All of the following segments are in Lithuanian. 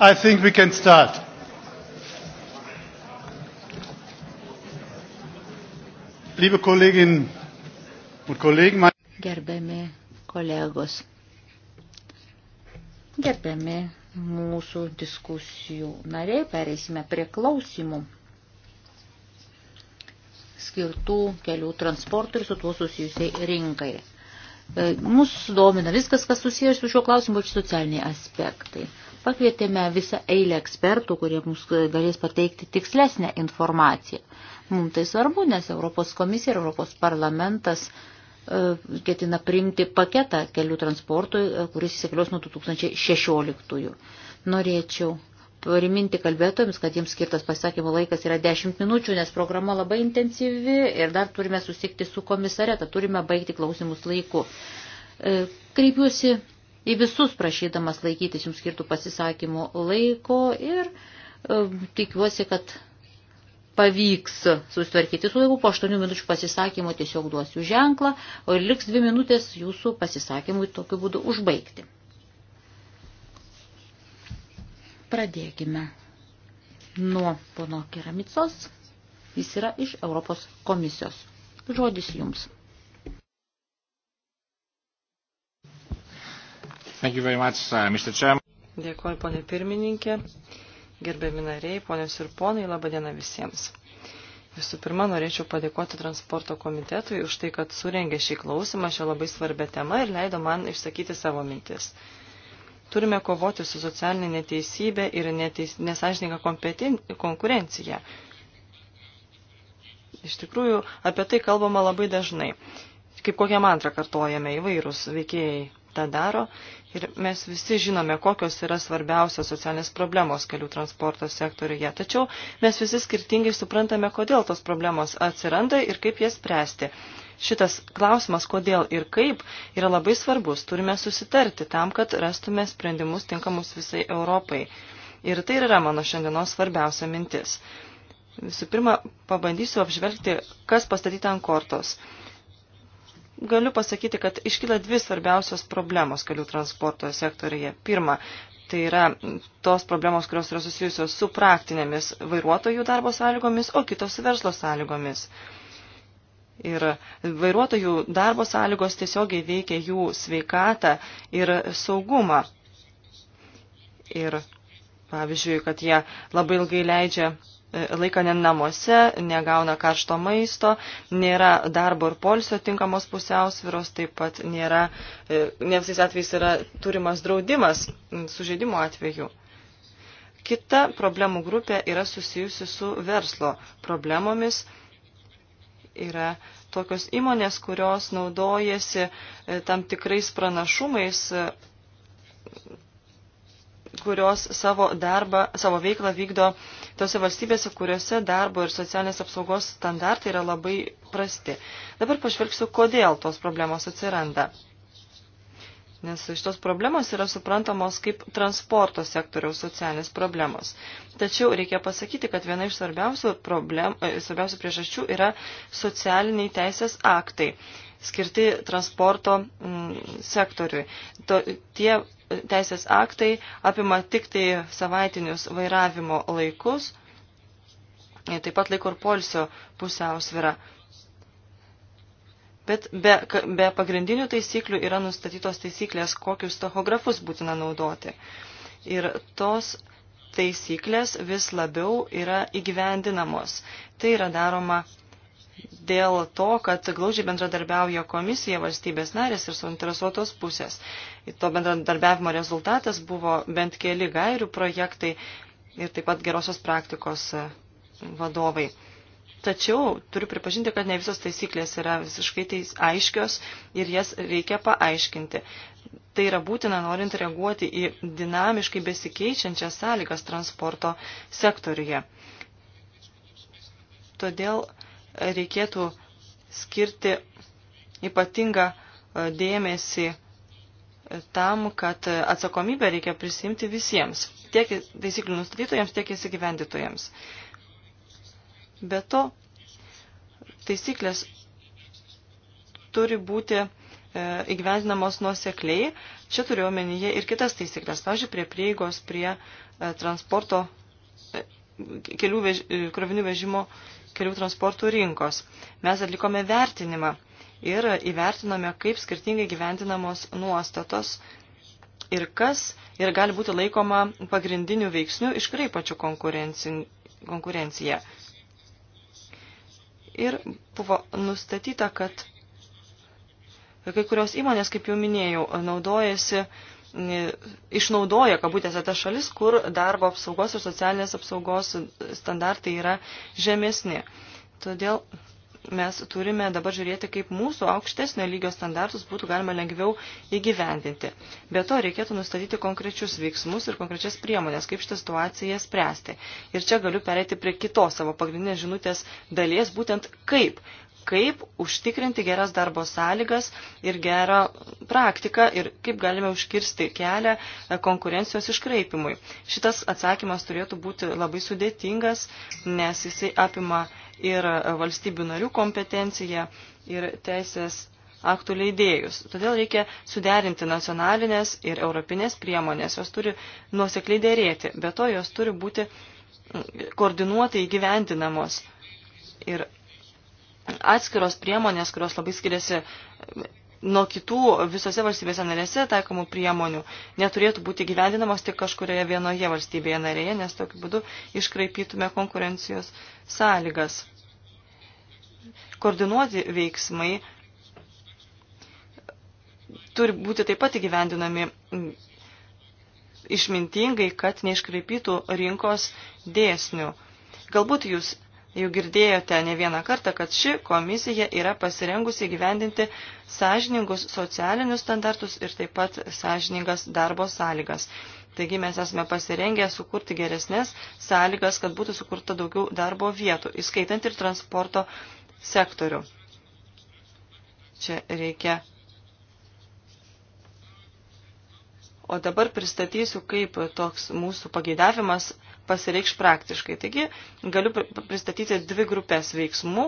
I think we can start. Liebe Kolleginnen und Kollegen, mein gerbiami kolegos, gerbiami mūsų diskusijų nariai, pereisime prie klausimų skirtų kelių transportui ir su tuo susijusiai rinkai. E, mūsų domina viskas, kas susijęs su šiuo klausimu ir socialiniai aspektai. Pakvietėme visą eilę ekspertų, kurie mums galės pateikti tikslesnę informaciją. Mums tai svarbu, nes Europos komisija ir Europos parlamentas e, ketina priimti paketą kelių transportui, e, kuris įsigalios nuo 2016. Norėčiau priminti kalbėtojams, kad jiems skirtas pasakymo laikas yra 10 minučių, nes programa labai intensyvi ir dar turime susikti su komisare, tad turime baigti klausimus laiku. E, kreipiuosi į visus prašydamas laikytis jums skirtų pasisakymų laiko ir um, tikiuosi, kad pavyks susitvarkyti su laiku. Po 8 minučių pasisakymų tiesiog duosiu ženklą, o ir liks 2 minutės jūsų pasisakymui tokiu būdu užbaigti. Pradėkime nuo pono Keramicos. Jis yra iš Europos komisijos. Žodis jums. Much, uh, Dėkuoju, ponė pirmininkė, gerbiami nariai, ponios ir ponai, laba diena visiems. Visų pirma, norėčiau padėkoti transporto komitetui už tai, kad surengė šį klausimą šią labai svarbę temą ir leido man išsakyti savo mintis. Turime kovoti su socialinė neteisybė ir neteis, nesažininga konkurencija. Iš tikrųjų, apie tai kalbama labai dažnai. Kaip kokią mantrą kartojame įvairūs veikėjai tą daro. Ir mes visi žinome, kokios yra svarbiausios socialinės problemos kelių transporto sektoriuje. Tačiau mes visi skirtingai suprantame, kodėl tos problemos atsiranda ir kaip jas spręsti. Šitas klausimas, kodėl ir kaip, yra labai svarbus. Turime susitarti tam, kad rastume sprendimus tinkamus visai Europai. Ir tai yra mano šiandienos svarbiausia mintis. Visų pirma, pabandysiu apžvelgti, kas pastatyta ant kortos galiu pasakyti, kad iškyla dvi svarbiausios problemos kelių transporto sektorėje. Pirma, tai yra tos problemos, kurios yra susijusios su praktinėmis vairuotojų darbo sąlygomis, o kitos su verslo sąlygomis. Ir vairuotojų darbo sąlygos tiesiogiai veikia jų sveikatą ir saugumą. Ir pavyzdžiui, kad jie labai ilgai leidžia E, laiko ne namuose, negauna karšto maisto, nėra darbo ir polsio tinkamos pusiausviros, taip pat nėra, e, ne visais atvejais yra turimas draudimas sužeidimo atveju. Kita problemų grupė yra susijusi su verslo problemomis. Yra tokios įmonės, kurios naudojasi e, tam tikrais pranašumais kurios savo darbą, savo veiklą vykdo uh, tose valstybėse, kuriuose darbo ir socialinės apsaugos standartai yra labai prasti. Dabar pažvelgsiu, kodėl tos problemos atsiranda. Nes šitos problemos yra suprantamos kaip transporto sektoriaus socialinės problemos. Tačiau reikia pasakyti, kad viena iš svarbiausių, problem, e, svarbiausių priežasčių yra socialiniai teisės aktai skirti transporto mm, sektoriui. To, tie teisės aktai apima tik tai savaitinius vairavimo laikus, taip pat laiko ir polsio pusiausvyrą. Bet be, be pagrindinių taisyklių yra nustatytos taisyklės, kokius tachografus būtina naudoti. Ir tos taisyklės vis labiau yra įgyvendinamos. Tai yra daroma dėl to, kad glaudžiai bendradarbiauja komisija, valstybės narės ir suinteresuotos pusės. To bendradarbiavimo rezultatas buvo bent keli gairių projektai ir taip pat gerosios praktikos e, vadovai. Tačiau turiu pripažinti, kad ne visos taisyklės yra visiškai teis, aiškios ir jas reikia paaiškinti. Tai yra būtina norint reaguoti į dinamiškai besikeičiančias sąlygas transporto sektoriuje. Todėl reikėtų skirti ypatingą e, dėmesį e, tam, kad e, atsakomybę reikia prisimti visiems, tiek taisyklių nustatytojams, tiek įsigyvendytojams. Be to, taisyklės turi būti įgyvendinamos nuosekliai. Čia turiu omenyje ir kitas taisyklės, pavyzdžiui, prie prieigos prie transporto kelių vež, krovinių vežimo kelių transportų rinkos. Mes atlikome vertinimą ir įvertinome, kaip skirtingai gyventinamos nuostatos ir kas ir gali būti laikoma pagrindinių veiksnių iškreipačių konkurenciją. Ir buvo nustatyta, kad kai kurios įmonės, kaip jau minėjau, naudojasi uh, išnaudoja kabutėse tas šalis, kur darbo apsaugos ir socialinės apsaugos standartai yra žemesni. Todėl mes turime dabar žiūrėti, kaip mūsų aukštesnio lygio standartus būtų galima lengviau įgyvendinti. Be to reikėtų nustatyti konkrečius veiksmus ir konkrečias priemonės, kaip šitą situaciją spręsti. Ir čia galiu pereiti prie kitos savo pagrindinės žinutės dalies, būtent kaip kaip užtikrinti geras darbo sąlygas ir gerą praktiką ir kaip galime užkirsti kelią e, konkurencijos iškraipimui. Šitas atsakymas turėtų būti labai sudėtingas, nes jisai apima ir e, valstybių narių kompetenciją ir teisės aktų leidėjus. Todėl reikia suderinti nacionalinės ir europinės priemonės. Jos turi nuosekliai dėrėti, be to jos turi būti koordinuotai įgyvendinamos. Ir atskiros priemonės, kurios labai skiriasi e, nuo kitų visose valstybėse narėse taikomų priemonių, neturėtų būti gyvendinamos tik kažkurioje vienoje valstybėje narėje, nes tokiu būdu iškraipytume konkurencijos sąlygas. Koordinuoti veiksmai turi būti taip pat įgyvendinami išmintingai, kad neiškraipytų rinkos dėsnių. Galbūt jūs Jau girdėjote ne vieną kartą, kad ši komisija yra pasirengusi gyvendinti sąžiningus socialinius standartus ir taip pat sąžiningas darbo sąlygas. Taigi mes esame pasirengę sukurti geresnės sąlygas, kad būtų sukurta daugiau darbo vietų, įskaitant ir transporto sektorių. Čia reikia. O dabar pristatysiu, kaip toks mūsų pageidavimas pasireikš praktiškai. Taigi galiu pristatyti dvi grupės veiksmų.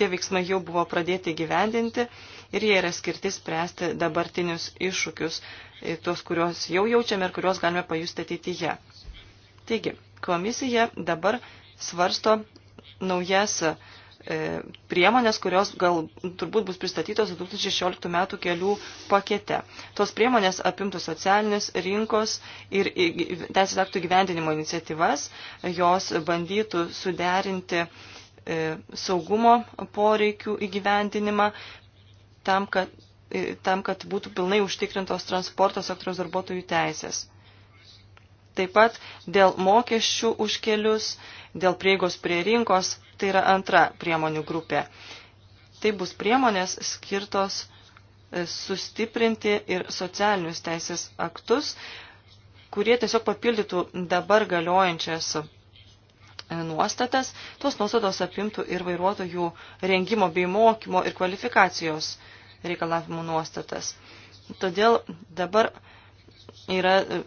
Tie veiksmai jau buvo pradėti gyvendinti ir jie yra skirti spręsti dabartinius iššūkius, e, tuos, kuriuos jau jaučiame ir kuriuos galime pajusti ateityje. Taigi, komisija dabar svarsto naujas uh, E, priemonės, kurios gal turbūt bus pristatytos 2016 metų kelių pakete. Tos priemonės apimtų socialinės rinkos ir teisės aktų gyvendinimo iniciatyvas, jos bandytų suderinti e, saugumo poreikių įgyvendinimą tam, kad, e, tam, kad būtų pilnai užtikrintos transporto sektoriaus darbuotojų teisės. Taip pat dėl mokesčių už kelius, dėl prieigos prie rinkos Tai yra antra priemonių grupė. Tai bus priemonės skirtos e, sustiprinti ir socialinius teisės aktus, kurie tiesiog papildytų dabar galiojančias e, nuostatas. Tos nuostatos apimtų ir vairuotojų rengimo bei mokymo ir kvalifikacijos reikalavimų nuostatas. Todėl dabar yra e,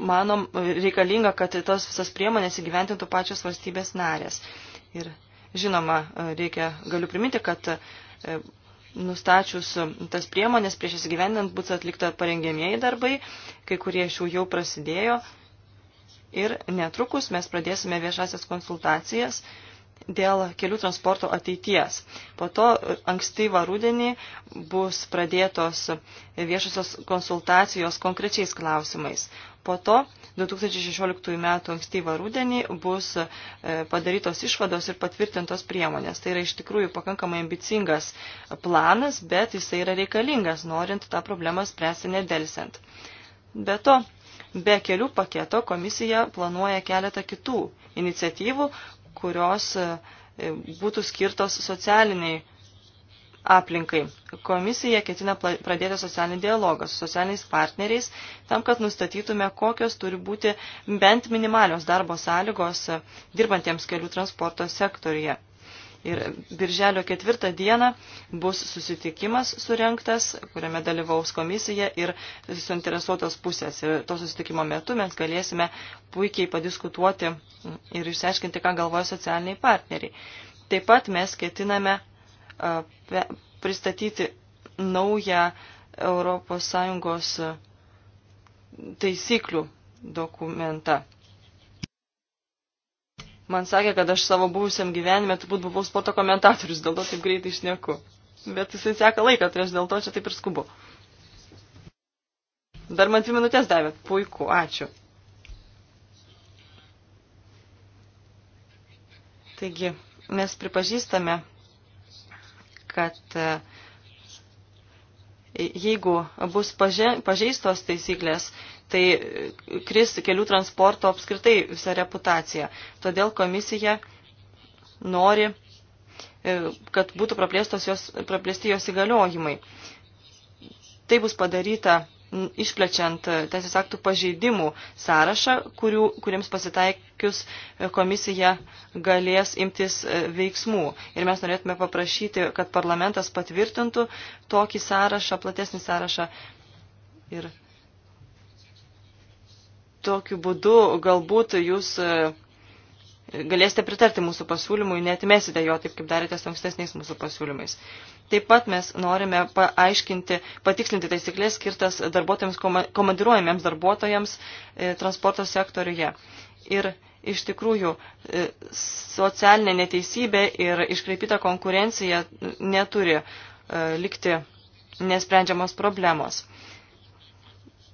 manom reikalinga, kad tas visas priemonės įgyventintų pačios valstybės narės. Ir žinoma, e, reikia, galiu priminti, kad e, nustačius tas priemonės prieš įsigyvendant bus atlikta parengėmieji darbai, kai kurie iš jų jau prasidėjo. Ir netrukus mes pradėsime viešasias konsultacijas dėl kelių transporto ateities. Po to e, ankstyvą rudenį bus pradėtos viešosios konsultacijos konkrečiais klausimais. Po to 2016 m. ankstyvą rudenį bus e, padarytos išvados ir patvirtintos priemonės. Tai yra iš tikrųjų pakankamai ambicingas planas, bet jisai yra reikalingas, norint tą problemą spręsti nedelsiant. Be to, Be kelių paketo komisija planuoja keletą kitų iniciatyvų, kurios e, būtų skirtos socialiniai aplinkai. Komisija ketina pradėti socialinį dialogą su socialiniais partneriais tam, kad nustatytume, kokios turi būti bent minimalios darbo sąlygos e, dirbantiems kelių transporto sektorija. Ir birželio ketvirtą dieną bus susitikimas surinktas, kuriame dalyvaus komisija ir suinteresuotos pusės. Ir to susitikimo metu mes galėsime puikiai padiskutuoti ir išsiaiškinti, ką galvoja socialiniai partneriai. Taip pat mes ketiname pristatyti naują ES taisyklių dokumentą. Man sakė, kad aš savo buvusiam gyvenime turbūt buvau sporto komentatorius, dėl to taip greitai išneku. Bet jisai seka laiką, tai aš dėl to čia taip ir skubu. Dar man dvi minutės davėt. Puiku, ačiū. Taigi, mes pripažįstame, kad uh, jeigu bus paže, pažeistos taisyklės, tai e, kris kelių transporto apskritai visa reputacija. Todėl komisija nori, e, kad būtų praplėsti jos įgaliojimai. Tai bus padaryta išplečiant teisės aktų pažeidimų sąrašą, kurių, kuriems pasitaikius komisija galės imtis e, veiksmų. Ir mes norėtume paprašyti, kad parlamentas patvirtintų tokį sąrašą, platesnį sąrašą. Ir tokiu būdu galbūt jūs e, galėsite pritarti mūsų pasiūlymui, netmesite jo taip, kaip darėte su ankstesniais mūsų pasiūlymais. Taip pat mes norime paaiškinti, patikslinti taisyklės skirtas darbuotojams, komandiruojamiems darbuotojams e, transporto sektoriuje. Ir iš tikrųjų e, socialinė neteisybė ir iškreipyta konkurencija neturi e, likti nesprendžiamos problemos.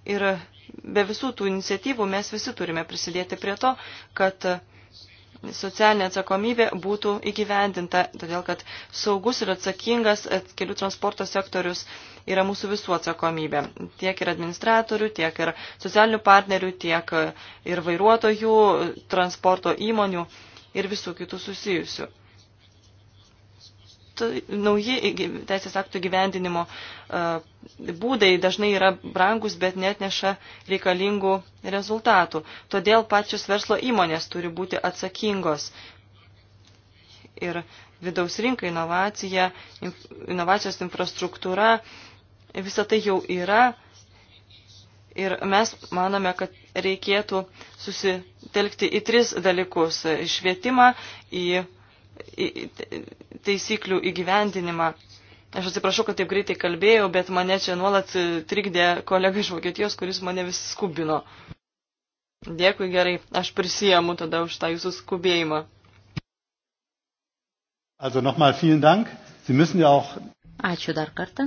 Ir be visų tų iniciatyvų mes visi turime prisidėti prie to, kad uh, socialinė atsakomybė būtų įgyvendinta, todėl kad saugus ir atsakingas e, kelių transporto sektorius yra mūsų visų atsakomybė. Tiek ir administratorių, tiek ir socialinių partnerių, tiek e, ir vairuotojų, transporto įmonių ir visų kitų susijusių nauji teisės aktų gyvendinimo e, būdai dažnai yra brangus, bet net neša reikalingų rezultatų. Todėl pačios verslo įmonės turi būti atsakingos. Ir vidaus rinka, inovacija, inovacijos infrastruktūra, visa tai jau yra. Ir mes manome, kad reikėtų susitelkti į tris dalykus - švietimą, į taisyklių įgyvendinimą. Aš atsiprašau, kad taip greitai kalbėjau, bet mane čia nuolat trikdė kolega iš Vokietijos, kuris mane vis skubino. Dėkui gerai, aš prisijamu tada už tą jūsų skubėjimą. Also nochmal vielen Dank. Sie müssen ja auch. Ačiū dar kartą.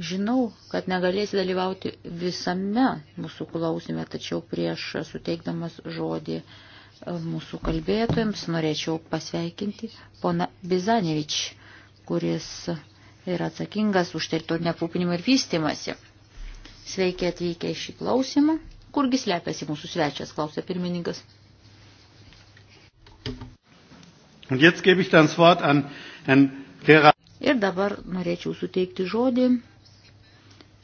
Žinau, kad negalėsi dalyvauti visame mūsų klausime, tačiau prieš suteikdamas žodį e, mūsų kalbėtojams norėčiau pasveikinti pona Bizanevič, kuris yra atsakingas už teritorinę aprūpinimą ir vystimąsi. Sveiki atvykę į šį klausimą. Kurgi slepiasi mūsų svečias, klausė pirmininkas. Ir dabar norėčiau suteikti žodį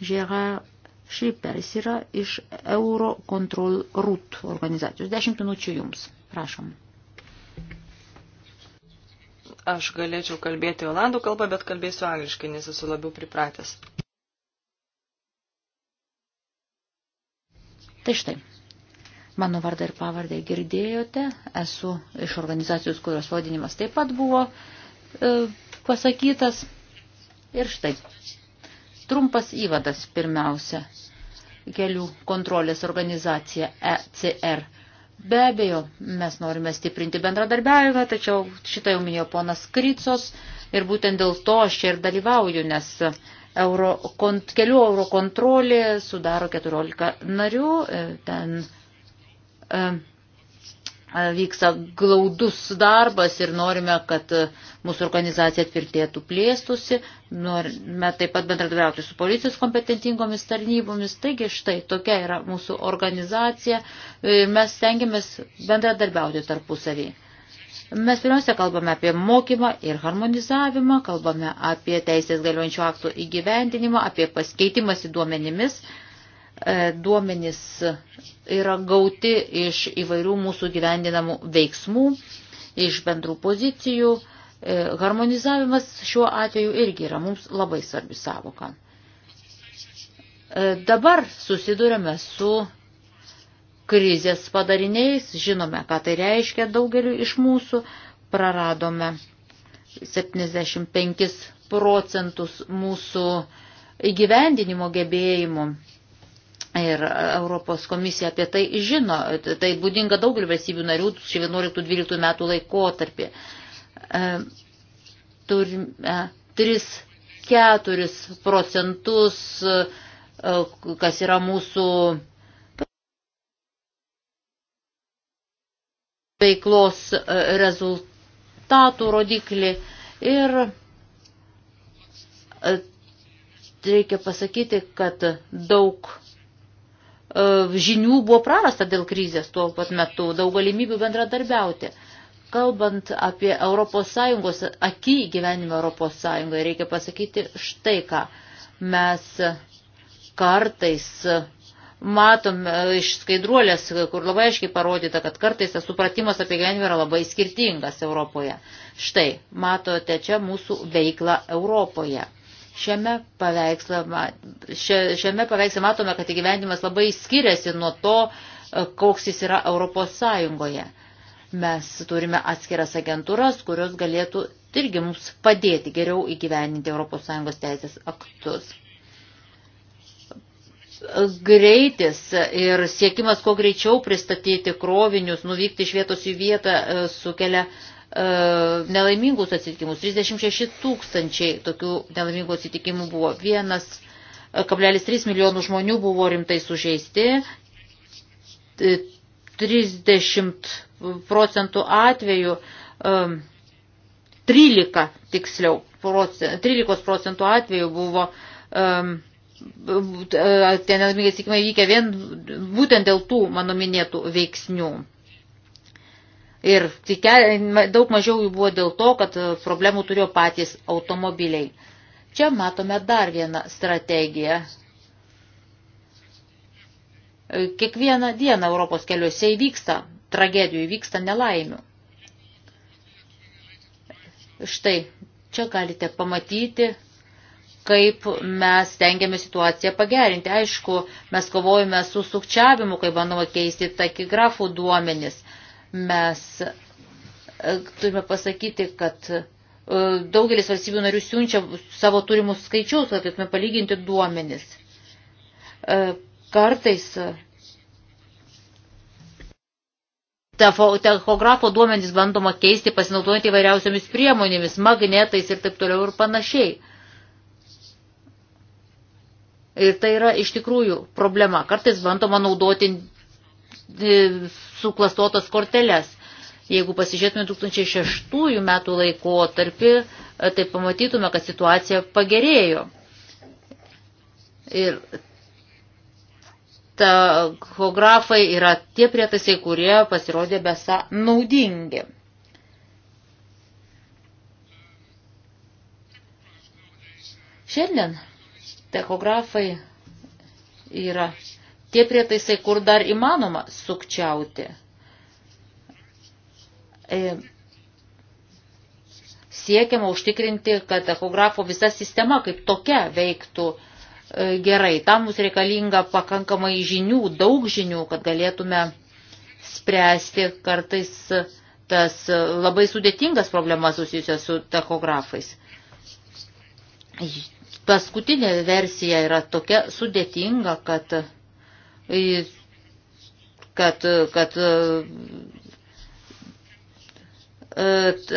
Gerard Šriperis yra iš Eurocontrol RUT organizacijos. Dešimt minučių jums. Prašom. Aš galėčiau kalbėti olandų kalbą, bet kalbėsiu angliškai, nes esu labiau pripratęs. Tai štai. Mano vardą ir pavardę girdėjote. Esu iš organizacijos, kurios vadinimas taip pat buvo e, pasakytas. Ir štai Trumpas įvadas pirmiausia. Kelių kontrolės organizacija ECR. Be abejo, mes norime stiprinti bendradarbiavimą, tačiau šitą jau minėjo ponas Krycos ir būtent dėl to aš čia ir dalyvauju, nes euro, kont, kelių euro kontrolė sudaro 14 narių, e, ten e, E, vyksta glaudus darbas ir norime, kad e, mūsų organizacija tvirtėtų plėstusi, norime taip pat bendradarbiauti su policijos kompetentingomis tarnybomis. Taigi štai tokia yra mūsų organizacija ir e, mes stengiamės bendradarbiauti tarpusavį. Mes pirmiausia kalbame apie mokymą ir harmonizavimą, kalbame apie teisės galiojančių aktų įgyvendinimą, apie paskeitimąsi duomenimis. duomenimis E, duomenys yra gauti iš įvairių mūsų gyvendinamų veiksmų, iš bendrų pozicijų. E, harmonizavimas šiuo atveju irgi yra mums labai svarbi savoka. E, dabar susidurėme su krizės padariniais, žinome, ką tai reiškia daugeliu iš mūsų, praradome 75 procentus mūsų įgyvendinimo gebėjimų Ir Europos komisija apie tai žino, tai būdinga daugelį valstybių narių 11-12 metų laikotarpį. E, turime 3-4 procentus, e, kas yra mūsų veiklos e, rezultatų rodiklį. Ir reikia pasakyti, kad daug E, žinių buvo prarasta dėl krizės tuo pat metu, daug galimybių bendradarbiauti. Kalbant apie ES, akį gyvenimą ES, reikia pasakyti štai ką. Mes kartais matom iš skaidruolės, kur labai aiškiai parodyta, kad kartais tas supratimas apie gyvenimą yra labai skirtingas Europoje. Štai, matote čia mūsų veiklą Europoje. Šiame paveiksle, šiame paveiksle matome, kad įgyvendimas labai skiriasi nuo to, e, koks jis yra Europos Sąjungoje. Mes turime atskiras agentūras, kurios galėtų irgi mums padėti geriau įgyveninti Europos Sąjungos teisės aktus greitis ir siekimas kuo greičiau pristatyti krovinius, nuvykti iš vietos į vietą e, sukelia E, nelaimingus atsitikimus. 36 tūkstančiai tokių nelaimingų atsitikimų buvo. 1,3 e, milijonų žmonių buvo rimtai sužeisti. 30 e, procentų atvejų, 13 tiksliau, 13 procentų atvejų buvo tie nelaimingi atsitikimai vykę vien būtent dėl tų mano minėtų veiksnių. Ir daug mažiau jų buvo dėl to, kad e, problemų turėjo patys automobiliai. Čia matome dar vieną strategiją. E, kiekvieną dieną Europos keliuose įvyksta tragedijų, įvyksta nelaimių. Štai, čia galite pamatyti, kaip mes tengiame situaciją pagerinti. Aišku, mes kovojame su sukčiavimu, kai bandoma keisti takigrafų duomenis Mes e, turime pasakyti, kad e, daugelis valstybių narių siunčia savo turimus skaičius, kad galėtume palyginti duomenis. E, kartais tachografo duomenys bandoma keisti, pasinaudojant įvairiausiamis priemonėmis, magnetais ir taip toliau ir panašiai. Ir tai yra iš tikrųjų problema. Kartais bandoma naudoti suklastotas korteles. Jeigu pasižiūrėtume 2006 metų laikotarpį, e, tai pamatytume, kad situacija pagerėjo. Ir tachografai yra tie prietaisai, kurie pasirodė besa naudingi. Šiandien tachografai yra tie prietaisai, kur dar įmanoma sukčiauti. E, siekiama užtikrinti, kad ekografo visa sistema kaip tokia veiktų e, gerai. Tam mums reikalinga pakankamai žinių, daug žinių, kad galėtume spręsti kartais tas labai sudėtingas problemas susijusias su tachografais. Paskutinė versija yra tokia sudėtinga, kad kad, kad e,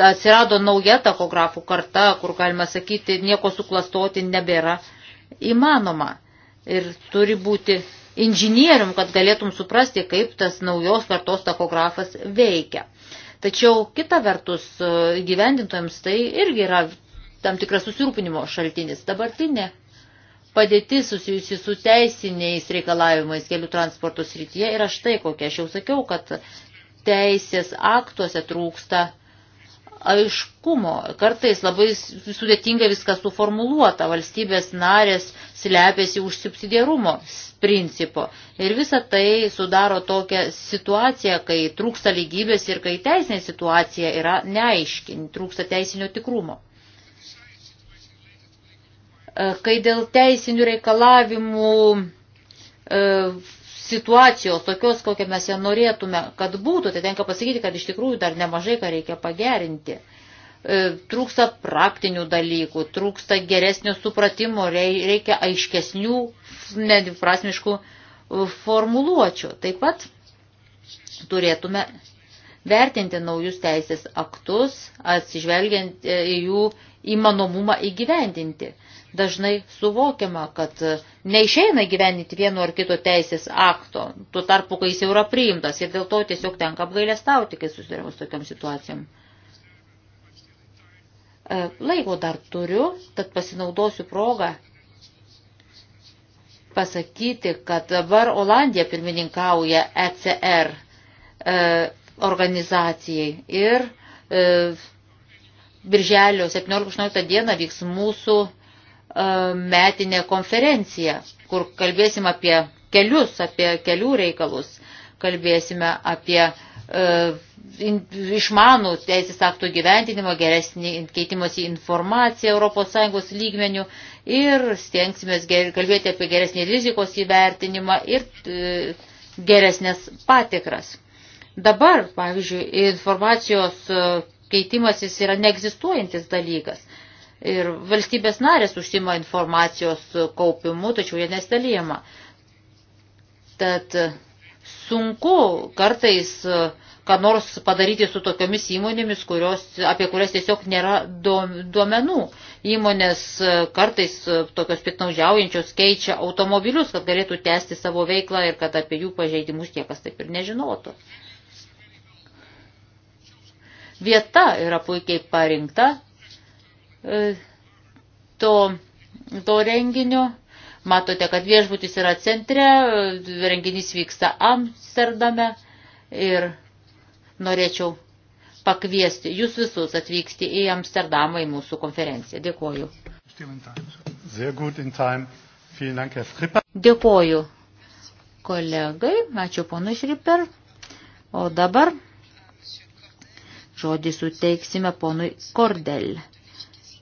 atsirado nauja takografų karta, kur galima sakyti, nieko suklastoti nebėra įmanoma. Ir turi būti inžinierium, kad galėtum suprasti, kaip tas naujos kartos takografas veikia. Tačiau kita vertus e, gyvendintojams tai irgi yra tam tikras susirūpinimo šaltinis. Dabartinė padėtis susijusi su teisiniais reikalavimais kelių transporto srityje yra štai kokia. Aš jau sakiau, kad teisės aktuose trūksta aiškumo. Kartais labai sudėtinga viskas suformuluota. Valstybės narės slepiasi už subsidiarumo principo. Ir visa tai sudaro tokią situaciją, kai trūksta lygybės ir kai teisinė situacija yra neaiški, trūksta teisinio tikrumo. E, kai dėl teisinių reikalavimų e, situacijos, tokios, kokią mes ją norėtume, kad būtų, tai tenka pasakyti, kad iš tikrųjų dar nemažai ką reikia pagerinti. E, trūksta praktinių dalykų, trūksta geresnio supratimo, reikia aiškesnių, nedviprasmiškų formuluočių. Taip pat turėtume vertinti naujus teisės aktus, atsižvelgiant į jų įmanomumą įgyvendinti dažnai suvokiama, kad e, neišeina gyveninti vieno ar kito teisės akto, tuo tarpu, kai jis jau yra priimtas ir dėl to tiesiog tenka apgailestauti, kai susidurimus tokiam situacijom. E, Laiko dar turiu, tad pasinaudosiu progą pasakyti, kad dabar Olandija pirmininkauja ECR e, organizacijai ir Birželio 17-18 dieną vyks mūsų E, metinę konferenciją, kur kalbėsim apie kelius, apie kelių reikalus, kalbėsime apie e, išmanų teisės aktų gyventinimą, geresnį keitimosi informaciją ES lygmenių ir stengsime kalbėti apie geresnį rizikos įvertinimą ir e, geresnės patikras. Dabar, pavyzdžiui, informacijos keitimasis yra neegzistuojantis dalykas. Ir valstybės narės užsima informacijos kaupimu, tačiau jie nestalyjama. Tad sunku kartais e, ką nors padaryti su tokiomis įmonėmis, kurios, apie kurias tiesiog nėra duomenų. Įmonės e, kartais e, tokios piknaudžiaujančios keičia automobilius, kad galėtų tęsti savo veiklą ir kad apie jų pažeidimus niekas taip ir nežinotų. Vieta yra puikiai parinkta, E, to, to renginio. Matote, kad viešbutis yra centre, e, renginys vyksta Amsterdame ir norėčiau pakviesti jūs visus atvykti į Amsterdamą į mūsų konferenciją. Dėkuoju. Dėkuoju kolegai, ačiū ponui Šriper. O dabar žodį suteiksime ponui Kordel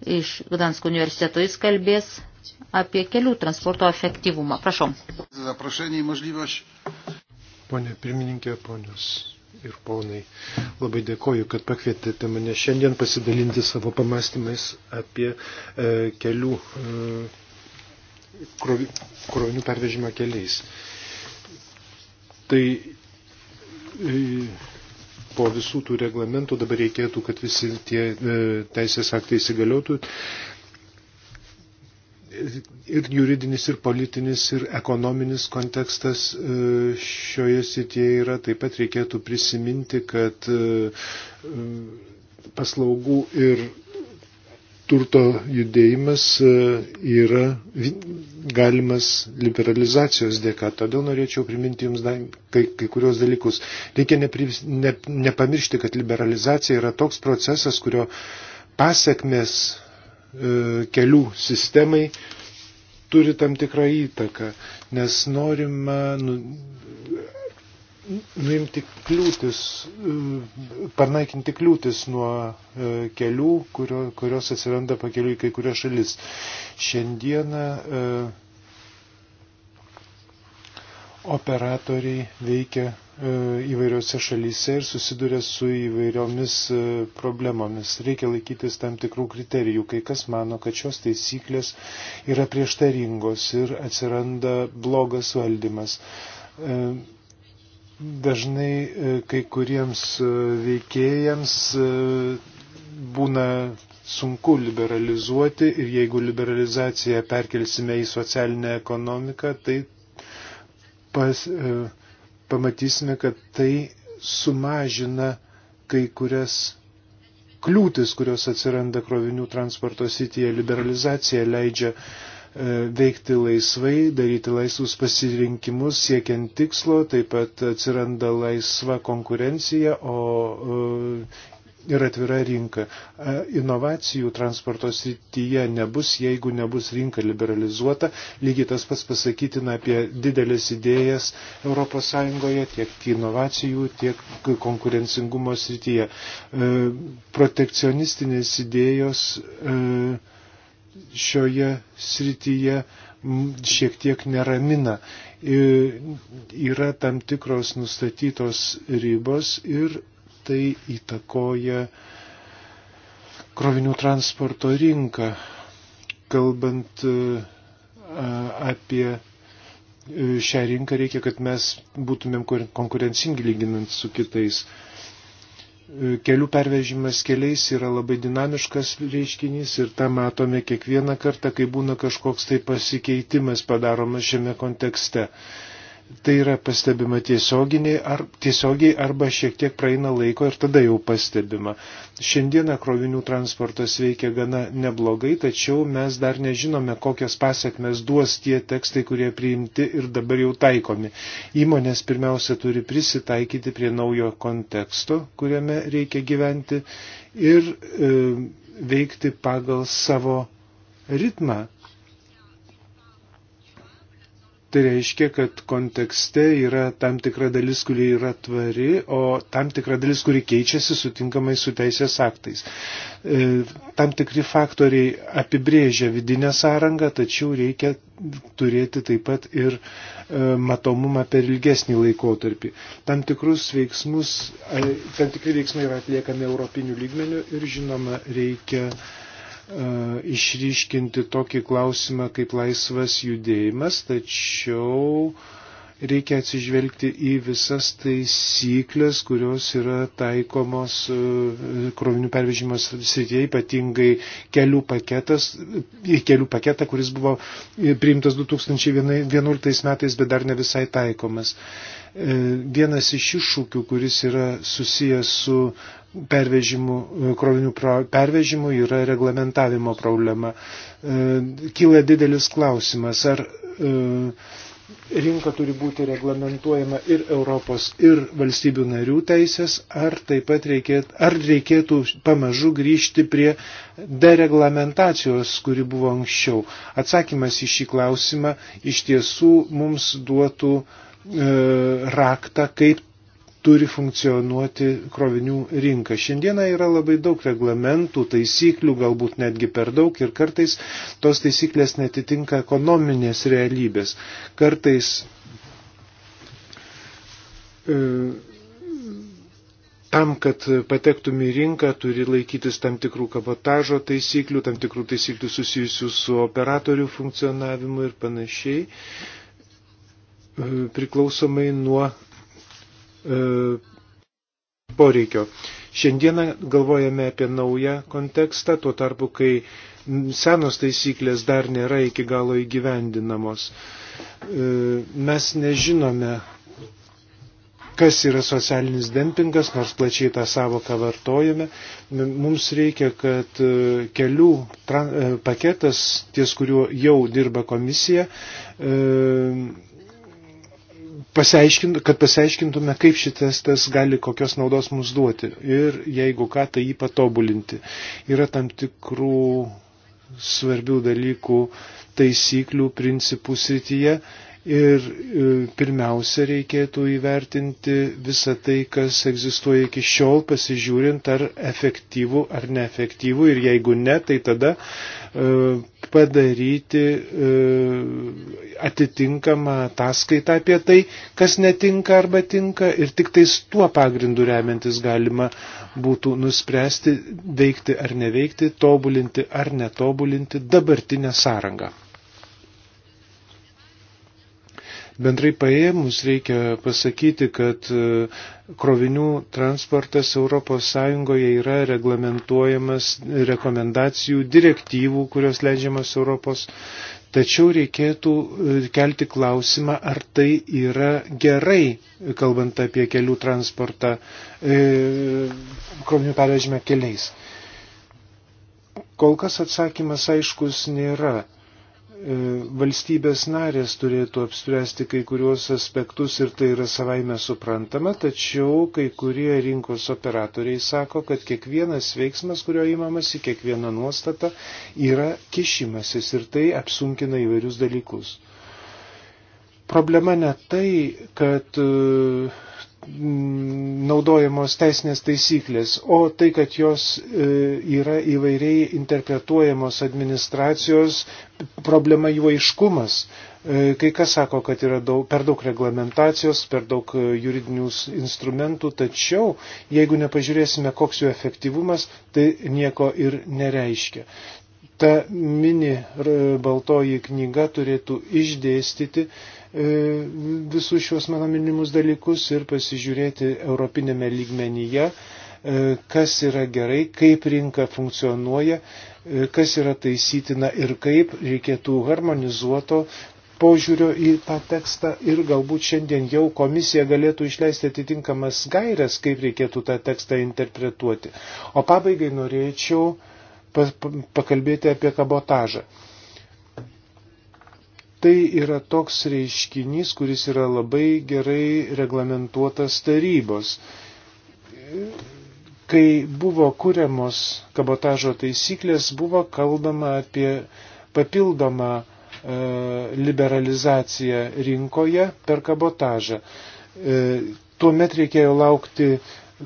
iš Gdansko universiteto. Jis kalbės apie kelių transporto efektyvumą. Prašom. Pone pirmininkė, ponios ir ponai, labai dėkoju, kad pakvietėte mane šiandien pasidalinti savo pamastymais apie e, kelių e, krovinių pervežimą keliais. Tai e, po visų tų reglamentų dabar reikėtų, kad visi tie e, teisės aktai įsigaliotų. Ir juridinis, ir politinis, ir ekonominis kontekstas e, šioje sityje yra. Taip pat reikėtų prisiminti, kad e, paslaugų ir turto judėjimas e, yra galimas liberalizacijos dėka. Todėl norėčiau priminti Jums kai, kai kurios dalykus. Reikia nepriv, ne, nepamiršti, kad liberalizacija yra toks procesas, kurio pasiekmes e, kelių sistemai turi tam tikrą įtaką, nes norima nu, nuimti kliūtis, e, panaikinti kliūtis nuo e, kelių, kurio, kurios atsiranda pakeliui kai kurios šalis. Šiandieną e, operatoriai veikia įvairiose šalyse ir susiduria su įvairiomis problemomis. Reikia laikytis tam tikrų kriterijų. Kai kas mano, kad šios taisyklės yra prieštaringos ir atsiranda blogas valdymas dažnai e, kai kuriems e, veikėjams e, būna sunku liberalizuoti ir jeigu liberalizaciją perkelsime į socialinę ekonomiką, tai pas, pamatysime, kad tai sumažina kai kurias kliūtis, kurios atsiranda krovinių transporto sityje. Liberalizacija leidžia uh, E, veikti laisvai, daryti laisvus pasirinkimus, siekiant tikslo, taip pat atsiranda laisva konkurencija o, e, ir atvira rinka. E, inovacijų transporto srityje nebus, jeigu nebus rinka liberalizuota. Lygiai tas pats pasakytina apie didelės idėjas ES tiek inovacijų, tiek konkurencingumo srityje. Protekcionistinės idėjos. E, šioje srityje šiek tiek neramina. Yra tam tikros nustatytos ribos ir tai įtakoja krovinių transporto rinką. Kalbant e, apie e, šią rinką, reikia, kad mes būtumėm konkurencingi lyginant su kitais kelių pervežimas keliais yra labai dinamiškas reiškinys ir tą matome kiekvieną kartą, kai būna kažkoks tai pasikeitimas padaromas šiame kontekste tai yra pastebima tiesioginiai ar tiesiogiai arba šiek tiek praeina laiko ir tada jau pastebima. Šiandieną krovinių transportas veikia gana neblogai, tačiau mes dar nežinome, kokias pasiekmes duos tie tekstai, kurie priimti ir dabar jau taikomi. Įmonės pirmiausia turi prisitaikyti prie naujo konteksto, kuriame reikia gyventi ir e, veikti pagal savo ritmą Tai reiškia, kad kontekste yra tam tikra dalis, kuri yra tvari, o tam tikra dalis, kuri keičiasi sutinkamai su teisės aktais. E, tam tikri faktoriai apibrėžia vidinę sąrangą, tačiau reikia turėti taip pat ir e, matomumą per ilgesnį laikotarpį. Tam tikrus veiksmus, e, tam tikri veiksmai yra atliekami europinių lygmenių ir žinoma reikia E, išryškinti tokį klausimą kaip laisvas judėjimas, tačiau reikia atsižvelgti į visas taisyklės, kurios yra taikomos e, krovinių pervežimo srityje, ypatingai kelių, paketas, kelių paketą, kuris buvo e, priimtas 2011 metais, bet dar ne visai taikomas. Vienas iš iššūkių, kuris yra susijęs su pervežimų, krovinių pervežimų yra reglamentavimo problema. E, kyla didelis klausimas, ar e, rinka turi būti reglamentuojama ir Europos, ir valstybių narių teisės, ar taip pat reikėtų, ar reikėtų pamažu grįžti prie dereglamentacijos, kuri buvo anksčiau. Atsakymas į šį klausimą iš tiesų mums duotų e, raktą, kaip turi funkcionuoti krovinių rinka. Šiandieną yra labai daug reglamentų, taisyklių, galbūt netgi per daug ir kartais tos taisyklės netitinka ekonominės realybės. Kartais e, tam, kad patektum į rinką, turi laikytis tam tikrų kabotažo taisyklių, tam tikrų taisyklių susijusių su operatorių funkcionavimu ir panašiai e, priklausomai nuo E, poreikio. Šiandieną galvojame apie naują kontekstą, tuo tarpu, kai senos taisyklės dar nėra iki galo įgyvendinamos. E, mes nežinome, kas yra socialinis dempingas, nors plačiai tą savoką vartojame. Mums reikia, kad e, kelių paketas, ties kuriuo jau dirba komisija, pasiaiškint, kad pasiaiškintume, kaip šitas tas gali kokios naudos mums duoti ir jeigu ką, tai jį patobulinti. Yra tam tikrų svarbių dalykų taisyklių, principų srityje, Ir e, pirmiausia, reikėtų įvertinti visą tai, kas egzistuoja iki šiol, pasižiūrint, ar efektyvų ar neefektyvų. Ir jeigu ne, tai tada e, padaryti e, atitinkamą ataskaitą apie tai, kas netinka arba tinka. Ir tik tais tuo pagrindu remiantis galima būtų nuspręsti, veikti ar neveikti, tobulinti ar netobulinti dabartinę sąrangą. Bendrai paėmus reikia pasakyti, kad e, krovinių transportas ES yra reglamentuojamas rekomendacijų direktyvų, kurios leidžiamas Europos. Tačiau reikėtų e, kelti klausimą, ar tai yra gerai, kalbant apie kelių transportą, e, krovinių pervežimą keliais. Kol kas atsakymas aiškus nėra. E, valstybės narės turėtų apspręsti kai kuriuos aspektus ir tai yra savaime suprantama, tačiau kai kurie rinkos operatoriai sako, kad kiekvienas veiksmas, kurio įmamasi, kiekviena nuostata yra kišimasis ir tai apsunkina įvairius dalykus. Problema ne tai, kad uh, naudojamos teisinės taisyklės, o tai, kad jos e, yra įvairiai interpretuojamos administracijos, problema jų aiškumas. E, kai kas sako, kad yra daug, per daug reglamentacijos, per daug e, juridinių instrumentų, tačiau jeigu nepažiūrėsime, koks jų efektyvumas, tai nieko ir nereiškia ta mini baltoji knyga turėtų išdėstyti E, visus šios mano minimus dalykus ir pasižiūrėti europinėme lygmenyje, e, kas yra gerai, kaip rinka funkcionuoja, e, kas yra taisytina ir kaip reikėtų harmonizuoto požiūrio į tą tekstą ir galbūt šiandien jau komisija galėtų išleisti atitinkamas gairias, kaip reikėtų tą tekstą interpretuoti. O pabaigai norėčiau pakalbėti apie kabotažą. Tai yra toks reiškinys, kuris yra labai gerai reglamentuotas tarybos. Kai buvo kuriamos kabotažo taisyklės, buvo kalbama apie papildomą e, liberalizaciją rinkoje per kabotažą. E, tuomet reikėjo laukti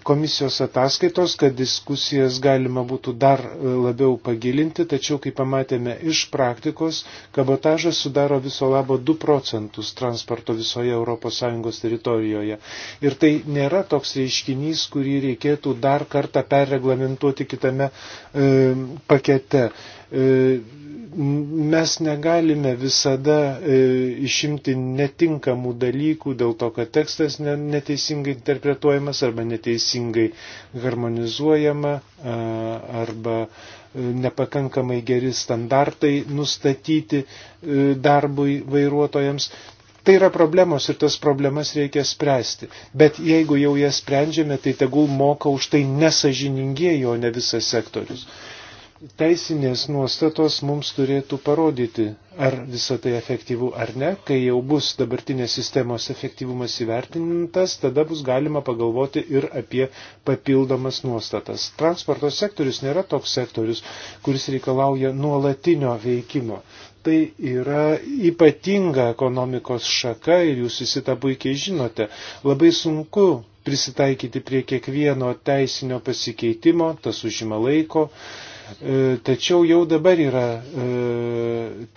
komisijos ataskaitos, kad diskusijas galima būtų dar e, labiau pagilinti, tačiau, kaip pamatėme iš praktikos, kabotažas sudaro viso labo 2 procentus transporto visoje ES teritorijoje. Ir tai nėra toks reiškinys, kurį reikėtų dar kartą perreglamentuoti kitame e, pakete. E, mes negalime visada e, išimti netinkamų dalykų dėl to, kad tekstas neteisingai interpretuojamas arba neteisingai harmonizuojama a, arba e, nepakankamai geri standartai nustatyti e, darbui vairuotojams. Tai yra problemos ir tas problemas reikia spręsti. Bet jeigu jau jas sprendžiame, tai tegul moka už tai nesažiningieji, o ne visas sektorius. Mhm teisinės nuostatos mums turėtų parodyti, ar visa tai efektyvu ar ne. Kai jau bus dabartinės sistemos efektyvumas įvertintas, tada bus galima pagalvoti ir apie papildomas nuostatas. Transporto sektorius nėra toks sektorius, kuris reikalauja nuolatinio veikimo. Tai yra ypatinga ekonomikos šaka ir jūs visi tą puikiai žinote. Labai sunku prisitaikyti prie kiekvieno teisinio pasikeitimo, tas užima laiko. Uh, E, tačiau jau dabar yra e,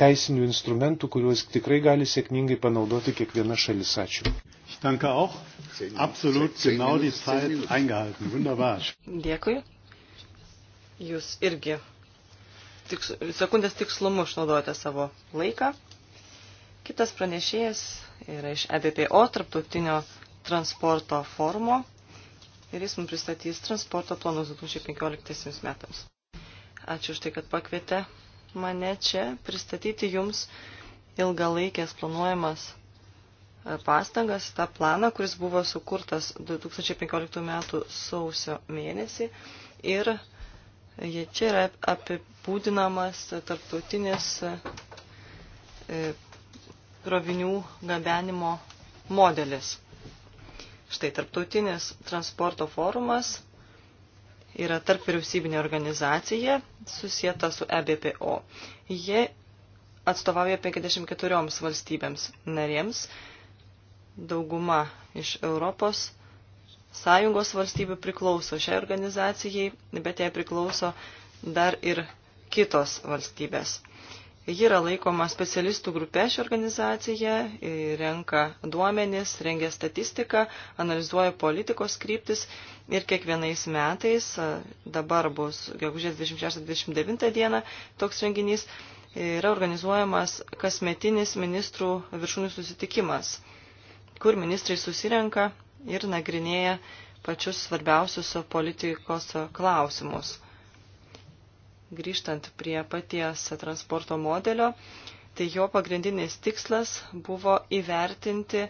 teisinių instrumentų, kuriuos tikrai gali sėkmingai panaudoti kiekviena šalis. Ačiū. Dėkui. Jūs irgi tiks, sekundės tikslumu išnaudojate savo laiką. Kitas pranešėjas yra iš EBPO, Tarptautinio transporto forumo, ir jis mums pristatys transporto planus 2015 metams. Ačiū už tai, kad pakvietė mane čia pristatyti jums ilgalaikės planuojamas e, pastangas, tą planą, kuris buvo sukurtas 2015 m. sausio mėnesį. Ir čia yra apibūdinamas tarptautinis e, e, krovinių gabenimo modelis. Štai tarptautinis transporto forumas yra tarp vyriausybinė organizacija susieta su EBPO. Jie atstovauja 54 valstybėms narėms, dauguma iš Europos sąjungos valstybių priklauso šiai organizacijai, bet jai priklauso dar ir kitos valstybės. Ji yra laikoma specialistų grupė ši organizacija, renka duomenis, rengia statistiką, analizuoja politikos kryptis ir kiekvienais metais, dabar bus gegužės 26-29 diena toks renginys, yra organizuojamas kasmetinis ministrų viršūnių susitikimas, kur ministrai susirenka ir nagrinėja pačius svarbiausius politikos klausimus grįžtant prie paties transporto modelio, tai jo pagrindinis tikslas buvo įvertinti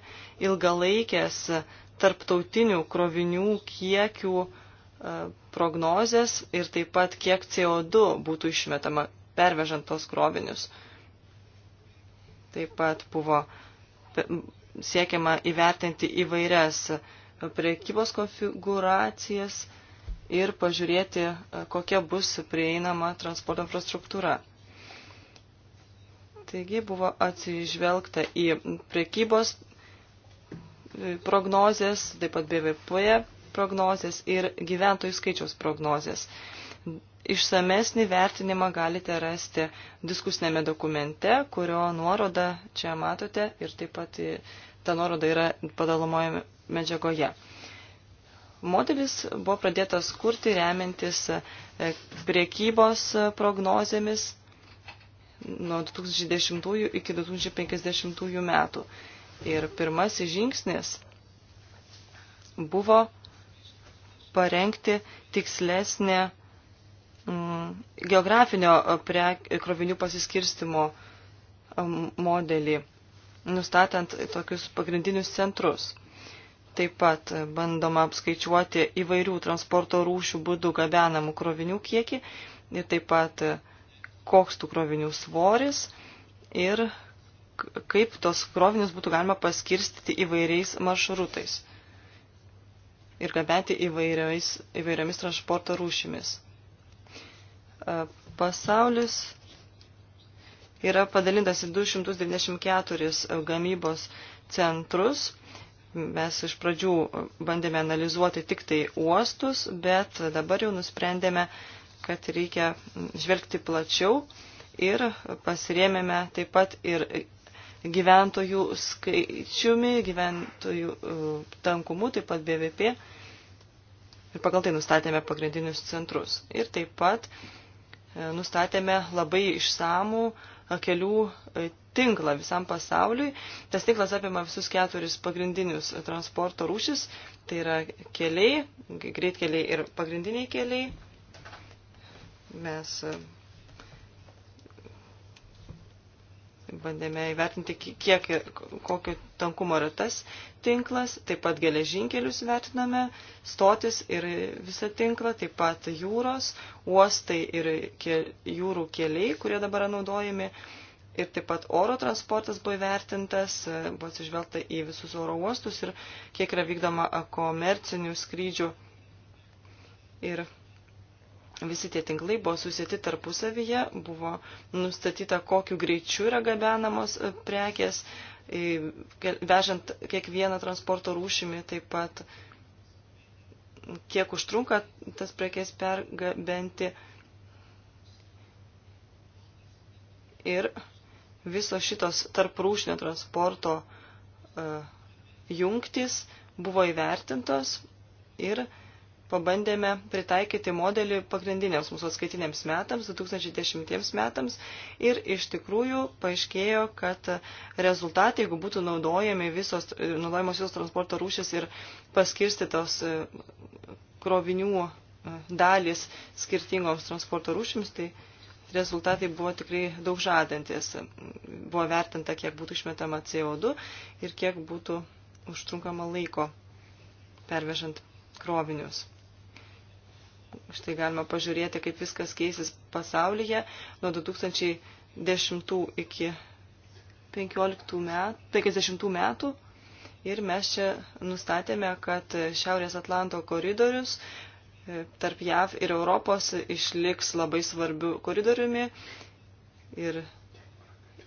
ilgalaikės tarptautinių krovinių kiekių e, prognozės ir taip pat kiek CO2 būtų išmetama pervežant tos krovinius. Taip pat buvo siekiama įvertinti įvairias priekybos konfiguracijas, ir pažiūrėti, e, kokia bus prieinama transporto infrastruktūra. Taigi buvo atsižvelgta į prekybos e, prognozės, taip pat BVP prognozės ir gyventojų skaičiaus prognozės. Išsamesnį vertinimą galite rasti diskusnėme dokumente, kurio nuorodą čia matote ir taip pat ta nuoroda yra padalomojame medžiagoje. Modelis buvo pradėtas kurti remiantis e, priekybos e, prognozėmis nuo 2010 iki 2050 metų. Ir pirmasis žingsnis buvo parengti tikslesnę mm, geografinio e, prie krovinių pasiskirstimo modelį, nustatant tokius pagrindinius centrus. Taip pat bandoma apskaičiuoti įvairių transporto rūšių būdų gabenamų krovinių kiekį ir taip pat koks tų krovinių svoris ir kaip tos krovinius būtų galima paskirstyti įvairiais maršrutais ir gabenti įvairiomis transporto rūšimis. Pasaulis yra padalintas į 294 gamybos centrus Mes iš pradžių bandėme analizuoti tik tai uostus, bet dabar jau nusprendėme, kad reikia žvelgti plačiau ir pasirėmėme taip pat ir gyventojų skaičiumi, gyventojų e, tankumu, taip pat BVP. Ir pagal tai nustatėme pagrindinius centrus. Ir taip pat e, nustatėme labai išsamų e, kelių tinklą visam pasauliui. Tas tinklas apima visus keturis pagrindinius transporto rūšis. Tai yra keliai, greitkeliai ir pagrindiniai keliai. Mes e, bandėme įvertinti, kiek ir kokio tankumo yra tas tinklas, taip pat geležinkelius vertiname, stotis ir visą tinklą, taip pat jūros, uostai ir ke, jūrų keliai, kurie dabar naudojami. Uh, ir taip pat oro transportas buvo įvertintas, buvo atsižvelgta į visus oro uostus ir kiek yra vykdoma komercinių skrydžių. Ir visi tie tinklai buvo susėti tarpusavyje, buvo nustatyta, kokiu greičiu yra gabenamos e, prekės, vežant kiekvieną transporto rūšimi, taip pat kiek užtrunka tas prekės pergabenti. Ir visos šitos tarp rūšinio transporto e, jungtis buvo įvertintos ir pabandėme pritaikyti modelį pagrindiniams mūsų atskaitiniams metams, 2010 metams ir iš tikrųjų paaiškėjo, kad rezultatai, jeigu būtų naudojami visos, e, naudojamos visos transporto rūšis ir paskirstytos e, krovinių dalis skirtingoms transporto rūšims, tai rezultatai buvo tikrai daug žadantis. Buvo vertinta, kiek būtų išmetama CO2 ir kiek būtų užtrunkama laiko pervežant krovinius. Štai galima pažiūrėti, kaip viskas keisis pasaulyje nuo 2010 iki 15 metų, 50 metų. Ir mes čia nustatėme, kad Šiaurės Atlanto koridorius tarp JAV ir Europos išliks labai svarbiu koridoriumi ir,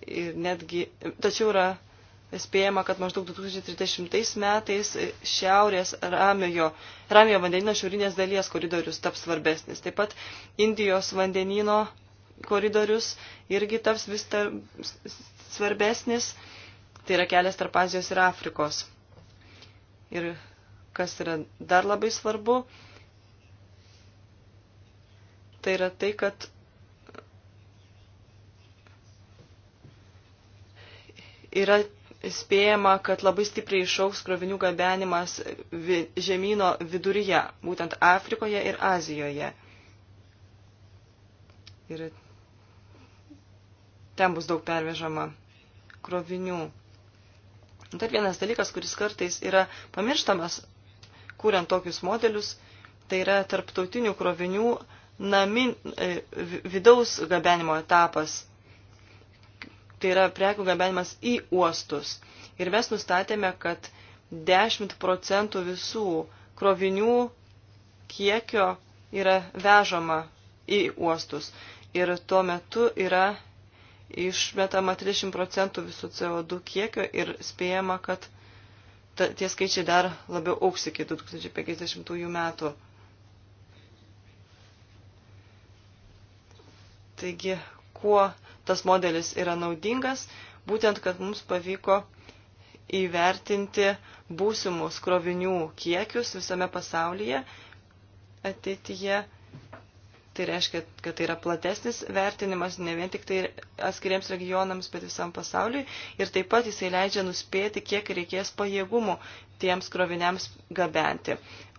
ir netgi, tačiau yra spėjama, kad maždaug 2030 metais šiaurės ramiojo, ramiojo vandenino šiaurinės dalies koridorius taps svarbesnis. Taip pat Indijos vandenino koridorius irgi taps vis tar, svarbesnis, tai yra kelias tarp Azijos ir Afrikos. Ir kas yra dar labai svarbu, tai yra tai, kad yra spėjama, kad labai stipriai išauks krovinių gabenimas vi, žemynų viduryje, būtent Afrikoje ir Azijoje. Ir ten bus daug pervežama krovinių. Dar vienas dalykas, kuris kartais yra pamirštamas, kuriant tokius modelius, tai yra tarptautinių krovinių namin, e, vidaus gabenimo etapas, tai yra prekių gabenimas į uostus. Ir mes nustatėme, kad 10 procentų visų krovinių kiekio yra vežama į uostus. Ir tuo metu yra išmetama 30 procentų visų CO2 kiekio ir spėjama, kad ta, tie skaičiai dar labiau auks iki 2050 metų. Taigi, kuo tas modelis yra naudingas, būtent, kad mums pavyko įvertinti būsimus krovinių kiekius visame pasaulyje ateityje Tai reiškia, kad tai yra platesnis vertinimas ne vien tik tai atskiriems regionams, bet visam pasauliui. Ir taip pat jisai leidžia nuspėti, kiek reikės pajėgumų tiems kroviniams gabenti.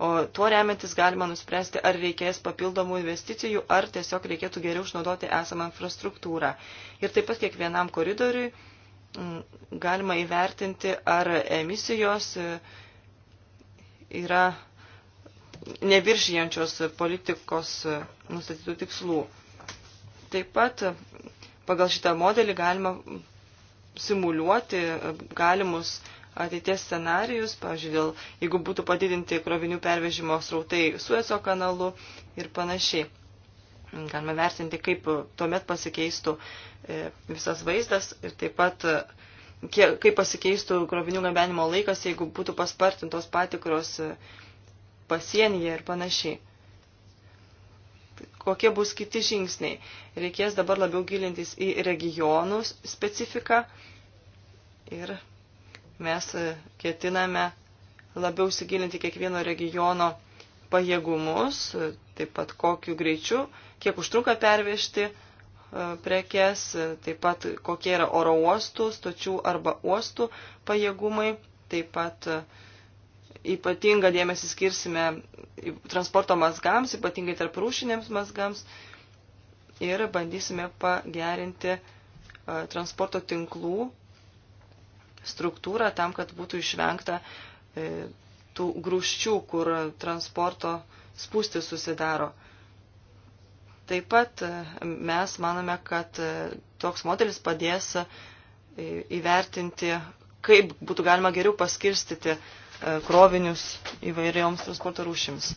O tuo remiantis galima nuspręsti, ar reikės papildomų investicijų, ar tiesiog reikėtų geriau išnaudoti esamą infrastruktūrą. Ir taip pat kiekvienam koridoriui mm, galima įvertinti, ar emisijos e, yra neviršijančios politikos nustatytų tikslų. Taip pat pagal šitą modelį galima simuliuoti galimus ateities scenarijus, pavyzdžiui, dėl, jeigu būtų padidinti krovinių pervežimo srautai Sueco kanalu ir panašiai. Galima vertinti, kaip tuomet pasikeistų e, visas vaizdas ir taip pat e, kaip pasikeistų krovinių gabenimo laikas, jeigu būtų paspartintos patikros e, pasienyje ir panašiai. Kokie bus kiti žingsniai? Reikės dabar labiau gilintis į regionų specifiką ir mes e, ketiname labiau įsigilinti kiekvieno regiono pajėgumus, e, taip pat kokiu greičiu, kiek užtrunka pervežti e, prekes, taip pat kokie yra oro uostų, stočių arba uostų pajėgumai, taip pat uh, ypatingą dėmesį skirsime transporto mazgams, ypatingai tarp rūšinėms mazgams ir bandysime pagerinti e, transporto tinklų struktūrą tam, kad būtų išvengta e, tų grūščių, kur transporto spūstis susidaro. Taip pat e, mes manome, kad toks modelis padės įvertinti, kaip būtų galima geriau paskirstyti uh, E, krovinius įvairioms transporto rūšims.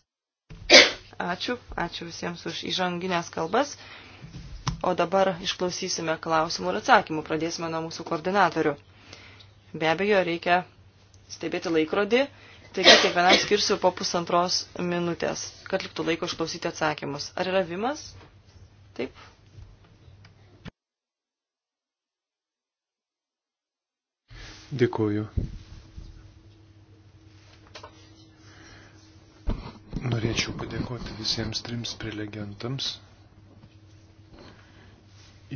Ačiū, ačiū visiems už įžanginės kalbas. O dabar išklausysime klausimų ir atsakymų. Pradėsime nuo mūsų koordinatorių. Be abejo, reikia stebėti laikrodį, taigi kiekvienam skirsiu po pusantros minutės, kad liktų laiko išklausyti atsakymus. Ar yra Vimas? Taip, Dėkuoju. Norėčiau padėkoti visiems trims prelegentams,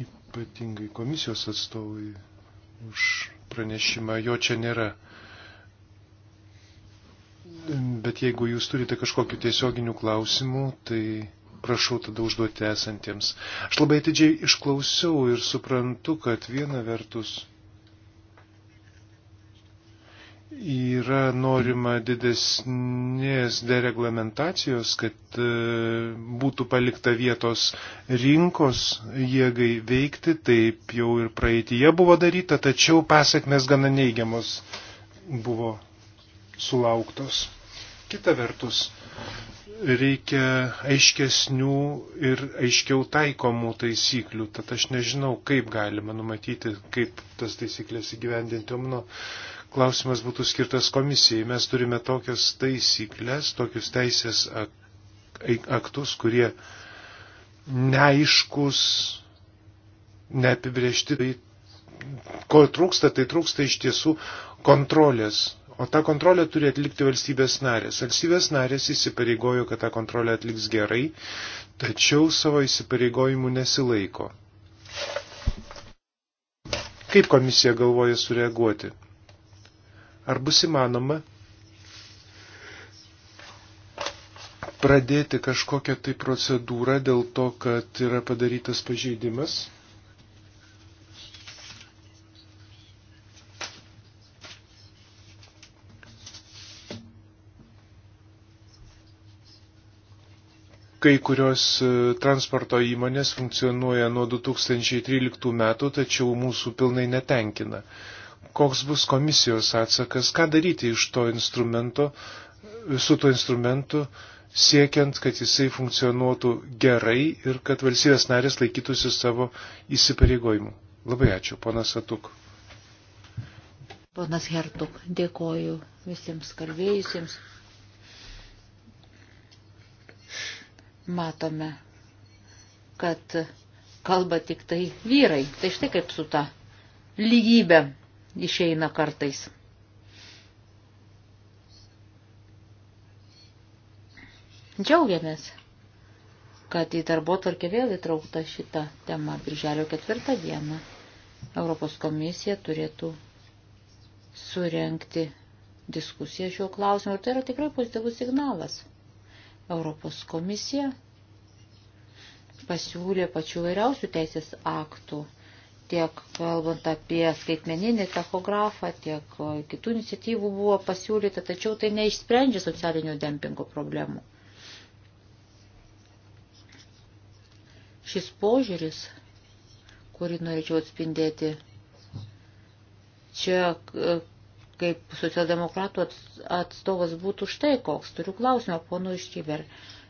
ypatingai komisijos atstovui už pranešimą. Jo čia nėra. Bet jeigu jūs turite kažkokiu tiesioginiu klausimu, tai prašau tada užduoti esantiems. Aš labai atidžiai išklausiau ir suprantu, kad viena vertus yra norima didesnės dereglamentacijos, kad e, būtų palikta vietos rinkos jėgai veikti, taip jau ir praeitie buvo daryta, tačiau pasiekmes gana neigiamos buvo sulauktos. Kita vertus, reikia aiškesnių ir aiškiau taikomų taisyklių, tad aš nežinau, kaip galima numatyti, kaip tas taisyklės įgyvendinti. Mano klausimas būtų skirtas komisijai. Mes turime tokias taisyklės, tokius teisės aktus, kurie neaiškus, neapibriešti. Tai ko trūksta, tai trūksta iš tiesų kontrolės. O tą kontrolę turi atlikti valstybės narės. Valstybės narės įsipareigojo, kad tą kontrolę atliks gerai, tačiau savo įsipareigojimų nesilaiko. Kaip komisija galvoja sureaguoti? Ar bus įmanoma pradėti kažkokią tai procedūrą dėl to, kad yra padarytas pažeidimas? Kai kurios e, transporto įmonės funkcionuoja nuo 2013 metų, tačiau mūsų pilnai netenkina koks bus komisijos atsakas, ką daryti iš to instrumento, su to instrumentu, siekiant, kad jisai funkcionuotų gerai ir kad valstybės narės laikytųsi savo įsipareigojimų. Labai ačiū, ponas Atuk. Ponas Hertuk, dėkoju visiems kalbėjusiems. Matome, kad kalba tik tai vyrai. Tai štai kaip su ta lygybė išeina kartais. Džiaugiamės, kad į darbo tvarkę vėl įtraukta šita tema. Birželio ketvirtą dieną Europos komisija turėtų surenkti diskusiją šiuo klausimu ir tai yra tikrai pozityvus signalas. Europos komisija pasiūlė pačių vairiausių teisės aktų tiek kalbant apie skaitmeninį tachografą, tiek kitų iniciatyvų buvo pasiūlyta, tačiau tai neišsprendžia socialinio dempingo problemų. Šis požiūris, kurį norėčiau atspindėti, čia kaip socialdemokratų atstovas būtų štai koks. Turiu klausimą, ponu Ištyber.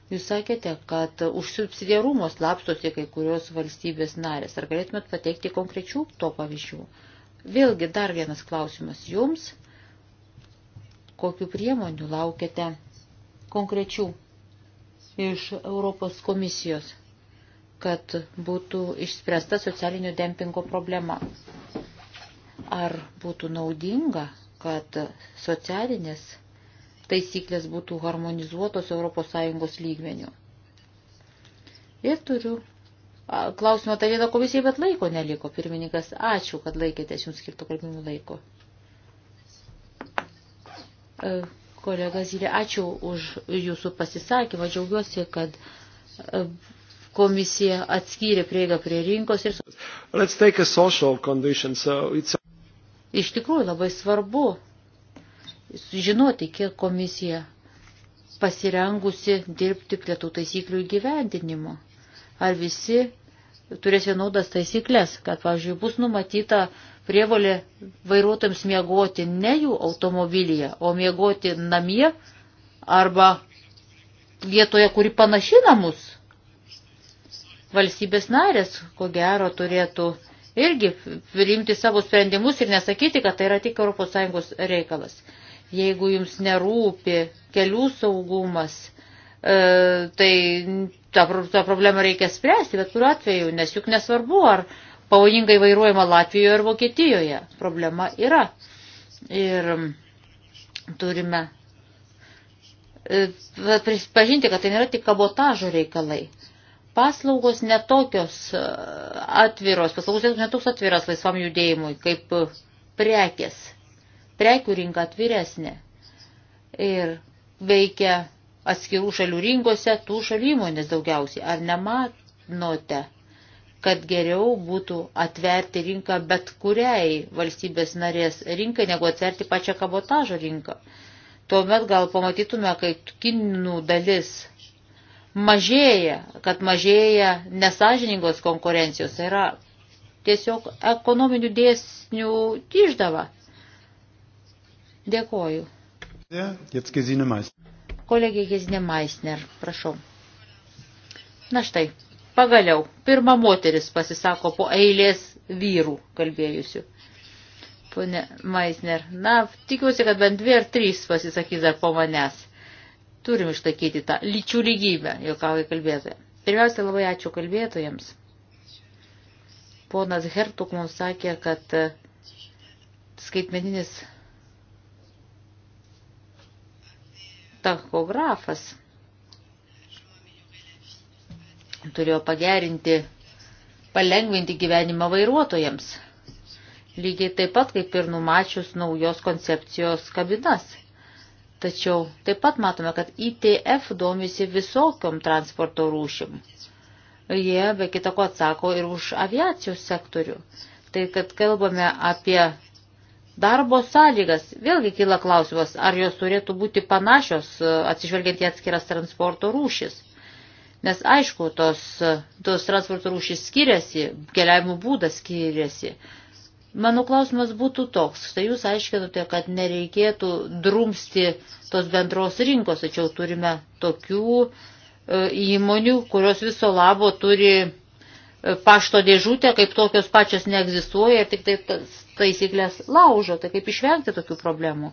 Jūs sakėte, kad už subsidiarumo slapstosi kai kurios valstybės narės. Ar galėtumėt pateikti konkrečių to pavyzdžių? Vėlgi dar vienas klausimas jums. Kokiu priemonių laukiate konkrečių iš Europos komisijos, kad būtų išspręsta socialinio dempingo problema? Ar būtų naudinga, kad socialinės taisyklės būtų harmonizuotos ES lygmenių. Ir turiu klausimą tą vieną komisijai, bet laiko neliko. Pirmininkas, ačiū, kad laikėtės jums skirto kalbimų laiko. E, kolega Zylė, ačiū už jūsų pasisakymą. Džiaugiuosi, kad e, komisija atskyrė prieigą prie rinkos ir... Let's take a social condition, so it's... Iš tikrųjų labai svarbu žinoti, kiek komisija pasirengusi dirbti prie tų taisyklių įgyvendinimo. Ar visi turės vienodas taisyklės, kad, pavyzdžiui, bus numatyta prievolė vairuotojams miegoti ne jų automobilyje, o miegoti namie arba vietoje, kuri panaši namus. Valstybės narės, ko gero, turėtų irgi priimti savo sprendimus ir nesakyti, kad tai yra tik ES reikalas. Jeigu jums nerūpi kelių saugumas, e, tai tą, tą problemą reikia spręsti, bet kuriuo atveju, nes juk nesvarbu, ar pavojingai vairuojama Latvijoje ar Vokietijoje. Problema yra. Ir turime e, pripažinti, kad tai nėra tik kabotažo reikalai paslaugos netokios e, atviros, paslaugos netoks atviras laisvam judėjimui, kaip prekės prekių rinka atviresnė ir veikia atskirų šalių rinkose tų šalių įmonės daugiausiai. Ar nemanote, kad geriau būtų atverti rinką bet kuriai valstybės narės rinkai, negu atverti pačią kabotažo rinką? Tuomet gal pamatytume, kaip kinų dalis mažėja, kad mažėja nesažiningos konkurencijos. Tai yra tiesiog ekonominių dėsnių išdava. Dėkoju. Kolegė Gezinė Maisner, prašau. Na štai, pagaliau, pirma moteris pasisako po eilės vyrų kalbėjusių. Pone Maisner, na, tikiuosi, kad bent dvi ar trys pasisakys dar po manęs. Turim išlaikyti tą lyčių lygybę, jokauja kalbėtoja. Pirmiausia, labai ačiū kalbėtojams. Ponas Hertuk mums sakė, kad skaitmeninis tachografas turėjo pagerinti, palengvinti gyvenimą vairuotojams. Lygiai taip pat, kaip ir numačius naujos koncepcijos kabinas. Tačiau taip pat matome, kad ITF domisi visokiom transporto rūšim. Jie be kitako atsako ir už aviacijos sektorių. Tai kad kalbame apie Darbo sąlygas, vėlgi kyla klausimas, ar jos turėtų būti panašios, e, atsižvelgiant į atskiras transporto rūšis. Nes aišku, tos, tos transporto rūšys skiriasi, keliavimo būdas skiriasi. Mano klausimas būtų toks, štai jūs aiškinote, kad nereikėtų drumsti tos bendros rinkos, tačiau turime tokių e, įmonių, kurios viso labo turi pašto dėžutę, kaip tokios pačios neegzistuoja, tik tai tas taisyklės laužo, tai kaip išvengti tokių problemų.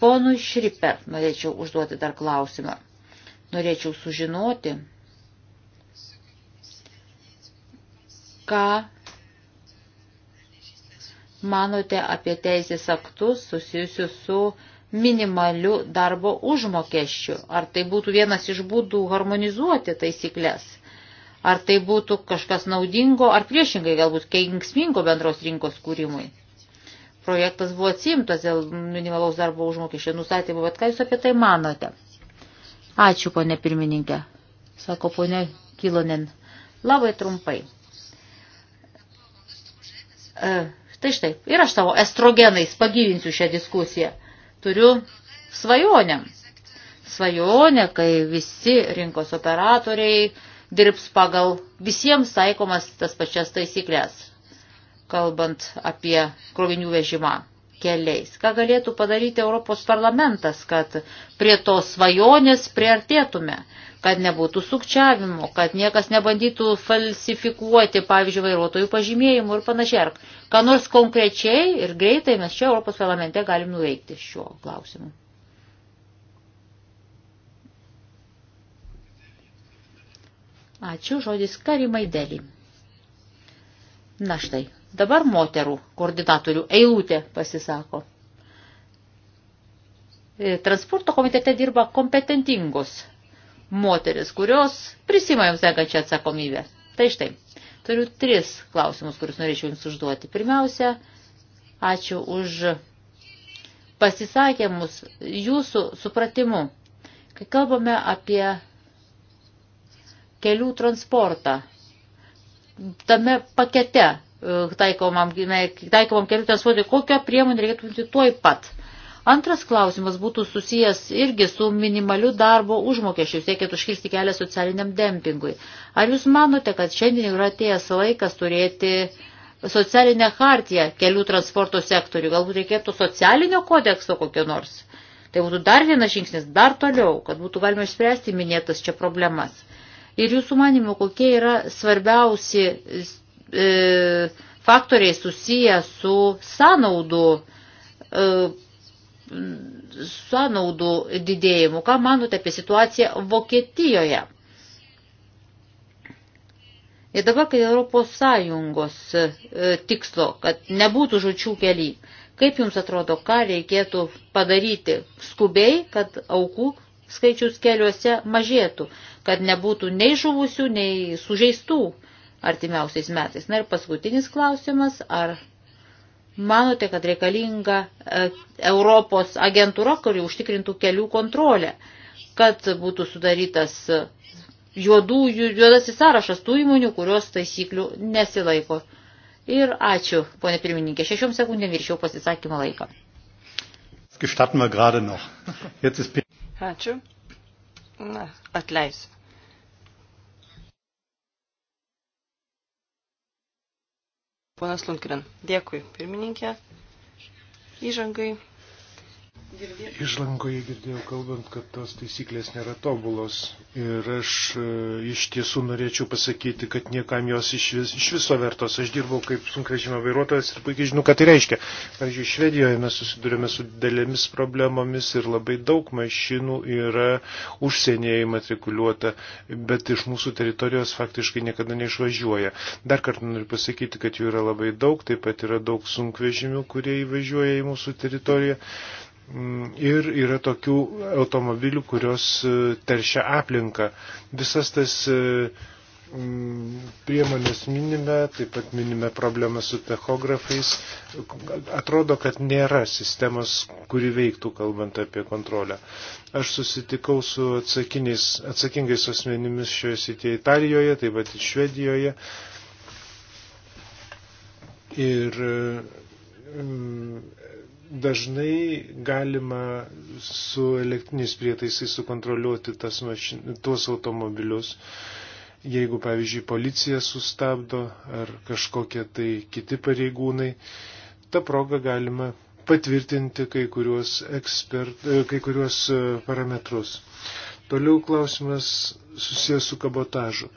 Ponui Šriper norėčiau užduoti dar klausimą. Norėčiau sužinoti, ką manote apie teisės aktus susijusius su minimaliu darbo užmokesčiu. Ar tai būtų vienas iš būdų harmonizuoti taisyklės? Ar tai būtų kažkas naudingo, ar priešingai galbūt kenksmingo bendros rinkos kūrimui. Projektas buvo atsimtas dėl minimalaus darbo užmokesčio nustatymų, bet ką jūs apie tai manote? Ačiū, ponė pirmininkė, sako ponė Kilonen. Labai trumpai. E, tai štai, ir aš savo estrogenais pagyvinsiu šią diskusiją. Turiu svajonę. Svajonę, kai visi rinkos operatoriai, dirbs pagal visiems taikomas tas pačias taisyklės, kalbant apie krovinių vežimą keliais. Ką galėtų padaryti Europos parlamentas, kad prie tos svajonės priartėtume, kad nebūtų sukčiavimo, kad niekas nebandytų falsifikuoti, pavyzdžiui, vairuotojų pažymėjimų ir panašiai. Ar ką nors konkrečiai ir greitai mes čia Europos parlamente galim nuveikti šiuo klausimu. Ačiū, žodis Karimai Deli. Na štai, dabar moterų koordinatorių eilutė pasisako. E, transporto komitete dirba kompetentingos moteris, kurios prisima jums tenkančią atsakomybę. Tai štai, turiu tris klausimus, kuriuos norėčiau jums užduoti. Pirmiausia, ačiū už pasisakymus jūsų supratimu. Kai kalbame apie kelių transportą. Tame pakete e, taikomam, taikomam kelių transportui, kokią priemonę reikėtų būti tuoj pat. Antras klausimas būtų susijęs irgi su minimaliu darbo užmokesčiu, siekėt užkirsti kelią socialiniam dempingui. Ar jūs manote, kad šiandien yra atėjęs laikas turėti socialinę hartiją kelių transporto sektoriui? Galbūt reikėtų socialinio kodekso kokio nors? Tai būtų dar vienas žingsnis, dar toliau, kad būtų galima išspręsti minėtas čia problemas. Ir jūsų manimo, kokie yra svarbiausi e, faktoriai susiję su sąnaudų, e, sąnaudų didėjimu. Ką manote apie situaciją Vokietijoje? Ir dabar, kai Europos Sąjungos e, tikslo, kad nebūtų žučių keli, kaip jums atrodo, ką reikėtų padaryti skubiai, kad aukų skaičius keliuose mažėtų? kad nebūtų nei žuvusių, nei sužeistų artimiausiais metais. Na ir paskutinis klausimas, ar manote, kad reikalinga e, Europos agentūra, kuri užtikrintų kelių kontrolę, kad būtų sudarytas juodų, juodasis sąrašas tų įmonių, kurios taisyklių nesilaiko. Ir ačiū, ponė pirmininkė, šešiom sekundėm viršiau pasisakymą laiką. Ačiū. Na, atleisiu. Ponas Lunkrin. Dėkui, pirmininkė. Įžangai Išlankoje girdėjau kalbant, kad tos taisyklės nėra tobulos ir aš e, iš tiesų norėčiau pasakyti, kad niekam jos iš, vis, iš viso vertos. Aš dirbau kaip sunkvežimio vairuotojas ir puikiai žinau, ką tai reiškia. Pavyzdžiui, Švedijoje mes susidurėme su didelėmis problemomis ir labai daug mašinų yra užsienyje įmatrikuliuota, bet iš mūsų teritorijos faktiškai niekada neišvažiuoja. Dar kartą noriu pasakyti, kad jų yra labai daug, taip pat yra daug sunkvežimių, kurie įvažiuoja į mūsų teritoriją. Mm, ir yra tokių automobilių, kurios e, teršia aplinką. Visas tas e, mm, priemonės minime, taip pat minime problemą su techografais. Atrodo, kad nėra sistemos, kuri veiktų, kalbant apie kontrolę. Aš susitikau su atsakingais asmenimis šioje srityje Italijoje, taip pat ir Švedijoje. Ir e, mm, dažnai galima su elektriniais prietaisais sukontroliuoti tas mašin, tuos automobilius. Jeigu, pavyzdžiui, policija sustabdo ar kažkokie tai kiti pareigūnai, tą progą galima patvirtinti kai kuriuos, ekspert, e, kai kuriuos e, parametrus. Toliau klausimas susijęs su kabotažu.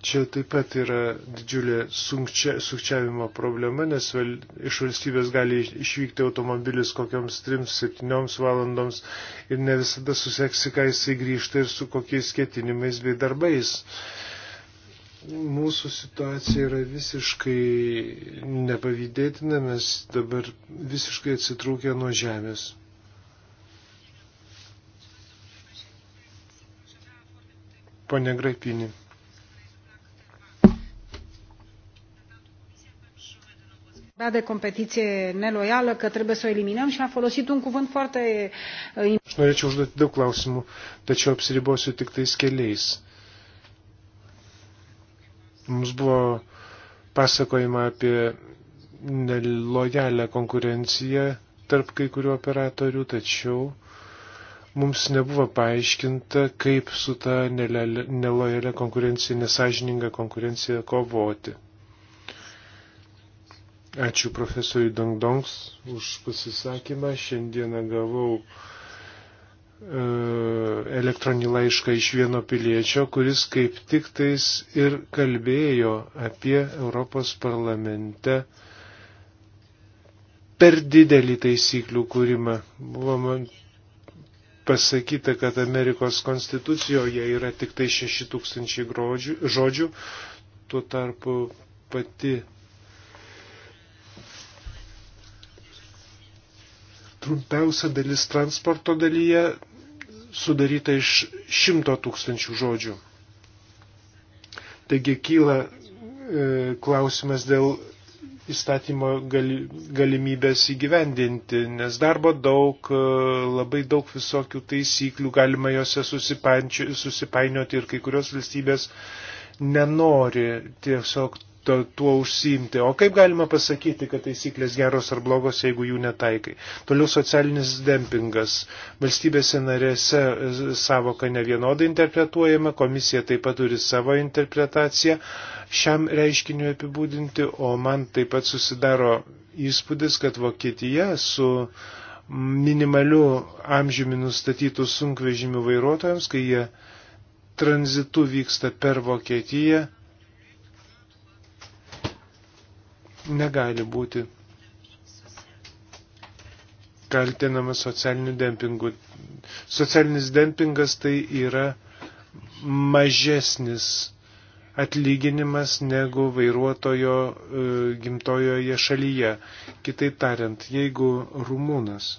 Čia taip pat yra didžiulė sunkčia, sukčiavimo problema, nes val, iš valstybės gali išvykti automobilis kokioms 3-7 valandoms ir ne visada suseksi, ką jisai grįžta ir su kokiais ketinimais bei darbais. Mūsų situacija yra visiškai nepavydėtina, mes dabar visiškai atsitraukę nuo žemės. Pane Grapinį. de competiție neloială, că trebuie să o eliminăm și a folosit un cuvânt foarte... Uh, Aš norėčiau užduoti daug klausimų, tačiau apsiribosiu tik tais keliais. Mums buvo pasakojama apie nelojalę konkurenciją tarp kai kurių operatorių, tačiau mums nebuvo paaiškinta, kaip su ta nelojalė konkurencija, nesažininga konkurencija kovoti. Ačiū profesoriui Dangdongs už pasisakymą. Šiandieną gavau e, elektroninį laišką iš vieno piliečio, kuris kaip tik tais ir kalbėjo apie Europos parlamente per didelį taisyklių kūrimą. Buvo man pasakyta, kad Amerikos konstitucijoje yra tik tai 6000 žodžių, tuo tarpu pati trumpiausia dalis transporto dalyje sudaryta iš šimto tūkstančių žodžių. Taigi kyla e, klausimas dėl įstatymo gali, galimybės įgyvendinti, nes darbo daug, e, labai daug visokių taisyklių, galima jose susipainioti ir kai kurios valstybės nenori tiesiog to, tuo užsiimti. O kaip galima pasakyti, kad taisyklės geros ar blogos, jeigu jų netaikai? Toliau socialinis dempingas. Valstybėse narėse e, savoka nevienodai interpretuojama, komisija taip pat turi savo interpretaciją šiam reiškiniu apibūdinti, o man taip pat susidaro įspūdis, kad Vokietija su minimaliu amžiumi nustatytų sunkvežimių vairuotojams, kai jie tranzitu vyksta per Vokietiją, negali būti kaltinamas socialiniu dempingu. Socialinis dempingas tai yra mažesnis atlyginimas negu vairuotojo e, gimtojoje šalyje. Kitaip tariant, jeigu rumūnas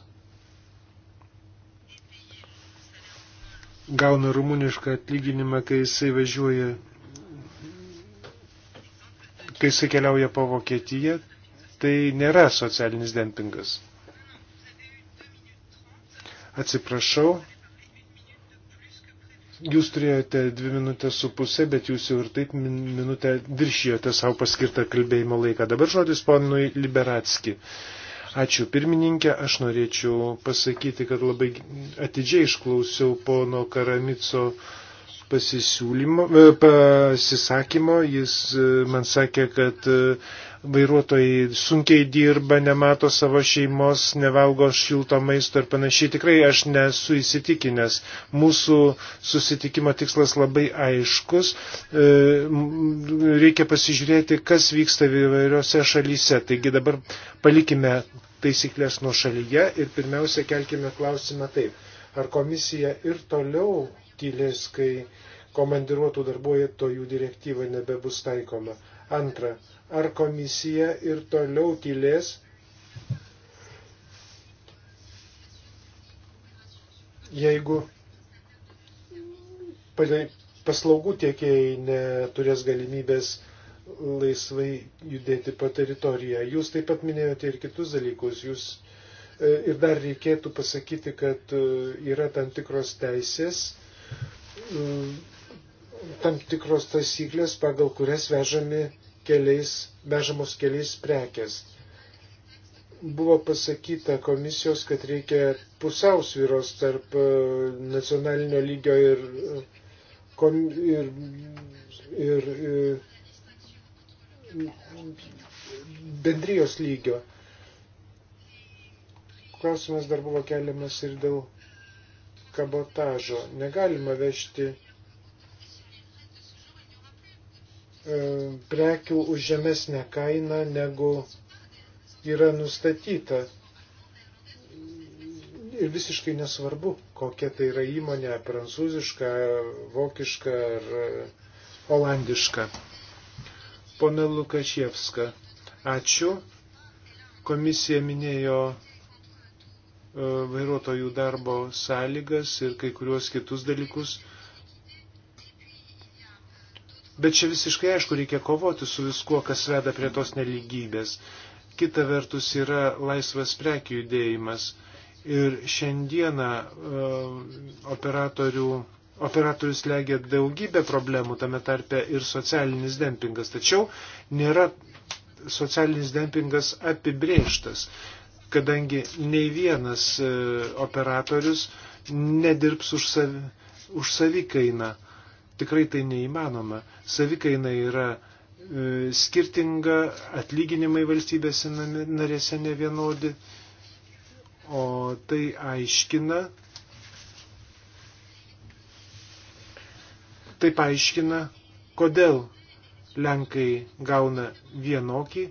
gauna rumunišką atlyginimą, kai jisai važiuoja kai jisai keliauja po Vokietiją, tai nėra socialinis dempingas. Atsiprašau, jūs turėjote dvi minutės su pusė, bet jūs jau ir taip min minutę viršijote savo paskirtą kalbėjimo laiką. Dabar žodis ponui Liberatski. Ačiū pirmininkė, aš norėčiau pasakyti, kad labai atidžiai išklausiau pono Karamico uh, E, pasisakymo. Jis e, man sakė, kad e, vairuotojai sunkiai dirba, nemato savo šeimos, nevalgo šilto maisto ir panašiai. Tikrai aš nesu įsitikinęs. Mūsų susitikimo tikslas labai aiškus. Reikia pasižiūrėti, kas vyksta įvairiose šalyse. Taigi dabar palikime taisyklės nuo šalyje ir pirmiausia kelkime klausimą taip. Ar komisija ir toliau tylės, kai komandiruotų darbuotojų direktyva nebebus taikoma. Antra, ar komisija ir toliau tylės, jeigu paslaugų tiekėjai neturės galimybės laisvai judėti po teritoriją. Jūs taip pat minėjote ir kitus dalykus. Jūs e, ir dar reikėtų pasakyti, kad e, yra tam tikros teisės, Mm, tam tikros taisyklės, pagal kurias vežami keliais, vežamos keliais prekes. Buvo pasakyta komisijos, kad reikia pusiausvyros tarp e, nacionalinio lygio ir, e, ir, ir, ir e, bendrijos lygio. Klausimas dar buvo keliamas ir dėl kabotažo. Negalima vežti e, prekių už žemesnę kainą, negu yra nustatyta. Ir visiškai nesvarbu, kokia tai yra įmonė - prancūziška, vokiška ar e, olandiška. Pone Lukašievska, ačiū. Komisija minėjo E, vairuotojų darbo sąlygas ir kai kuriuos kitus dalykus. Bet čia visiškai aišku, reikia kovoti su viskuo, kas veda prie tos neligybės. Kita vertus yra laisvas prekių judėjimas. Ir šiandieną e, operatorių, operatorius legia daugybę problemų, tame tarpe ir socialinis dempingas. Tačiau nėra socialinis dempingas apibrėžtas kadangi nei vienas e, operatorius nedirbs už, savi, už savikainą. Tikrai tai neįmanoma. Savikaina yra e, skirtinga, atlyginimai valstybėse narėse nevienodi, o tai aiškina, tai paaiškina, kodėl Lenkai gauna vienokį,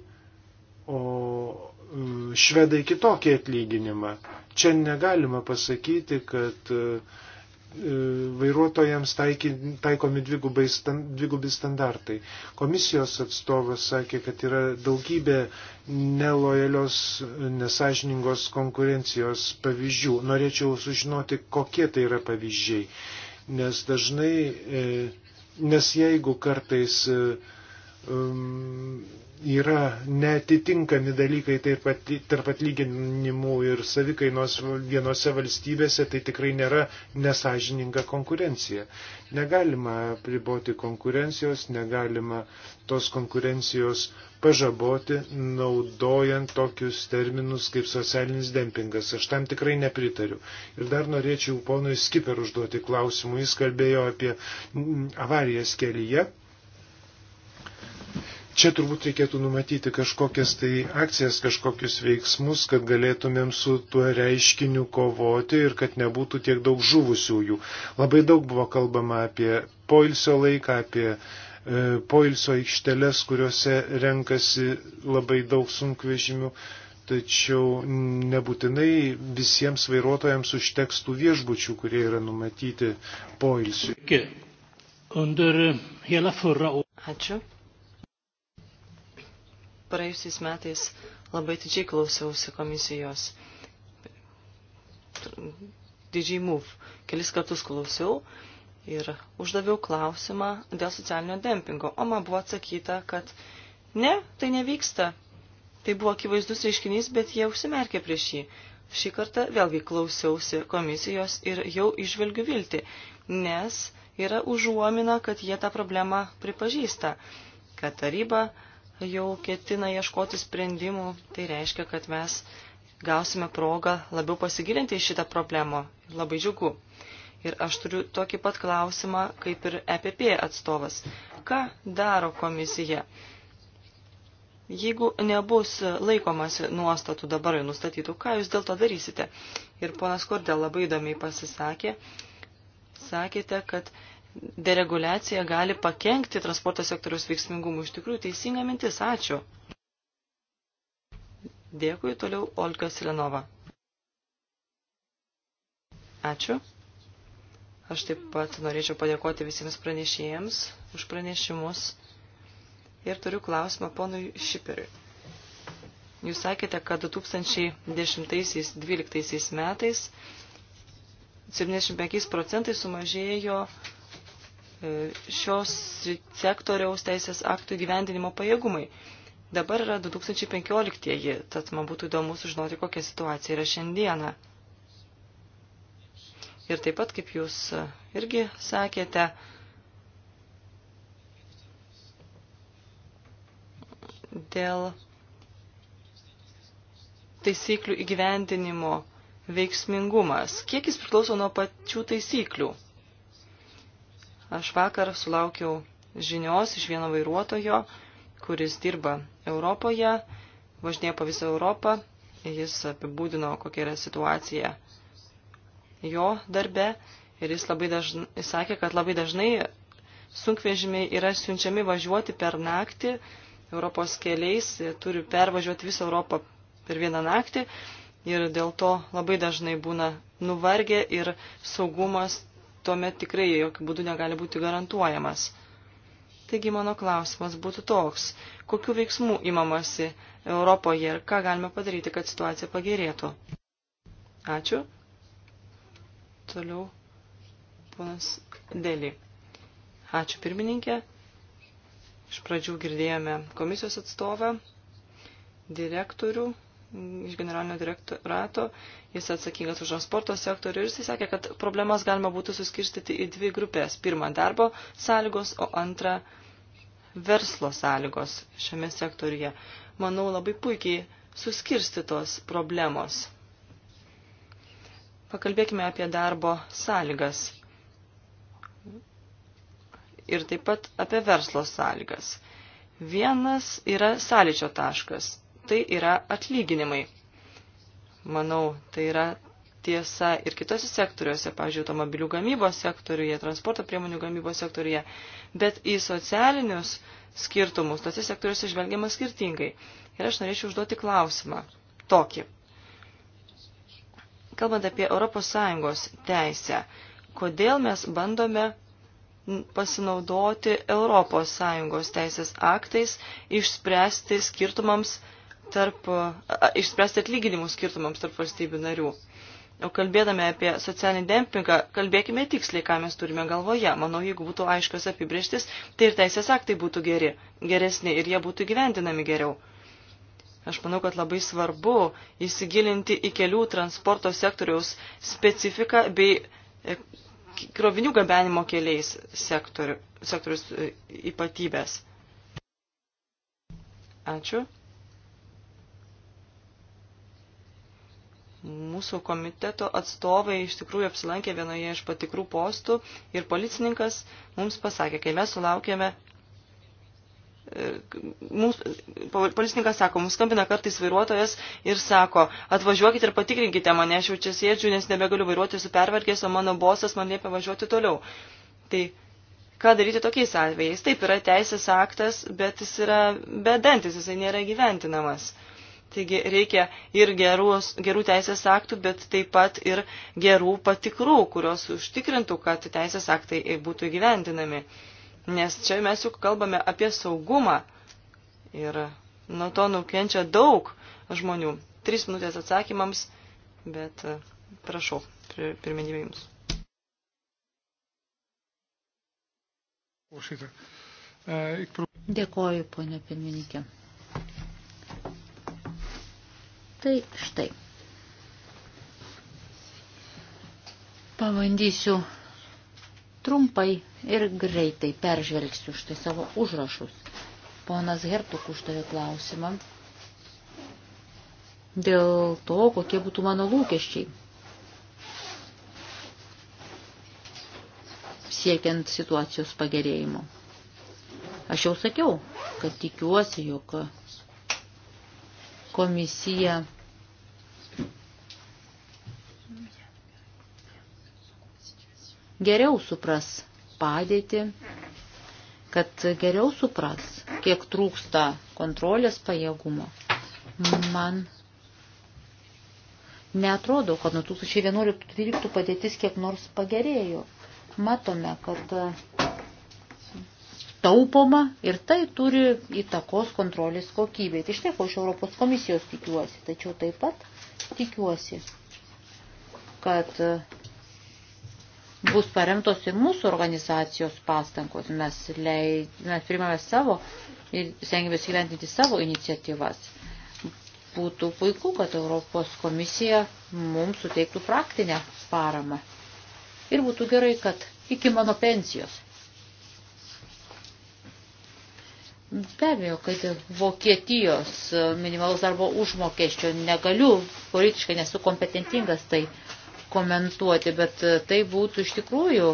o švedai kitokį atlyginimą. Čia negalima pasakyti, kad e, e, vairuotojams taiky, taikomi dvigubai, dvigubi standartai. Komisijos atstovas sakė, kad yra daugybė nelojalios, nesažiningos konkurencijos pavyzdžių. Norėčiau sužinoti, kokie tai yra pavyzdžiai. Nes dažnai, e, nes jeigu kartais e, um, yra netitinkami dalykai tai tarp atlyginimų ir savikainos vienose valstybėse, tai tikrai nėra nesažininga konkurencija. Negalima priboti konkurencijos, negalima tos konkurencijos pažaboti, naudojant tokius terminus kaip socialinis dempingas. Aš tam tikrai nepritariu. Ir dar norėčiau ponui Skiper užduoti klausimų. Jis kalbėjo apie mm, avarijas kelyje. Čia turbūt reikėtų numatyti kažkokias tai akcijas, kažkokius veiksmus, kad galėtumėm su tuo reiškiniu kovoti ir kad nebūtų tiek daug žuvusiųjų. Labai daug buvo kalbama apie poilsio laiką, apie e, poilsio aikšteles, kuriuose renkasi labai daug sunkvežimių tačiau nebūtinai visiems vairuotojams užteks tų viešbučių, kurie yra numatyti poilsiui. E, Ačiū praėjusiais metais labai didžiai klausiausi komisijos didžiai move. Kelis kartus klausiau ir uždaviau klausimą dėl socialinio dempingo, o man buvo atsakyta, kad ne, tai nevyksta. Tai buvo akivaizdus reiškinys, bet jie užsimerkė prieš jį. Šį kartą vėlgi klausiausi komisijos ir jau išvelgiu viltį, nes yra užuomina, kad jie tą problemą pripažįsta, kad taryba jau ketina ieškoti sprendimų, tai reiškia, kad mes gausime progą labiau pasigilinti į šitą problemą. Labai džiugu. Ir aš turiu tokį pat klausimą, kaip ir EPP atstovas. Ką daro komisija? Jeigu nebus laikomasi nuostatų dabar nustatytų, ką jūs dėl to darysite? Ir ponas Kordė labai įdomiai pasisakė. Sakėte, kad dereguliacija gali pakengti transporto sektoriaus veiksmingumui. Iš tikrųjų, teisinga mintis. Ačiū. Dėkui toliau Olga Silenova. Ačiū. Aš taip pat norėčiau padėkoti visiems pranešėjams už pranešimus. Ir turiu klausimą ponui Šiperiui. Jūs sakėte, kad 2010-2012 metais 75 procentai sumažėjo šios sektoriaus teisės aktų gyvendinimo pajėgumai. Dabar yra 2015-ieji, tad man būtų įdomu sužinoti, kokia situacija yra šiandieną. Ir taip pat, kaip jūs irgi sakėte, dėl taisyklių įgyvendinimo veiksmingumas. Kiek jis priklauso nuo pačių taisyklių? Aš vakar sulaukiau žinios iš vieno vairuotojo, kuris dirba Europoje, važinėja po visą Europą, jis apibūdino, kokia yra situacija jo darbe ir jis labai dažnai jis sakė, kad labai dažnai sunkvežimiai yra siunčiami važiuoti per naktį Europos keliais, turi pervažiuoti visą Europą per vieną naktį ir dėl to labai dažnai būna nuvargę ir saugumas tuomet tikrai jokių būdų negali būti garantuojamas. Taigi mano klausimas būtų toks, kokiu veiksmu imamasi Europoje ir ką galime padaryti, kad situacija pagerėtų. Ačiū. Toliau ponas Deli. Ačiū pirmininkė. Iš pradžių girdėjome komisijos atstovą, direktorių iš generalinio direktorato, jis atsakingas už transporto sektorių ir jis sakė, kad problemas galima būtų suskirstyti į dvi grupės. Pirma, darbo sąlygos, o antra, verslo sąlygos šiame sektoriuje. Manau, labai puikiai suskirstytos problemos. Pakalbėkime apie darbo sąlygas ir taip pat apie verslo sąlygas. Vienas yra sąlyčio taškas tai yra atlyginimai. Manau, tai yra tiesa ir kitose sektoriuose, pavyzdžiui, automobilių gamybos sektoriuje, transporto priemonių gamybos sektoriuje, bet į socialinius skirtumus tose sektoriuose žvelgiama skirtingai. Ir aš norėčiau užduoti klausimą tokį. Kalbant apie ES teisę, kodėl mes bandome pasinaudoti ES teisės aktais, išspręsti skirtumams tarp, išspręsti atlyginimų skirtumams tarp valstybių narių. O kalbėdami apie socialinį dempingą, kalbėkime tiksliai, ką mes turime galvoje. Manau, jeigu būtų aiškios apibrieštis, tai ir teisės aktai būtų geri, geresni ir jie būtų gyvendinami geriau. Aš manau, kad labai svarbu įsigilinti į kelių transporto sektoriaus specifiką bei e, krovinių gabenimo keliais sektorių, sektorius e, ypatybės. Ačiū. Mūsų komiteto atstovai iš tikrųjų apsilankė vienoje iš patikrų postų ir policininkas mums pasakė, kai mes sulaukėme e, mums, policininkas sako, mums skambina kartais vairuotojas ir sako, atvažiuokit ir patikrinkite mane, aš jau čia sėdžiu, nes nebegaliu vairuoti, esu pervargęs, o mano bosas man liepia važiuoti toliau. Tai ką daryti tokiais atvejais? Taip, yra teisės aktas, bet jis yra bedantis, jisai nėra gyventinamas. Uh, Taigi reikia ir geros, gerų teisės aktų, bet taip pat ir gerų patikrų, kurios užtikrintų, kad teisės aktai būtų įgyvendinami. Nes čia mes juk kalbame apie saugumą ir nuo to nukenčia daug žmonių. Tris minutės atsakymams, bet e, prašau, pirmenybė jums. E, Dėkoju, ponia pirmininkė. Tai štai. Pabandysiu trumpai ir greitai peržvelgsiu štai savo užrašus. Ponas Hertuk uždavė klausimą dėl to, kokie būtų mano lūkesčiai. siekiant situacijos pagerėjimo. Aš jau sakiau, kad tikiuosi, jog Komisija geriau supras padėti, kad geriau supras, kiek trūksta kontrolės pajėgumo. Man netrodo, kad nuo 2011-2013 padėtis kiek nors pagerėjo. Matome, kad taupoma ir tai turi įtakos kontrolės kokybei. Tai štai ko iš Europos komisijos tikiuosi, tačiau taip pat tikiuosi, kad e, bus paremtos ir mūsų organizacijos pastangos. Mes, leid, mes primame savo ir stengiamės gyventinti savo iniciatyvas. Būtų puiku, kad Europos komisija mums suteiktų praktinę paramą. Ir būtų gerai, kad iki mano pensijos Be abejo, kad Vokietijos minimalus darbo užmokesčio negaliu, politiškai nesu kompetentingas tai komentuoti, bet tai būtų iš tikrųjų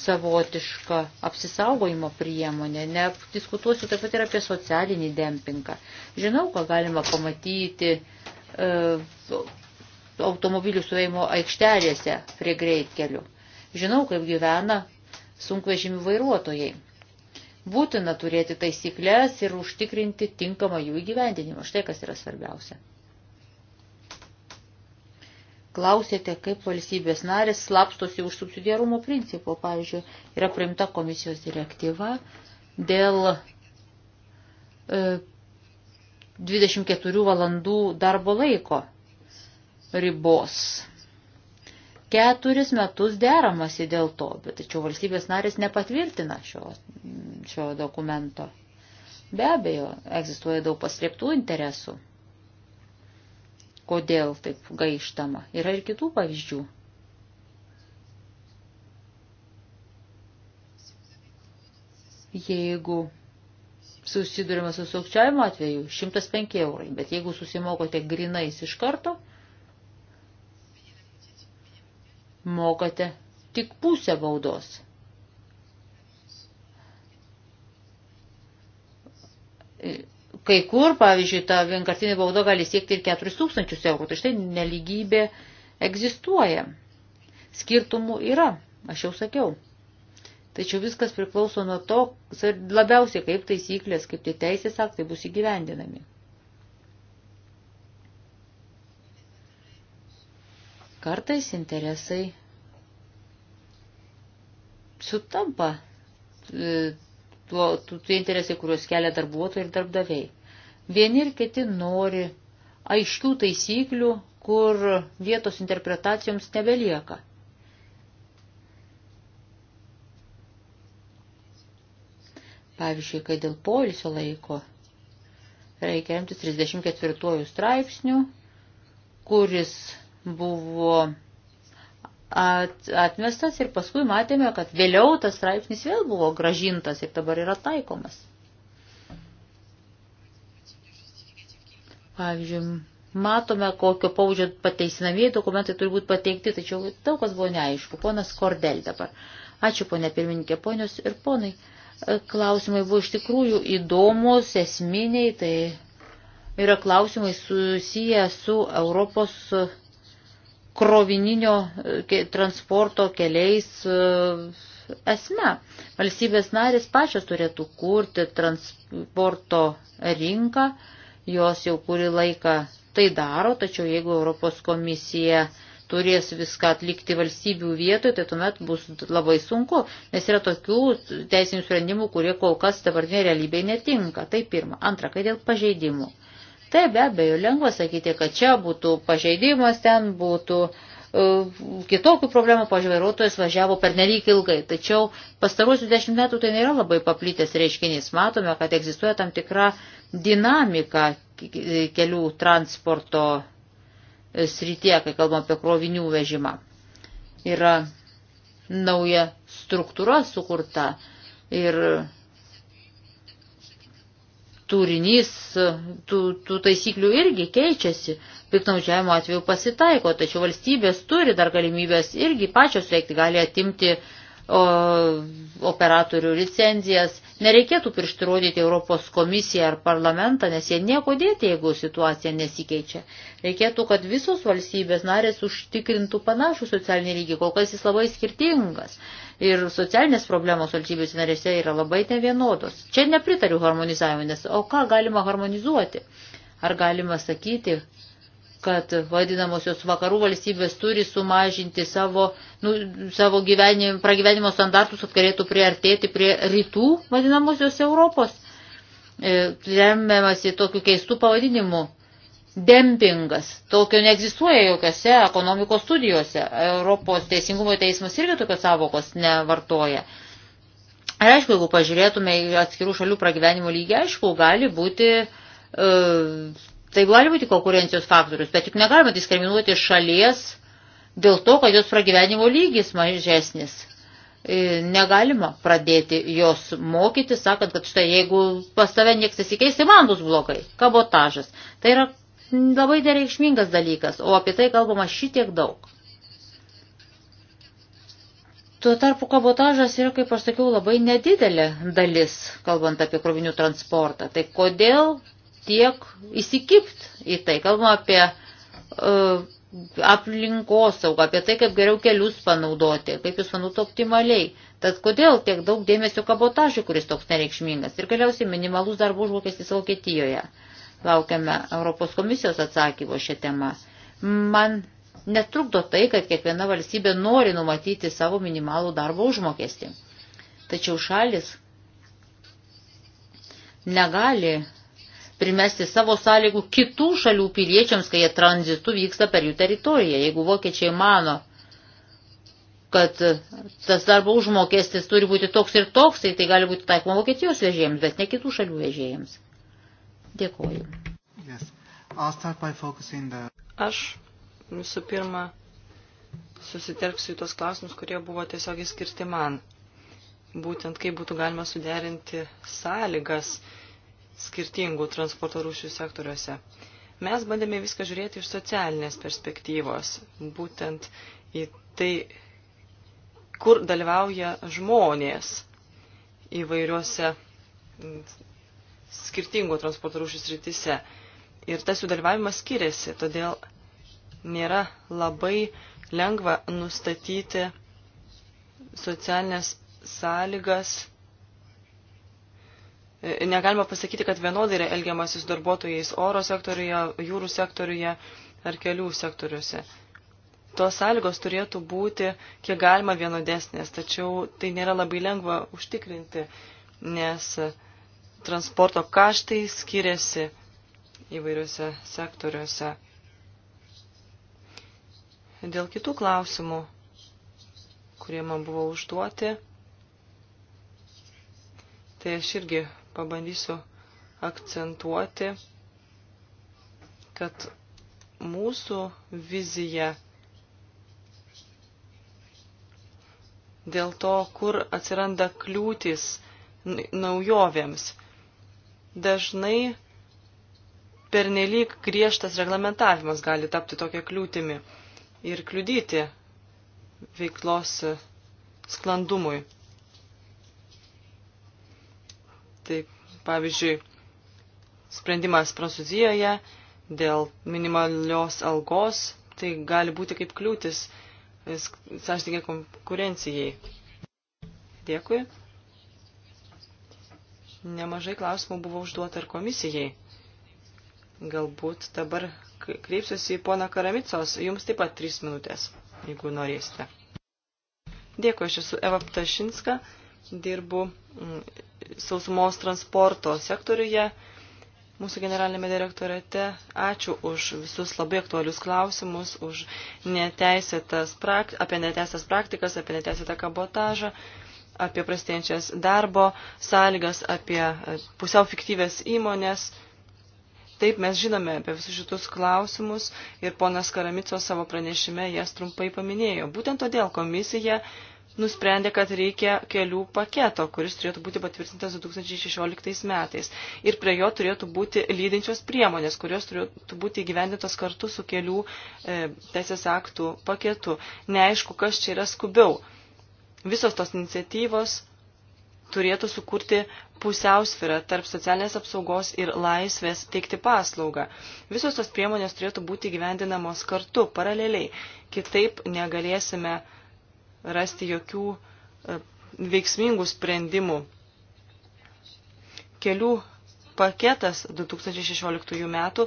savotiška apsisaugojimo priemonė. Nediskutuosiu taip pat ir apie socialinį dempingą. Žinau, ką galima pamatyti e, automobilių suveimo aikštelėse prie greitkelių. Žinau, kaip gyvena sunkvežimių vairuotojai Būtina turėti taisyklės ir užtikrinti tinkamą jų įgyvendinimą. Štai kas yra svarbiausia. Klausėte, kaip valstybės narės slapstosi už subsidiarumo principų. Pavyzdžiui, yra priimta komisijos direktyva dėl e, 24 valandų darbo laiko ribos. Keturis metus deramasi dėl to, bet tačiau valstybės narės nepatvirtina šio, šio dokumento. Be abejo, egzistuoja daug paslėptų interesų. Kodėl taip gaištama? Yra ir kitų pavyzdžių. Jeigu susidurime su sukčiavimo atveju, 105 eurai, bet jeigu susimokote grinais iš karto, mokate tik pusę baudos. Kai kur, pavyzdžiui, ta vienkartinė bauda gali siekti ir 4000 eurų. Tai štai neligybė egzistuoja. Skirtumų yra, aš jau sakiau. Tačiau viskas priklauso nuo to, labiausiai kaip taisyklės, kaip tie teisės aktai bus įgyvendinami. Kartais interesai sutampa e, tuo, tu, tie interesai, kuriuos kelia darbuotojai ir darbdaviai. Vieni ir kiti nori aiškių taisyklių, kur vietos interpretacijoms nebelieka. Pavyzdžiui, kai dėl poilsio laiko reikia remtis 34 straipsnių, kuris buvo atmestas ir paskui matėme, kad vėliau tas straipsnis vėl buvo gražintas ir dabar yra taikomas. Pavyzdžiui, matome, kokio paužio pateisinamieji dokumentai turi būti pateikti, tačiau daug kas buvo neaišku. Ponas Kordel dabar. Ačiū, ponė pirmininkė, ponios ir ponai. Klausimai buvo iš tikrųjų įdomus, esminiai, tai yra klausimai susiję su Europos krovininio e, transporto keliais e, esme. Valstybės narės pačios turėtų kurti transporto rinką, jos jau kurį laiką tai daro, tačiau jeigu Europos komisija turės viską atlikti valstybių vietoje, tai tuomet bus labai sunku, nes yra tokių teisinių sprendimų, kurie kol kas dabartinė realybėje netinka. Tai pirma. Antra, kai dėl pažeidimų. Taip, be abejo, lengva sakyti, kad čia būtų pažeidimas, ten būtų uh, kitokių problemų, pažiūrėtojas važiavo per nelik ilgai. Tačiau pastaruosius dešimt metų tai nėra labai paplitęs reiškinys. Matome, kad egzistuoja tam tikra dinamika kelių transporto e, srityje, kai kalbam apie krovinių vežimą. Yra nauja struktūra sukurta ir turinys tų, tų taisyklių irgi keičiasi. Piktnaudžiavimo atveju pasitaiko, tačiau valstybės turi dar galimybės irgi pačios veikti, gali atimti o, operatorių licenzijas, Nereikėtų piršti rodyti Europos komisiją ar parlamentą, nes jie nieko dėti, jeigu situacija nesikeičia. Reikėtų, kad visos valstybės narės užtikrintų panašų socialinį lygį, kol kas jis labai skirtingas. Ir socialinės problemos valstybės narėse yra labai nevienodos. Čia nepritariu harmonizavimui, nes o ką galima harmonizuoti? Ar galima sakyti, kad vadinamosios vakarų valstybės turi sumažinti savo, nu, savo gyvenim, pragyvenimo standartus, kad galėtų priartėti prie rytų vadinamosios Europos. E, remiamasi tokiu keistu pavadinimu. Dempingas. Tokio neegzistuoja jokiose ekonomikos studijose. Europos teisingumo teismas irgi tokios savokos nevartoja. Ir aišku, jeigu pažiūrėtume į atskirų šalių pragyvenimo lygį, aišku, gali būti e, Tai gali būti konkurencijos faktorius, bet juk negalima diskriminuoti šalies dėl to, kad jos pragyvenimo lygis mažesnis. E, negalima pradėti jos mokyti, sakant, kad štai jeigu pas tave niekas nesikeis, tai man bus blogai. Kabotažas. Tai yra labai nereikšmingas dalykas, o apie tai kalbama šitiek daug. Tuo tarpu kabotažas yra, kaip aš sakiau, labai nedidelė dalis, kalbant apie krovinių transportą. Tai kodėl tiek įsikipt į tai. Kalbama apie uh, aplinkosaugą, apie tai, kaip geriau kelius panaudoti, kaip jūs panaudoti optimaliai. Tad kodėl tiek daug dėmesio kabotažui, kuris toks nereikšmingas. Ir galiausiai minimalus darbo užmokestis Vokietijoje. Laukiame Europos komisijos atsakymo šią temą. Man netrukdo tai, kad kiekviena valstybė nori numatyti savo minimalų darbo užmokestį. Tačiau šalis negali primesti savo sąlygų kitų šalių piliečiams, kai jie tranzitu vyksta per jų teritoriją. Jeigu vokiečiai mano, kad tas darbo užmokestis turi būti toks ir toks, tai tai gali būti taikoma Vokietijos vežėjams, bet ne kitų šalių vežėjams. Dėkoju. Yes. The... Aš visų pirma susitelksiu į tos klausimus, kurie buvo tiesiog skirti man. Būtent kaip būtų galima suderinti sąlygas skirtingų transporto rūšių sektoriuose. Mes bandėme viską žiūrėti iš socialinės perspektyvos, būtent į tai, kur dalyvauja žmonės įvairiuose skirtingų transporto rūšių srityse. Ir tas jų dalyvavimas skiriasi, todėl nėra labai lengva nustatyti socialinės sąlygas Negalima pasakyti, kad vienodai yra elgiamasis darbuotojais oro sektoriuje, jūrų sektoriuje ar kelių sektoriuose. Tos sąlygos turėtų būti kiek galima vienodesnės, tačiau tai nėra labai lengva užtikrinti, nes transporto kaštai skiriasi įvairiuose sektoriuose. Dėl kitų klausimų, kurie man buvo užduoti, tai aš irgi pabandysiu akcentuoti, kad mūsų vizija dėl to, kur atsiranda kliūtis naujovėms. Dažnai pernelyg griežtas reglamentavimas gali tapti tokia kliūtimi ir kliudyti veiklos sklandumui. Tai pavyzdžiui, sprendimas Prancūzijoje dėl minimalios algos, tai gali būti kaip kliūtis sąžininkai konkurencijai. Dėkui. Nemažai klausimų buvo užduota ir komisijai. Galbūt dabar kreipsiuosi į poną Karamicos. Jums taip pat trys minutės, jeigu norėsite. Dėkui, aš esu Eva Ptašinska dirbu mm, sausumos transporto sektoriuje, mūsų generalinėme direktorate. Ačiū už visus labai aktualius klausimus, už neteisėtas prakt... apie neteisėtas praktikas, apie neteisėtą kabotažą, apie prastėjančias darbo sąlygas, apie e, pusiau fiktyvės įmonės. Taip, mes žinome apie visus šitus klausimus ir ponas Karamico savo pranešime jas trumpai paminėjo. Būtent todėl komisija nusprendė, kad reikia kelių paketo, kuris turėtų būti patvirtintas 2016 metais. Ir prie jo turėtų būti lydinčios priemonės, kurios turėtų būti įgyvendintos kartu su kelių e, teisės aktų paketu. Neaišku, kas čia yra skubiau. Visos tos iniciatyvos turėtų sukurti pusiausvirą tarp socialinės apsaugos ir laisvės teikti paslaugą. Visos tos priemonės turėtų būti gyvendinamos kartu, paraleliai. Kitaip negalėsime uh, rasti jokių e, veiksmingų sprendimų. Kelių paketas 2016 metų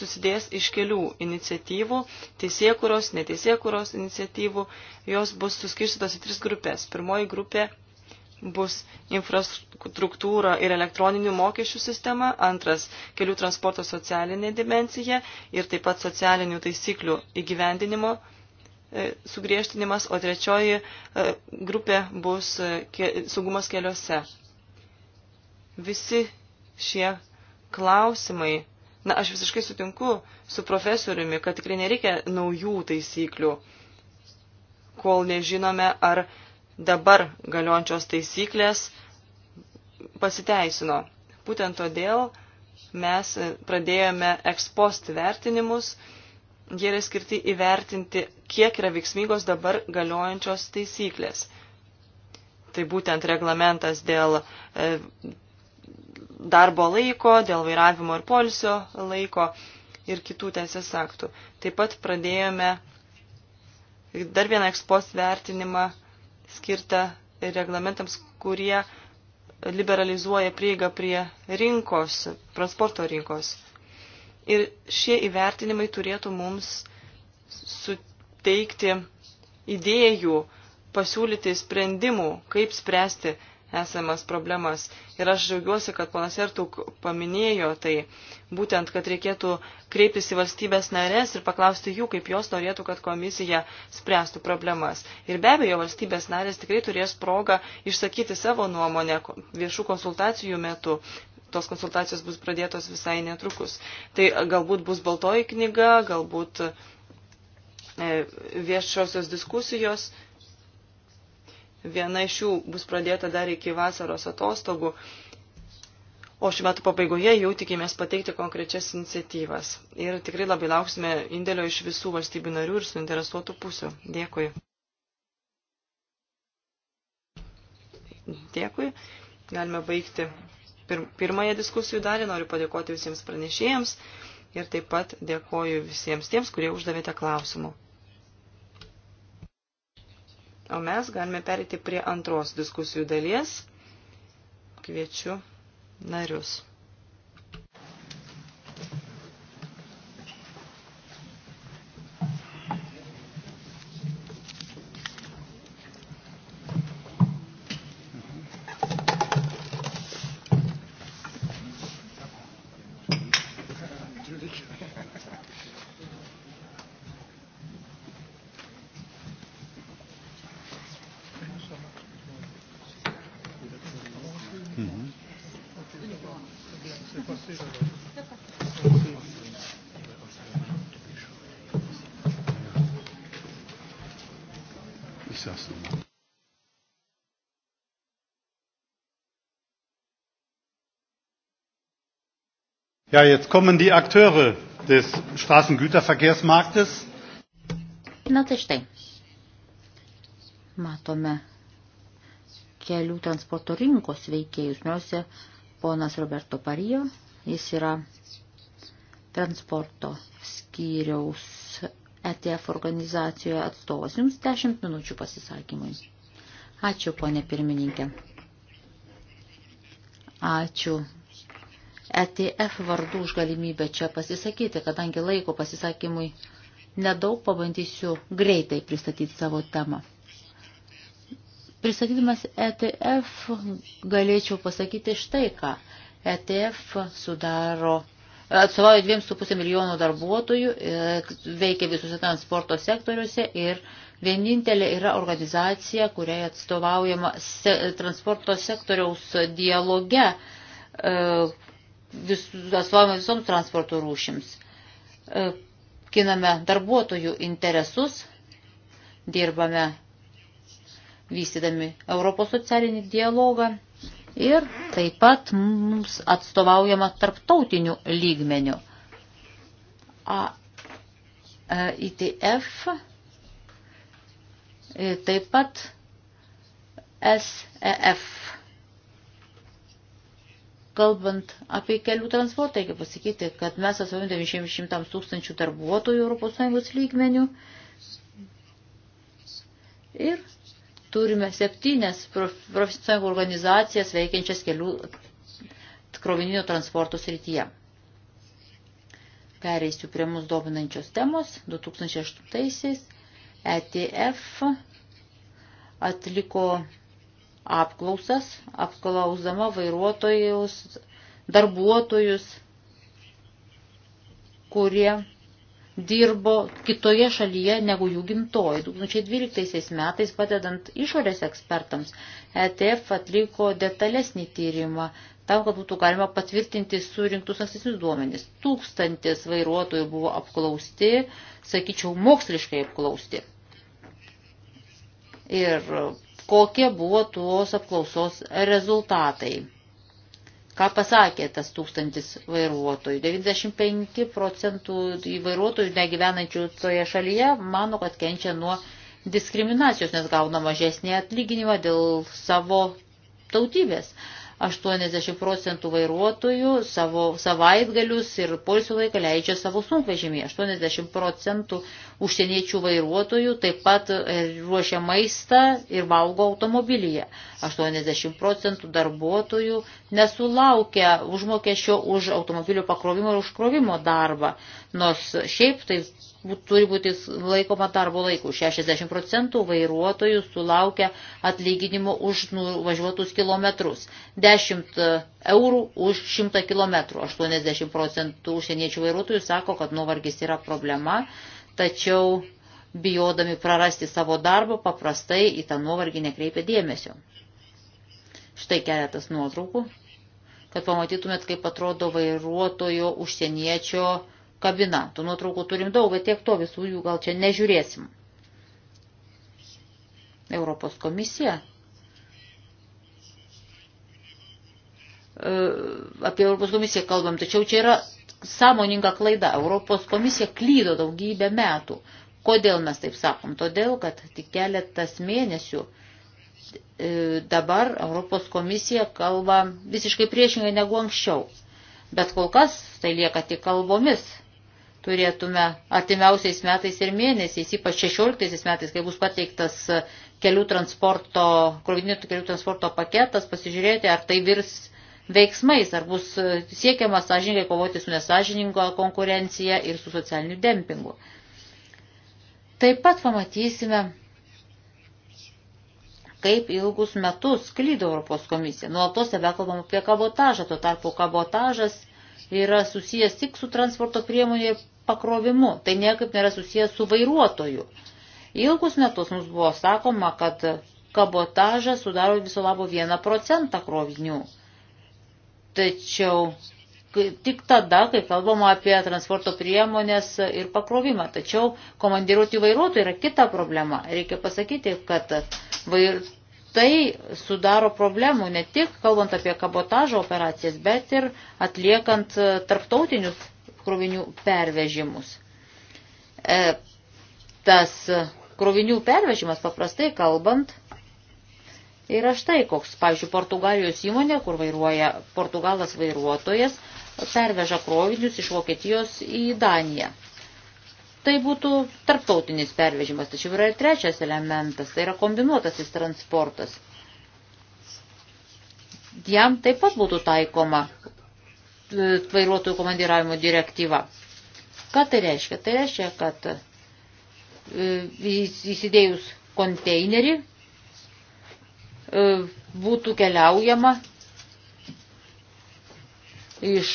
susidės iš kelių iniciatyvų, teisėkuros, neteisėkuros iniciatyvų, jos bus suskirstytos į tris grupės. Pirmoji grupė bus infrastruktūra ir elektroninių mokesčių sistema, antras kelių transporto socialinė dimencija ir taip pat socialinių taisyklių įgyvendinimo dimencija E, sugriežtinimas, o trečioji e, grupė bus e, saugumas keliuose. Visi šie klausimai, na, aš visiškai sutinku su profesoriumi, kad tikrai nereikia naujų taisyklių, kol nežinome, ar dabar galiončios taisyklės pasiteisino. Būtent todėl mes pradėjome ekspost vertinimus, jie yra skirti įvertinti, kiek yra veiksmingos dabar galiojančios taisyklės. Tai būtent reglamentas dėl e, darbo laiko, dėl vairavimo ir polsio laiko ir kitų teisės aktų. Taip pat pradėjome dar vieną ekspos vertinimą skirtą reglamentams, kurie liberalizuoja prieigą prie rinkos, transporto rinkos. Ir šie įvertinimai turėtų mums suteikti idėjų, pasiūlyti sprendimų, kaip spręsti esamas problemas. Ir aš žiaugiuosi, kad ponas Ertuk paminėjo tai, būtent, kad reikėtų kreiptis į valstybės narės ir paklausti jų, kaip jos norėtų, kad komisija spręstų problemas. Ir be abejo, valstybės narės tikrai turės progą išsakyti savo nuomonę viešų konsultacijų metu, tos konsultacijos bus pradėtos visai netrukus. Tai galbūt bus baltoji knyga, galbūt e, viešosios diskusijos. Viena iš jų bus pradėta dar iki vasaros atostogų, o šiuo metu pabaigoje jau tikimės pateikti konkrečias iniciatyvas. Ir tikrai labai lauksime indėlio iš visų valstybių narių ir suinteresuotų pusių. Dėkui. Dėkui. Galime baigti pir pirmąją diskusijų dalį. Noriu padėkoti visiems pranešėjams ir taip pat dėkoju visiems tiems, kurie uždavėte klausimų. O mes galime perėti prie antros diskusijų dalies. Kviečiu narius. Ja, jetzt kommen die Akteure des Straßengüterverkehrsmarktes. Na tai štai. Matome kelių transporto rinkos veikėjus. Pirmiausia, ponas Roberto Parijo, jis yra transporto skyriaus ETF organizacijoje atstovas. Jums 10 minučių pasisakymui. Ačiū, ponė pirmininkė. Ačiū ETF vardu už galimybę čia pasisakyti, kadangi laiko pasisakymui nedaug pabandysiu greitai pristatyti savo temą. Pristatydamas ETF galėčiau pasakyti štai ką. ETF sudaro atstovauja 2,5 milijonų darbuotojų, e, veikia visuose transporto sektoriuose ir vienintelė yra organizacija, kuriai atstovaujama se, transporto sektoriaus dialoge e, vis, atstovavimą visoms transporto rūšims. Kiname e, darbuotojų interesus, dirbame vystydami Europos socialinį dialogą ir taip pat mums atstovaujama tarptautiniu lygmeniu. E, ITF e, taip pat SEF Kalbant apie kelių transportą, reikia pasakyti, kad mes atsakomybėm 100 tūkstančių darbuotojų ES lygmenių ir turime septynes profesinio organizacijas veikiančias kelių krovininio transporto srityje. Pereisiu prie mus dominančios temos. 2008-aisiais ETF atliko apklausas, apklausdama vairuotojus, darbuotojus, kurie dirbo kitoje šalyje negu jų gimtoji. 2012 metais padedant išorės ekspertams, ETF atliko detalesnį tyrimą tam, kad būtų galima patvirtinti surinktus ankstesnius duomenis. Tūkstantis vairuotojų buvo apklausti, sakyčiau, moksliškai apklausti. Ir kokie buvo tuos apklausos rezultatai. Ką pasakė tas tūkstantis vairuotojų? 95 procentų vairuotojų negyvenančių toje šalyje mano, kad kenčia nuo diskriminacijos, nes gauna mažesnį atlyginimą dėl savo tautybės. 80 procentų vairuotojų savo savaitgalius ir polsio laiką leidžia savo sunkvežimį. 80 procentų užsieniečių vairuotojų taip pat e, ruošia maistą ir valgo automobilyje. 80 procentų darbuotojų nesulaukia užmokesčio už automobilių pakrovimo ir užkrovimo darbą, nors šiaip tai būt, turi būti laikoma darbo laikų. 60 procentų vairuotojų sulaukia atlyginimo už nuvažiuotus kilometrus. 10 e, eurų už 100 kilometrų. 80 procentų užsieniečių vairuotojų sako, kad nuovargis yra problema, tačiau bijodami prarasti savo darbą, paprastai į tą nuovargį nekreipia dėmesio. Štai keletas nuotraukų, kad pamatytumėt, kaip atrodo vairuotojo užsieniečio kabina. Tų nuotraukų turim daug, bet tiek to visų jų gal čia nežiūrėsim. Europos komisija. E, apie Europos komisiją kalbam, tačiau čia yra sąmoninga klaida. Europos komisija klydo daugybę metų. Kodėl mes taip sakom? Todėl, kad tik keletas mėnesių e, dabar Europos komisija kalba visiškai priešingai negu anksčiau. Bet kol kas tai lieka tik kalbomis turėtume artimiausiais metais ir mėnesiais, ypač 16 metais, kai bus pateiktas kelių transporto, krovininių kelių transporto paketas, pasižiūrėti, ar tai virs veiksmais, ar bus siekiama sąžininkai kovoti su nesažininko konkurencija ir su socialiniu dempingu. Taip pat pamatysime, kaip ilgus metus klydo Europos komisija. Nuolatos tebekalbam apie kabotažą, tuo tarpu kabotažas yra susijęs tik su transporto priemonė pakrovimu, tai niekaip nėra susijęs su vairuotoju. Ilgus metus mums buvo sakoma, kad kabotažas sudaro viso labo 1 procentą krovinių. Tačiau tik tada, kai kalbama apie transporto priemonės ir pakrovimą. Tačiau komandiruoti vairuotojai yra kita problema. Reikia pasakyti, kad vair tai sudaro problemų ne tik kalbant apie kabotažo operacijas, bet ir atliekant e, tarptautinius krovinių pervežimus. E, tas e, krovinių pervežimas paprastai kalbant yra štai koks. Pavyzdžiui, Portugalijos įmonė, kur vairuoja portugalas vairuotojas, perveža krovinius iš Vokietijos į Daniją. Tai būtų tarptautinis pervežimas, tačiau yra ir trečias elementas, tai yra kombinuotasis transportas. Jam taip pat būtų taikoma e, vairuotojų komandiravimo direktyva. Ką tai reiškia? Tai reiškia, kad e, įsidėjus konteinerį e, būtų keliaujama iš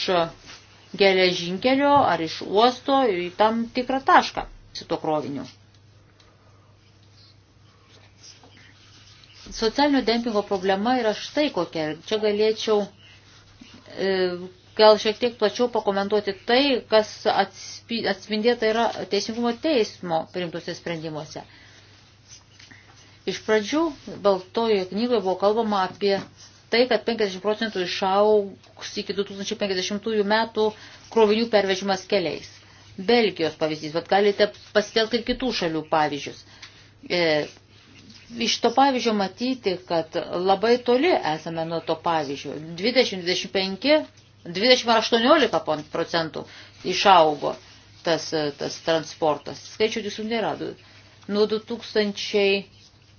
geležinkelio ar iš uosto į tam tikrą tašką su tuo kroviniu. Socialinio dempingo problema yra štai kokia. Čia galėčiau e, gal šiek tiek plačiau pakomentuoti tai, kas atspindėta yra Teisingumo teismo priimtuose sprendimuose. Iš pradžių Baltojoje knygoje buvo kalbama apie tai, kad 50 procentų išaugs iki 2050 metų krovinių pervežimas keliais. Belgijos pavyzdys, bet galite pasitelkti ir kitų šalių pavyzdžius. E, iš to pavyzdžio matyti, kad labai toli esame nuo to pavyzdžio. 20, 25, 20 ar 18 procentų išaugo tas, tas transportas. Skaičių jūsų neradu. Nuo 2000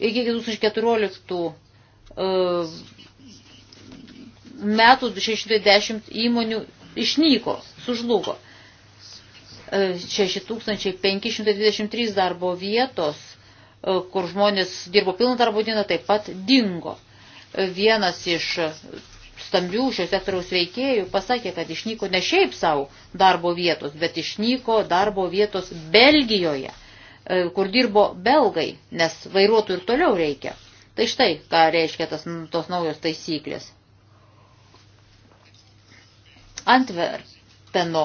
iki 2014 uh, metų 610 įmonių išnyko, sužlugo. 6523 e, darbo vietos, e, kur žmonės dirbo pilną darbo dieną, taip pat dingo. E, vienas iš stambių šio sektoriaus veikėjų pasakė, kad išnyko ne šiaip savo darbo vietos, bet išnyko darbo vietos Belgijoje, kur dirbo belgai, nes vairuotų ir toliau reikia. Tai štai, ką reiškia tas, tos naujos taisyklės. Antverpeno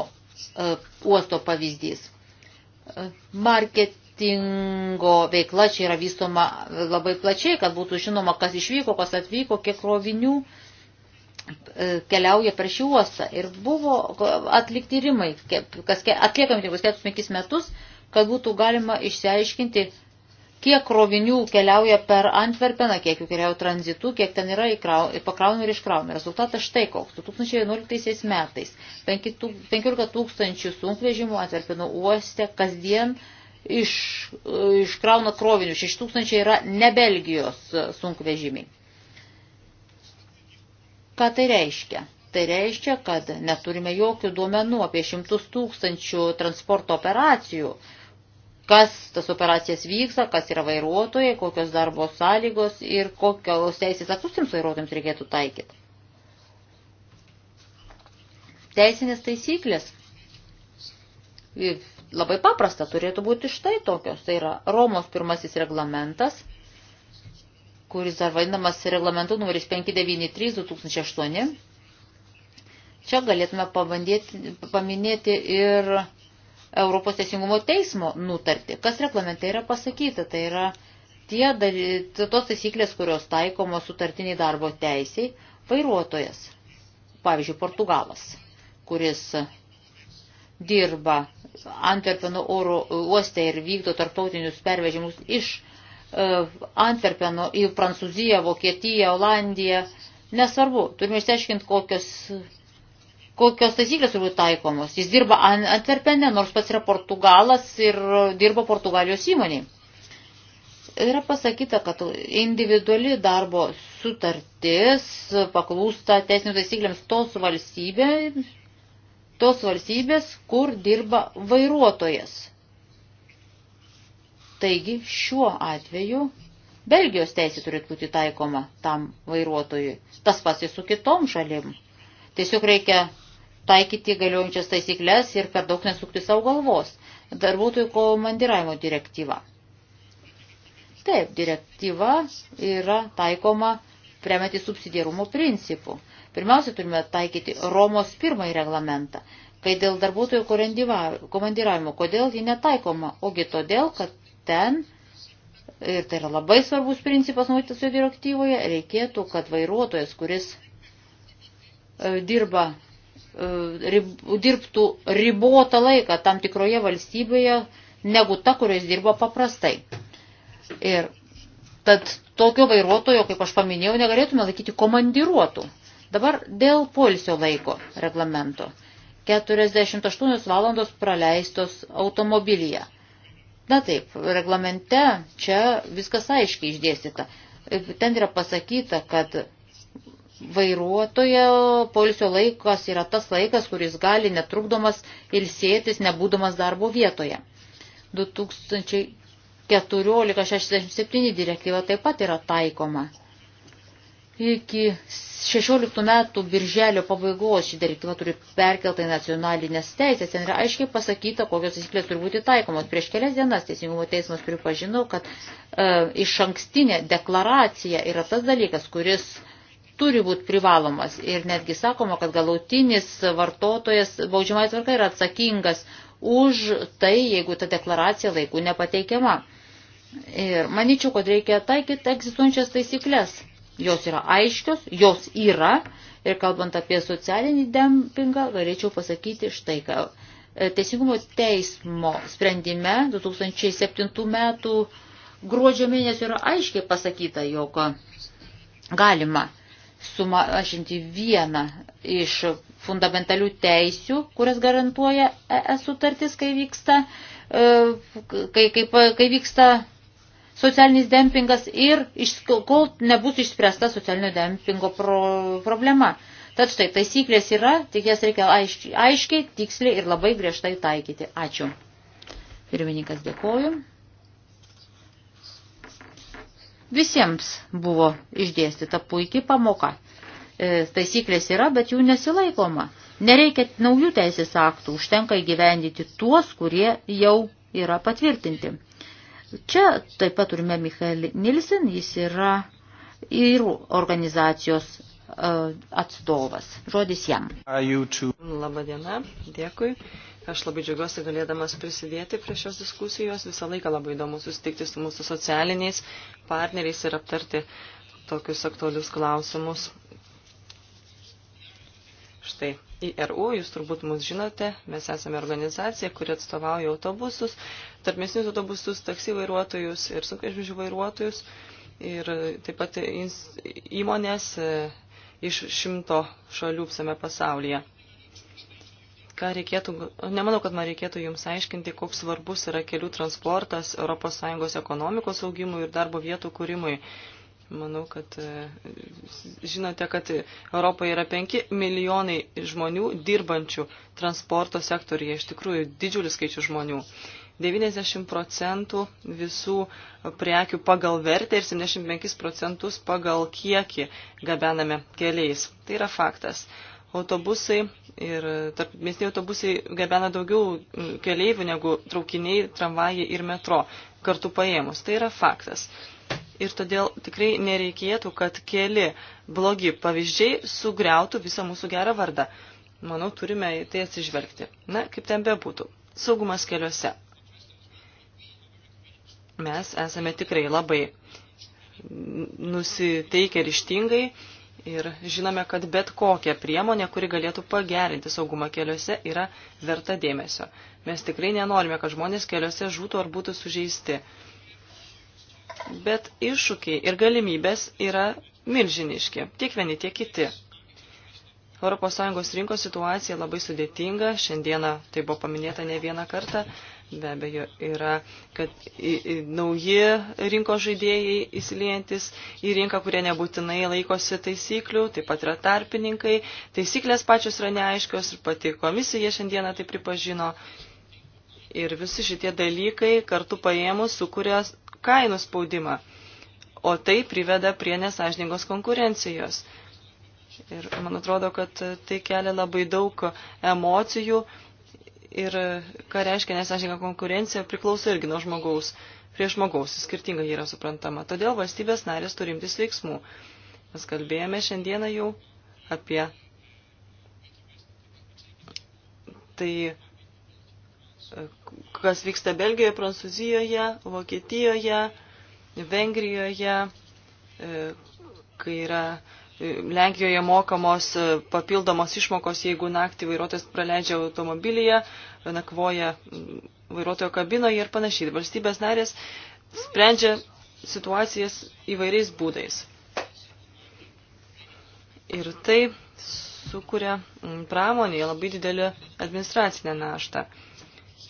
e, uosto pavyzdys. E, marketingo veikla čia yra vystoma labai plačiai, kad būtų žinoma, kas išvyko, kas atvyko, kiek krovinių e, keliauja per šį uostą. Ir buvo atlikti rimai, kas atliekami 45 metus, kad būtų galima išsiaiškinti, kiek krovinių keliauja per Antverpeną, kiek jų keliauja tranzitu, kiek ten yra pakraunama ir iškraunama. Rezultatas štai koks. 2011 metais 15 tūkstančių sunkvežimų Antverpeno uoste kasdien iš, iškrauna krovinių. 6 tūkstančiai yra ne Belgijos sunkvežimiai. Ką tai reiškia? Tai reiškia, kad neturime jokių duomenų apie šimtus tūkstančių transporto operacijų, kas tas operacijas vyksta, kas yra vairuotojai, kokios darbo sąlygos ir kokios teisės aktus tiems vairuotojams reikėtų taikyti. Teisinės taisyklės labai paprasta turėtų būti štai tokios. Tai yra Romos pirmasis reglamentas, kuris dar vadinamas reglamentu numeris 593-2008. Čia galėtume pabandėti, paminėti ir Europos teisingumo teismo nutartį. Kas reglamente yra pasakyta, tai yra tie, tos taisyklės, kurios taikomos sutartiniai darbo teisiai, vairuotojas, pavyzdžiui, Portugalas, kuris dirba Antverpeno oro uoste ir vykdo tarptautinius pervežimus iš e, Antverpeno į Prancūziją, Vokietiją, Olandiją. Nesvarbu, turime išsiaiškinti, kokios kokios taisyklės turbūt taikomos. Jis dirba Antverpene, nors pats yra portugalas ir dirba Portugalijos įmoniai. Yra pasakyta, kad individuali darbo sutartis paklūsta teisinių taisyklėms tos valstybės, tos valstybės, kur dirba vairuotojas. Taigi šiuo atveju Belgijos teisė turėtų būti taikoma tam vairuotojui. Tas pats ir su kitom šalim. Tiesiog reikia taikyti galiojančias taisyklės ir per daug nesukti savo galvos. Darbuotojų komandiravimo direktyva. Taip, direktyva yra taikoma remianti subsidiarumo principų. Pirmiausia, turime taikyti Romos pirmąjį reglamentą, kai dėl darbuotojų komandiravimo, kodėl ji netaikoma, ogi todėl, kad ten, ir tai yra labai svarbus principas numatytas jo direktyvoje, reikėtų, kad vairuotojas, kuris e, dirba E, dirbtų ribotą laiką tam tikroje valstybėje negu ta, kurios dirbo paprastai. Ir tad tokio vairuotojo, kaip aš paminėjau, negalėtume laikyti komandiruotų. Dabar dėl polsio laiko reglamento. 48 valandos praleistos automobilyje. Na taip, reglamente čia viskas aiškiai išdėstyta. Ten yra pasakyta, kad vairuotojo polisio laikas yra tas laikas, kuris gali netrukdomas ilsėtis, nebūdamas darbo vietoje. 2014-67 direktyva taip pat yra taikoma. Iki 16 metų birželio pabaigos ši direktyva turi perkeltą į nacionalinės teisės. Ten yra aiškiai pasakyta, kokios taisyklės turi būti taikomos. Prieš kelias dienas Teisingumo teismas pripažino, kad e, iš ankstinė deklaracija yra tas dalykas, kuris e, turi būti privalomas ir netgi sakoma, kad galutinis vartotojas baudžiamai tvarka yra atsakingas už tai, jeigu ta deklaracija laiku nepateikiama. Ir manyčiau, kad reikia taikyti egzistuojančias taisyklės. Jos yra aiškios, jos yra. Ir kalbant apie socialinį dempingą, galėčiau pasakyti štai ką. E, Teisingumo teismo sprendime 2007 metų gruodžio mėnesio yra aiškiai pasakyta, jog galima sumažinti vieną iš fundamentalių teisių, kurias garantuoja ES sutartis, kai vyksta, e, kai, kai, kai vyksta socialinis dempingas ir iš, kol nebus išspręsta socialinio dempingo pro, problema. Tad štai taisyklės yra, tik jas reikia aiškiai, aiškiai tiksliai ir labai griežtai taikyti. Ačiū. Pirmininkas dėkoju. Visiems buvo išdėstyta puikiai pamoka. E, taisyklės yra, bet jų nesilaikoma. Nereikia naujų teisės aktų, užtenka įgyvendyti tuos, kurie jau yra patvirtinti. Čia taip pat turime Michaelį Nilsen, jis yra ir organizacijos e, atstovas. Žodis jam. Labadiena, dėkui. Aš labai džiaugiuosi galėdamas prisidėti prie šios diskusijos. Visą laiką labai įdomu susitikti su mūsų socialiniais partneriais ir aptarti tokius aktualius klausimus. Štai, IRU, jūs turbūt mus žinote, mes esame organizacija, kuri atstovauja autobusus, tarpmesnius autobusus, taksi vairuotojus ir sunkvežimių vairuotojus ir taip pat įmonės e, iš šimto šalių visame pasaulyje ką reikėtų, nemanau, kad man reikėtų jums aiškinti, koks svarbus yra kelių transportas ES ekonomikos augimui ir darbo vietų kūrimui. Manau, kad e, žinote, kad Europoje yra 5 milijonai žmonių dirbančių transporto sektorija, iš tikrųjų didžiulis skaičius žmonių. 90 procentų visų prekių pagal vertę ir 75 procentus pagal kiekį gabename keliais. Tai yra faktas autobusai ir tarp miestiniai autobusai gabena daugiau mm, keleivių negu traukiniai, tramvajai ir metro kartu paėmus. Tai yra faktas. Ir todėl tikrai nereikėtų, kad keli blogi pavyzdžiai sugriautų visą mūsų gerą vardą. Manau, turime į tai atsižvelgti. Na, kaip ten bebūtų. Saugumas keliuose. Mes esame tikrai labai nusiteikę ryštingai Ir žinome, kad bet kokia priemonė, kuri galėtų pagerinti saugumą keliuose, yra verta dėmesio. Mes tikrai nenorime, kad žmonės keliuose žūtų ar būtų sužeisti. Bet iššūkiai ir galimybės yra milžiniški, tiek vieni, tiek kiti. ES rinkos situacija labai sudėtinga, šiandieną tai buvo paminėta ne vieną kartą, be abejo yra, kad nauji rinkos žaidėjai įsiliejantis į rinką, kurie nebūtinai laikosi taisyklių, taip pat yra tarpininkai, taisyklės pačios yra neaiškios ir pati komisija šiandieną tai pripažino. Ir visi šitie dalykai kartu paėmus sukuria kainų spaudimą, o tai priveda prie nesažningos konkurencijos. Ir man atrodo, kad tai kelia labai daug emocijų ir ką reiškia nesąžininga konkurencija priklauso irgi nuo žmogaus, prie žmogaus, skirtingai yra suprantama. Todėl valstybės narės turi imtis veiksmų. Mes kalbėjome šiandieną jau apie tai, kas vyksta Belgijoje, Prancūzijoje, Vokietijoje, Vengrijoje, kai yra Lenkijoje mokamos e, papildomos išmokos, jeigu naktį vairuotojas praleidžia automobilyje, nakvoja vairuotojo kabinoje ir panašiai. Valstybės narės sprendžia situacijas įvairiais būdais. Ir tai sukuria pramonėje labai didelį administracinę naštą.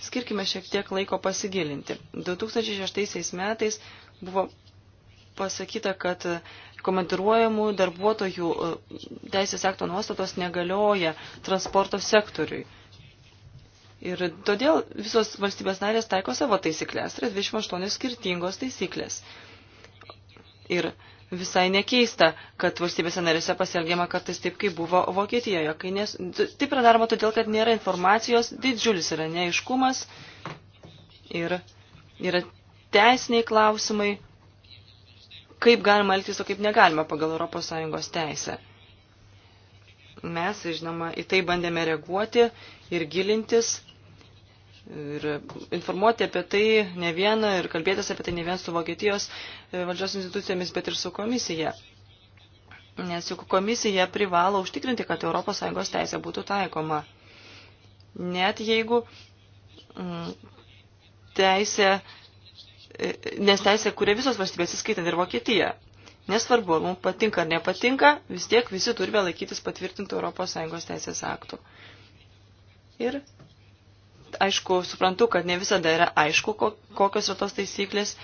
Skirkime šiek tiek laiko pasigilinti. 2006 metais buvo pasakyta, kad komandiruojamų darbuotojų e, teisės akto nuostatos negalioja transporto sektoriui. Ir todėl visos valstybės narės taiko savo taisyklės, yra 28 skirtingos taisyklės. Ir visai nekeista, kad valstybėse narėse pasielgiama kartais taip, kaip buvo Vokietijoje. Kai nes, taip yra daroma todėl, kad nėra informacijos, didžiulis yra neaiškumas ir yra teisiniai klausimai, kaip galima elgtis, o kaip negalima pagal ES teisę. Mes, žinoma, į tai bandėme reaguoti ir gilintis ir informuoti apie tai ne vieną ir kalbėtis apie tai ne vien su Vokietijos e, valdžios institucijomis, bet ir su komisija. Nes juk komisija privalo užtikrinti, kad ES teisė būtų taikoma. Net jeigu mm, teisė E, nes teisė kuria visos valstybės, įskaitant ir Vokietiją. Nesvarbu, mums patinka ar nepatinka, vis tiek visi turime laikytis patvirtintų ES teisės aktų. Ir aišku, suprantu, kad ne visada yra aišku, kokios yra tos taisyklės.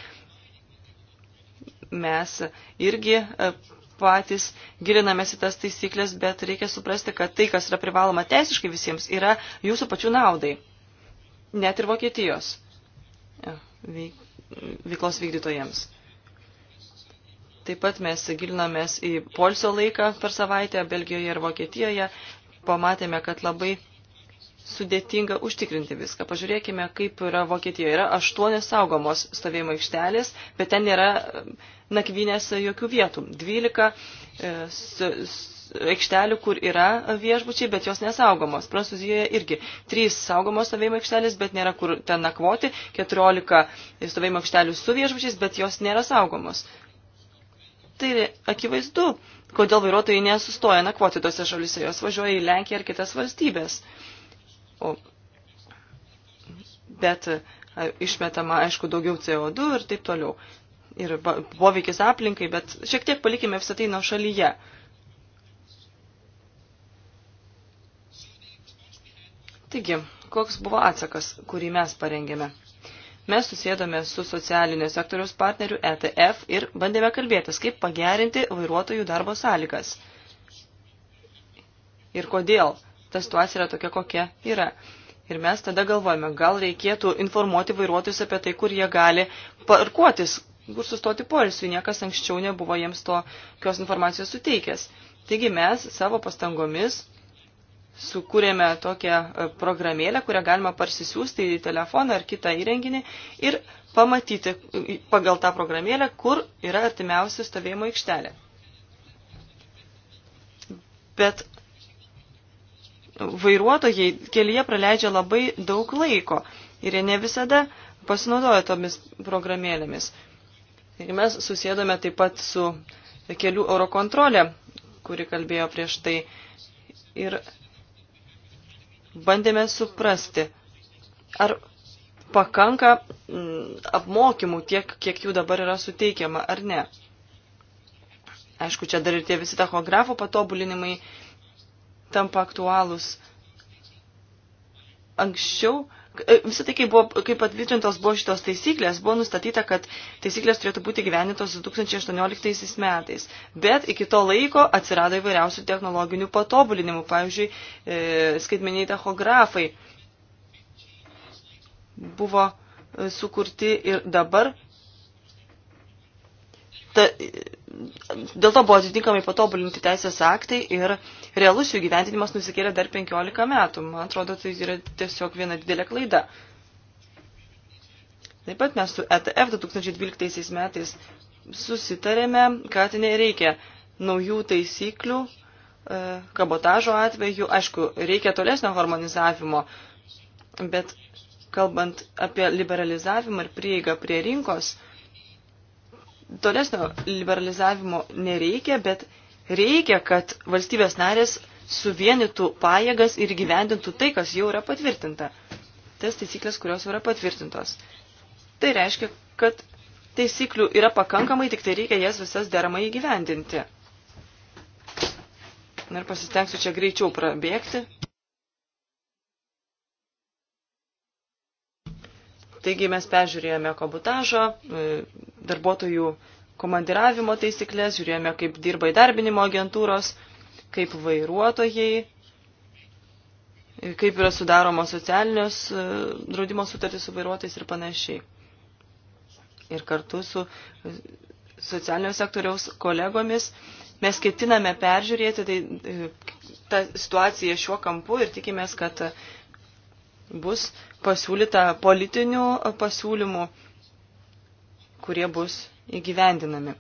Mes irgi e, patys gilinamės į tas taisyklės, bet reikia suprasti, kad tai, kas yra privaloma teisiškai visiems, yra jūsų pačių naudai. Net ir Vokietijos. Ja, e, veik veiklos vykdytojams. Taip pat mes gilinamės į polsio laiką per savaitę Belgijoje ir Vokietijoje. Pamatėme, kad labai sudėtinga užtikrinti viską. Pažiūrėkime, kaip yra Vokietijoje. Yra aštuonios saugomos stovėjimo aikštelės, bet ten nėra nakvynės jokių vietų. Dvylika e, aikštelių, kur yra viešbučiai, bet jos nesaugomos. Prancūzijoje irgi trys saugomos stovėjimo aikštelės, bet nėra kur ten nakvoti, 14 stovėjimo aikštelių su viešbučiais, bet jos nėra saugomos. Tai akivaizdu, kodėl vairuotojai nesustoja nakvoti tose šalise, jos važiuoja į Lenkiją ar kitas valstybės. O, bet e, išmetama, aišku, daugiau CO2 ir taip toliau. Ir poveikis aplinkai, bet šiek tiek palikime visą tai nuo šalyje. Taigi, koks buvo atsakas, kurį mes parengėme? Mes susėdome su socialinio sektoriaus partneriu ETF ir bandėme kalbėtis, kaip pagerinti vairuotojų darbo sąlygas. Ir kodėl ta situacija yra tokia, kokia yra. Ir mes tada galvojame, gal reikėtų informuoti vairuotojus apie tai, kur jie gali parkuotis, kur sustoti poilsiui. Niekas anksčiau nebuvo jiems tokios informacijos suteikęs. Taigi mes savo pastangomis sukūrėme tokią e, programėlę, kurią galima parsisiųsti į telefoną ar kitą įrenginį ir pamatyti e, pagal tą programėlę, kur yra artimiausia stovėjimo aikštelė. Bet vairuotojai kelyje praleidžia labai daug laiko ir jie ne visada pasinaudoja tomis programėlėmis. Ir mes susėdome taip pat su kelių eurokontrolė, kuri kalbėjo prieš tai. Ir bandėme suprasti, ar pakanka mm, apmokymų tiek, kiek jų dabar yra suteikiama, ar ne. Aišku, čia dar ir tie visi tachografo patobulinimai tampa aktualūs. Anksčiau E, visą tai, kai, buvo, kai patvirtintos buvo šitos taisyklės, buvo nustatyta, kad taisyklės turėtų būti gyvenintos 2018 metais. Bet iki to laiko atsirado įvairiausių technologinių patobulinimų, pavyzdžiui, e, skaitmeniai tachografai buvo e, sukurti ir dabar ta, dėl to buvo atitinkamai patobulinti teisės aktai ir realus jų gyventinimas nusikėlė dar 15 metų. Man atrodo, tai yra tiesiog viena didelė klaida. Taip pat mes su ETF 2012 metais susitarėme, kad nereikia naujų taisyklių e, kabotažo atveju. Aišku, reikia tolesnio harmonizavimo, bet kalbant apie liberalizavimą ir prieigą prie rinkos, tolesnio liberalizavimo nereikia, bet reikia, kad valstybės narės suvienytų pajėgas ir gyvendintų tai, kas jau yra patvirtinta. Tas taisyklės, kurios yra patvirtintos. Tai reiškia, kad taisyklių yra pakankamai, tik tai reikia jas visas deramai įgyvendinti. Ir pasistengsiu čia greičiau prabėgti. Taigi mes peržiūrėjome kabutažą, e, darbuotojų komandiravimo taisyklės, žiūrėjome, kaip dirba įdarbinimo agentūros, kaip vairuotojai, kaip yra sudaromos socialinės e, draudimo sutartys su vairuotojais ir panašiai. Ir kartu su e, socialinio sektoriaus kolegomis mes ketiname peržiūrėti tai, tą situaciją šiuo kampu ir tikimės, kad bus pasiūlyta politinių pasiūlymų, kurie bus įgyvendinami.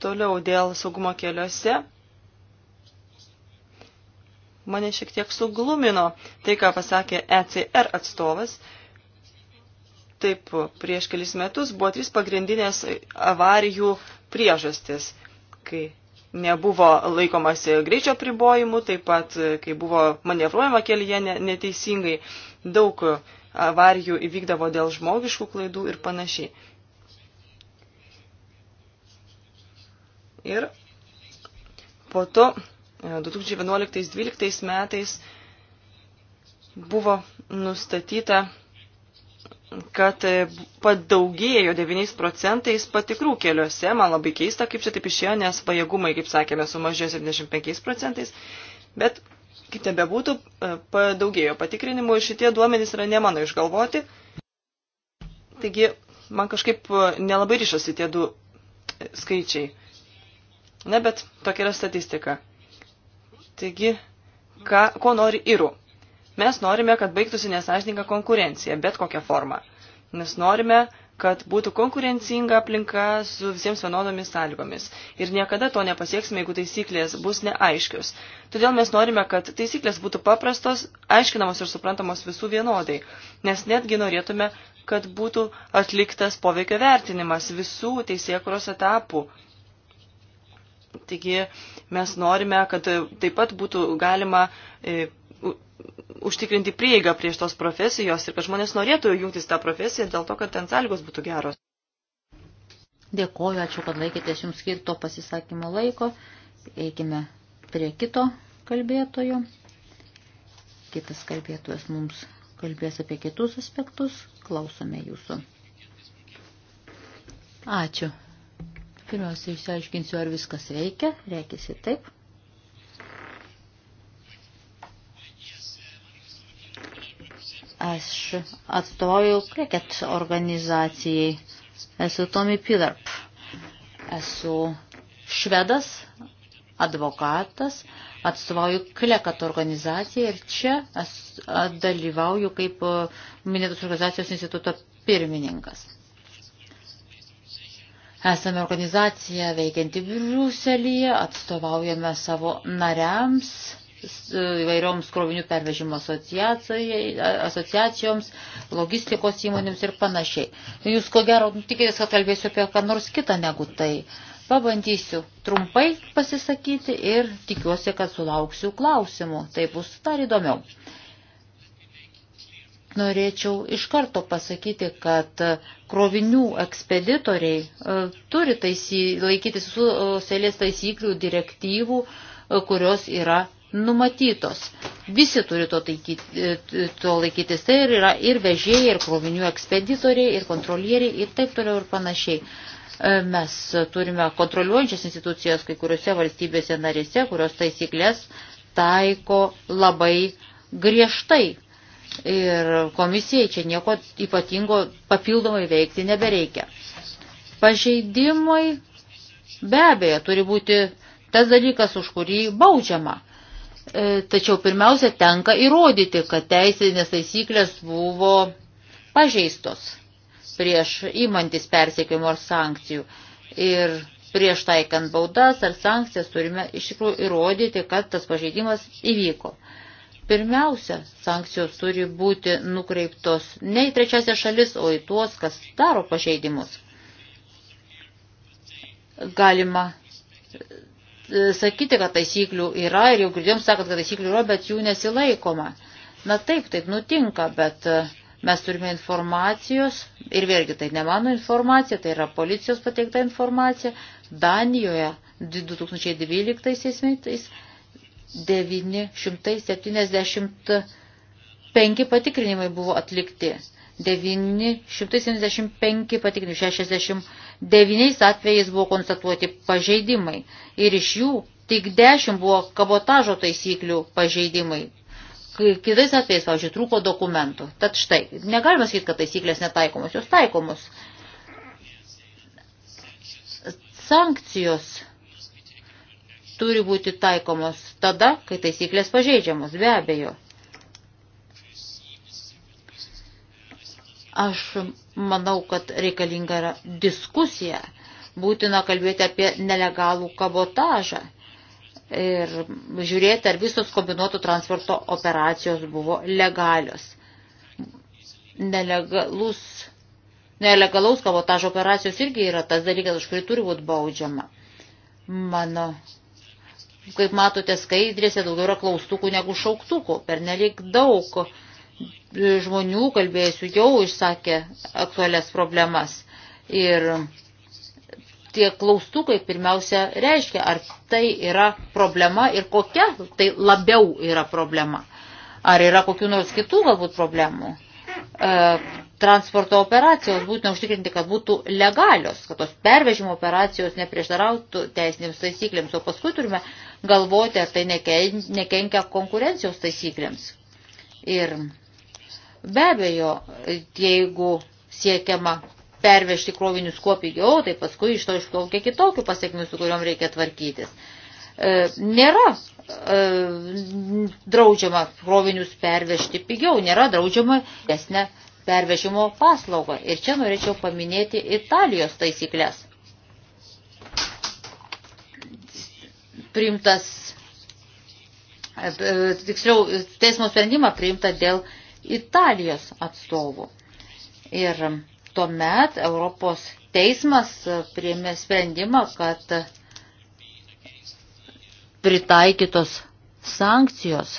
Toliau dėl saugumo keliuose mane šiek tiek suglumino tai, ką pasakė ECR atstovas. Taip, prieš kelis metus buvo trys pagrindinės avarijų priežastis, kai nebuvo laikomasi greičio pribojimų, taip pat, e, kai buvo manevruojama kelyje neteisingai, daug avarijų įvykdavo dėl žmogiškų klaidų ir panašiai. Ir po to 2011-2012 e, metais buvo nustatyta kad e, padaugėjo 9 procentais patikrų keliuose. Man labai keista, kaip čia taip išėjo, nes pajėgumai, kaip sakėme, sumažėjo 75 procentais. Bet, kaip ten bebūtų, e, padaugėjo patikrinimų ir šitie duomenys yra ne mano išgalvoti. Taigi, man kažkaip e, nelabai ryšosi tie du skaičiai. Na, bet tokia yra statistika. Taigi, ką, ko nori įrų? Mes norime, kad baigtųsi nesažininga konkurencija, bet kokia forma. Mes norime, kad būtų konkurencinga aplinka su visiems vienodomis sąlygomis. Ir niekada to nepasieksime, jeigu taisyklės bus neaiškios. Todėl mes norime, kad taisyklės būtų paprastos, aiškinamos ir suprantamos visų vienodai. Nes netgi norėtume, kad būtų atliktas poveikio vertinimas visų teisėkuros etapų. Taigi mes norime, kad taip pat būtų galima e, užtikrinti prieigą prie šitos profesijos ir kad žmonės norėtų jungtis tą profesiją dėl to, kad ten sąlygos būtų geros. Dėkoju, ačiū, kad laikėtės jums skirto pasisakymo laiko. Eikime prie kito kalbėtojo. Kitas kalbėtojas mums kalbės apie kitus aspektus. Klausome jūsų. Ačiū. Pirmiausia, išsiaiškinsiu, ar viskas veikia. Reikėsi taip. Aš atstovauju kreket organizacijai. Esu Tomi Pilarp. Esu švedas, advokatas, atstovauju klekat organizaciją ir čia aš dalyvauju kaip minėtos organizacijos instituto pirmininkas. Esame organizacija veikianti Briuselyje, atstovaujame savo nariams įvairioms krovinių pervežimo asociacijoms, logistikos įmonėms ir panašiai. Jūs ko gero tikėjus, kad kalbėsiu apie ką nors kitą negu tai. Pabandysiu trumpai pasisakyti ir tikiuosi, kad sulauksiu klausimų. Tai bus dar įdomiau. Norėčiau iš karto pasakyti, kad krovinių ekspeditoriai e, turi taisy, laikytis visų selės taisyklių, direktyvų, e, kurios yra numatytos. Visi turi to, taikyti, e, to laikytis. Tai ir yra ir vežėjai, ir krovinių ekspeditoriai, ir kontrolieriai, ir taip toliau ir panašiai. E, mes turime kontroliuojančias institucijas kai kuriuose valstybėse narėse, kurios taisyklės taiko labai griežtai. Ir komisijai čia nieko ypatingo papildomai veikti nebereikia. Pažeidimai be abejo turi būti tas dalykas, už kurį baudžiama. E, tačiau pirmiausia tenka įrodyti, kad teisinės taisyklės buvo pažeistos prieš įmantis persiekimo ar sankcijų. Ir prieš taikant baudas ar sankcijas turime iš tikrųjų įrodyti, kad tas pažeidimas įvyko. Pirmiausia, sankcijos turi būti nukreiptos ne į trečiasią šalis, o į tuos, kas daro pažeidimus. Galima sakyti, kad taisyklių yra ir jau girdėjom sakant, kad taisyklių yra, bet jų nesilaikoma. Na taip, taip nutinka, bet e, mes turime informacijos ir vėlgi tai ne mano informacija, tai yra policijos pateikta informacija. Danijoje 2012 metais 975 patikrinimai buvo atlikti. 975 patikrinimai, 60 Devyniais atvejais buvo konstatuoti pažeidimai ir iš jų tik dešimt buvo kabotažo taisyklių pažeidimai. Kitais atvejais, pavyzdžiui, trūko dokumentų. Tad štai, negalima sakyti, kad taisyklės netaikomos, jos taikomos. Sankcijos turi būti taikomos tada, kai taisyklės pažeidžiamos, be abejo. Aš Manau, kad reikalinga yra diskusija. Būtina kalbėti apie nelegalų kabotažą ir žiūrėti, ar visos kombinuotų transporto operacijos buvo legalios. Nelegalus, nelegalaus kabotažo operacijos irgi yra tas dalykas, už kurį turi būti baudžiama. Mano kaip matote skaidrėse, daugiau yra klaustukų negu šauktukų. Per nelik daug žmonių kalbėjusių jau išsakė aktualias problemas. Ir tie klaustukai pirmiausia reiškia, ar tai yra problema ir kokia tai labiau yra problema. Ar yra kokių nors kitų galbūt problemų. E, transporto operacijos būtina užtikrinti, kad būtų legalios, kad tos pervežimo operacijos neprieštarautų teisinėms taisyklėms, o paskui turime galvoti, ar tai nekenkia konkurencijos taisyklėms. Ir Be abejo, jeigu siekiama pervežti krovinius kuo pigiau, tai paskui iš to išplaukia kitokių pasiekmių, su kuriuom reikia tvarkytis. E, nėra e, draudžiama krovinius pervežti pigiau, nėra draudžiama esnė pervežimo paslauga. Ir čia norėčiau paminėti Italijos taisyklės. Priimtas, e, tiksliau, teismo sprendimą priimta dėl Italijos atstovų. Ir tuomet Europos teismas priėmė sprendimą, kad pritaikytos sankcijos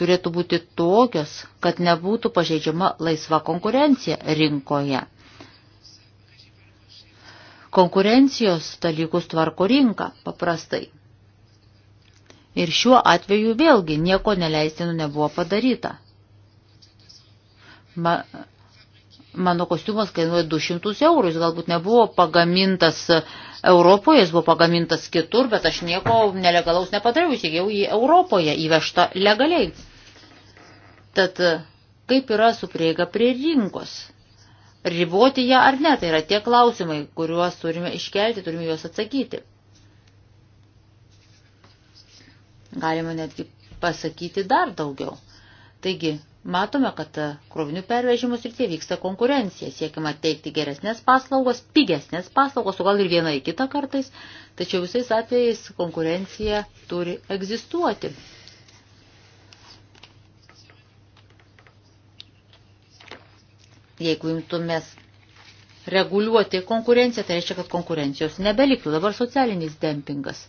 turėtų būti tokios, kad nebūtų pažeidžiama laisva konkurencija rinkoje. Konkurencijos dalykus tvarko rinka paprastai. Ir šiuo atveju vėlgi nieko neleistinų nebuvo padaryta. Ma, mano kostiumas kainuoja 200 eurų, jis galbūt nebuvo pagamintas Europoje, jis buvo pagamintas kitur, bet aš nieko nelegalaus nepadariau, jis jau į Europoje įvežta legaliai. Tad kaip yra su prieiga prie rinkos? Riboti ją ar ne, tai yra tie klausimai, kuriuos turime iškelti, turime juos atsakyti. Galima netgi pasakyti dar daugiau. Taigi, matome, kad krovinių pervežimus ir tie vyksta konkurencija. Siekima teikti geresnės paslaugos, pigesnės paslaugos, o gal ir vieną į kitą kartais, tačiau visais atvejais konkurencija turi egzistuoti. Jeigu imtumės reguliuoti konkurenciją, tai reiškia, kad konkurencijos nebeliktų. Dabar socialinis dempingas.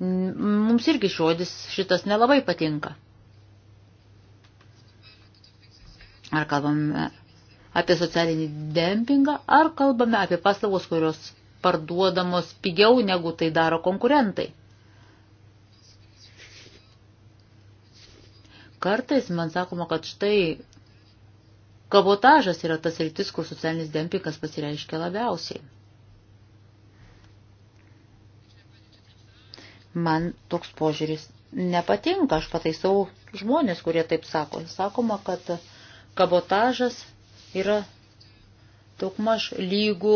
Mums irgi žodis šitas nelabai patinka. Ar kalbame apie socialinį dempingą, ar kalbame apie paslaugos, kurios parduodamos pigiau negu tai daro konkurentai. Kartais man sakoma, kad štai kabotažas yra tas rytis, kur socialinis dempingas pasireiškia labiausiai. Man toks požiūris nepatinka, aš pataisau žmonės, kurie taip sako. Sakoma, kad kabotažas yra daugmaž lygų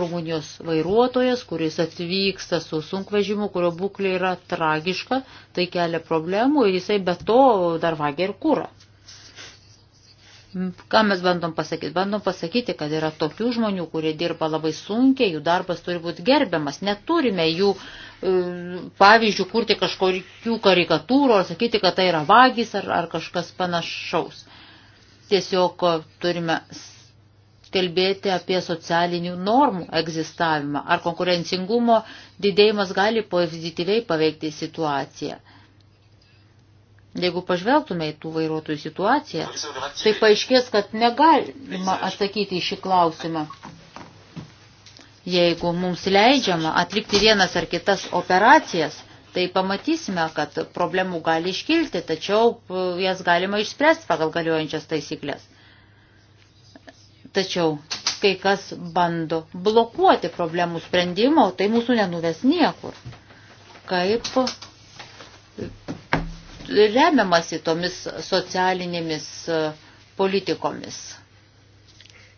Rumunijos vairuotojas, kuris atvyksta su sunkvežimu, kurio būklė yra tragiška, tai kelia problemų ir jisai be to dar vagia ir kūrą. Ką mes bandom pasakyti? Bandom pasakyti, kad yra tokių žmonių, kurie dirba labai sunkiai, jų darbas turi būti gerbiamas. Neturime jų e, pavyzdžių kurti kažkokių karikatūrų ar sakyti, kad tai yra vagys ar, ar kažkas panašaus. Tiesiog e, turime kalbėti apie socialinių normų egzistavimą. Ar konkurencingumo didėjimas gali pozityviai paveikti situaciją. Jeigu pažvelgtume į tų vairuotojų situaciją, tai paaiškės, kad negalima atsakyti į šį klausimą. Jeigu mums leidžiama atlikti vienas ar kitas operacijas, tai pamatysime, kad problemų gali iškilti, tačiau e, jas galima išspręsti pagal galiojančias taisyklės. Tačiau kai kas bando blokuoti problemų sprendimo, tai mūsų nenuves niekur. Kaip remiamasi tomis socialinėmis e, politikomis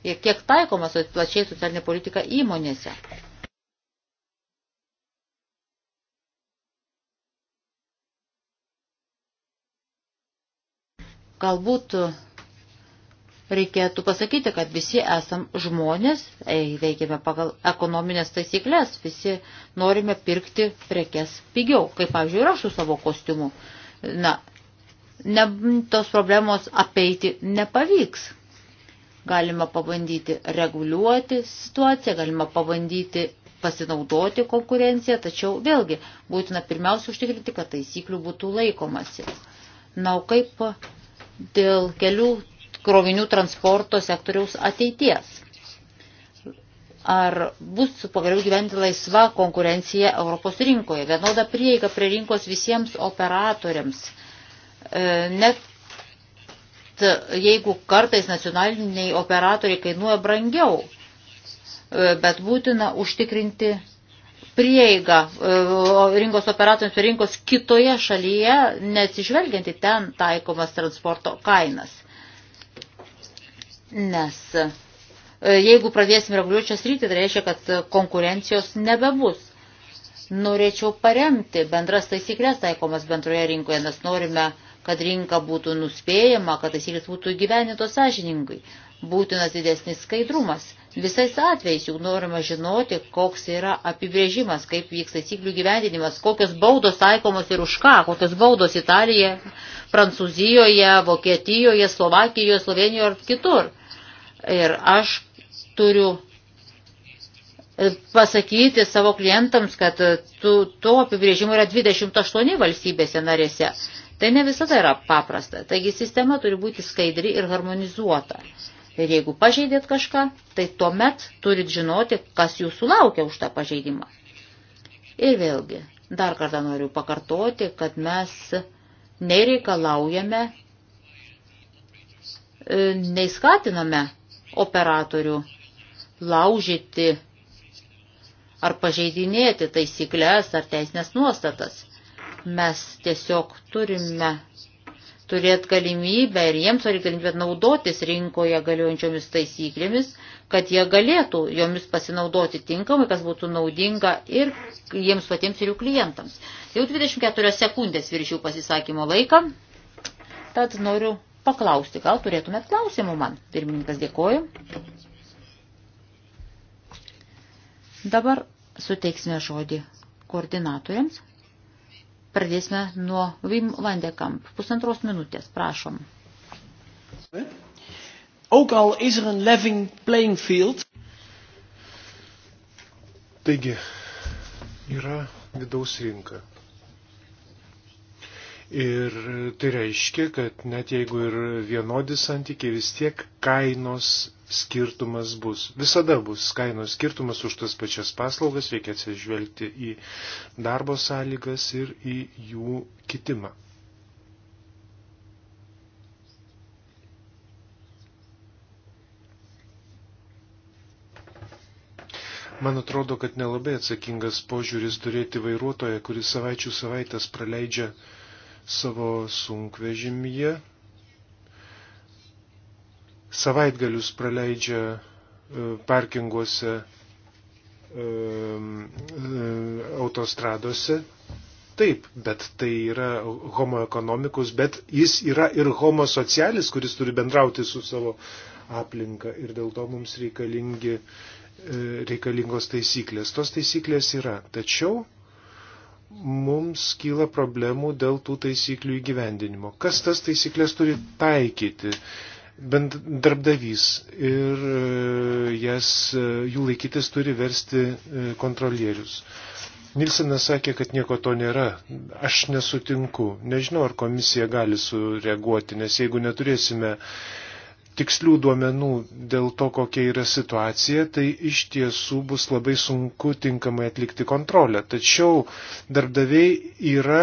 ir kiek taikoma plačiai socialinė politika įmonėse. Galbūt reikėtų pasakyti, kad visi esam žmonės, veikiame pagal ekonominės taisyklės, visi norime pirkti prekes pigiau, kaip, pavyzdžiui, ir aš su savo kostiumu na, ne, tos problemos apeiti nepavyks. Galima pabandyti reguliuoti situaciją, galima pabandyti pasinaudoti konkurenciją, tačiau vėlgi būtina pirmiausia užtikrinti, kad taisyklių būtų laikomasi. Na, o kaip dėl kelių krovinių transporto sektoriaus ateities? ar bus pagaliau gyventi laisva konkurencija Europos rinkoje, vienoda prieiga prie rinkos visiems operatoriams. E, net jeigu kartais nacionaliniai operatoriai kainuoja brangiau, e, bet būtina užtikrinti prieigą e, rinkos operatoriams prie rinkos kitoje šalyje, neatsižvelgianti ten taikomas transporto kainas. Nes E, jeigu pradėsim reguliuoti šią sritį, tai reiškia, kad e, konkurencijos nebebus. Norėčiau paremti bendras taisyklės taikomas bendroje rinkoje, nes norime, kad rinka būtų nuspėjama, kad taisyklės būtų įgyvenintos sąžiningai. Būtinas didesnis skaidrumas. Visais atvejais juk norima žinoti, koks yra apibrėžimas, kaip vyks taisyklių gyvendinimas, kokios baudos taikomos ir už ką, kokios baudos Italijoje, Prancūzijoje, Vokietijoje, Slovakijoje, Slovenijoje ar kitur. Ir aš turiu e, pasakyti savo klientams, kad e, tų, to apibrėžimo yra 28 valstybėse narėse. Tai ne visada yra paprasta. Taigi sistema turi būti skaidri ir harmonizuota. Ir jeigu pažeidėt kažką, tai tuomet turit žinoti, kas jūsų laukia už tą pažeidimą. Ir vėlgi, dar kartą noriu pakartoti, kad mes nereikalaujame, e, nei skatiname operatorių laužyti ar pažeidinėti taisyklės ar teisinės nuostatas. Mes tiesiog turime turėti galimybę ir jiems turi galimybę naudotis rinkoje galiojančiomis taisyklėmis, kad jie galėtų jomis pasinaudoti tinkamai, kas būtų naudinga ir jiems patiems ir jų klientams. Jau 24 sekundės viršių pasisakymo laiką, tad noriu paklausti, gal turėtumėt klausimų man. Pirmininkas dėkoju. Dabar suteiksime žodį koordinatoriams. Pradėsime nuo Vim Vandekamp. Pusantros minutės, prašom. Ook al is er een living playing field. Taigi, yra vidaus rinka. Ir tai reiškia, kad net jeigu ir vienodi santykiai, vis tiek kainos skirtumas bus. Visada bus kainos skirtumas už tas pačias paslaugas, reikia atsižvelgti į darbo sąlygas ir į jų kitimą. Man atrodo, kad nelabai atsakingas požiūris turėti vairuotoją, kuris savaičių savaitės praleidžia savo sunkvežimyje, savaitgalius praleidžia e, parkinguose e, e, autostradose. Taip, bet tai yra homo ekonomikus, bet jis yra ir homo socialis, kuris turi bendrauti su savo aplinka ir dėl to mums reikalingi, reikalingos taisyklės. Tos taisyklės yra, tačiau mums kyla problemų dėl tų taisyklių įgyvendinimo. Kas tas taisyklės turi taikyti? bent darbdavys ir e, jas, e, jų laikytis turi versti e, kontrolierius. Nilsenas sakė, kad nieko to nėra. Aš nesutinku. Nežinau, ar komisija gali sureaguoti, nes jeigu neturėsime tikslių duomenų dėl to, kokia yra situacija, tai iš tiesų bus labai sunku tinkamai atlikti kontrolę. Tačiau darbdaviai yra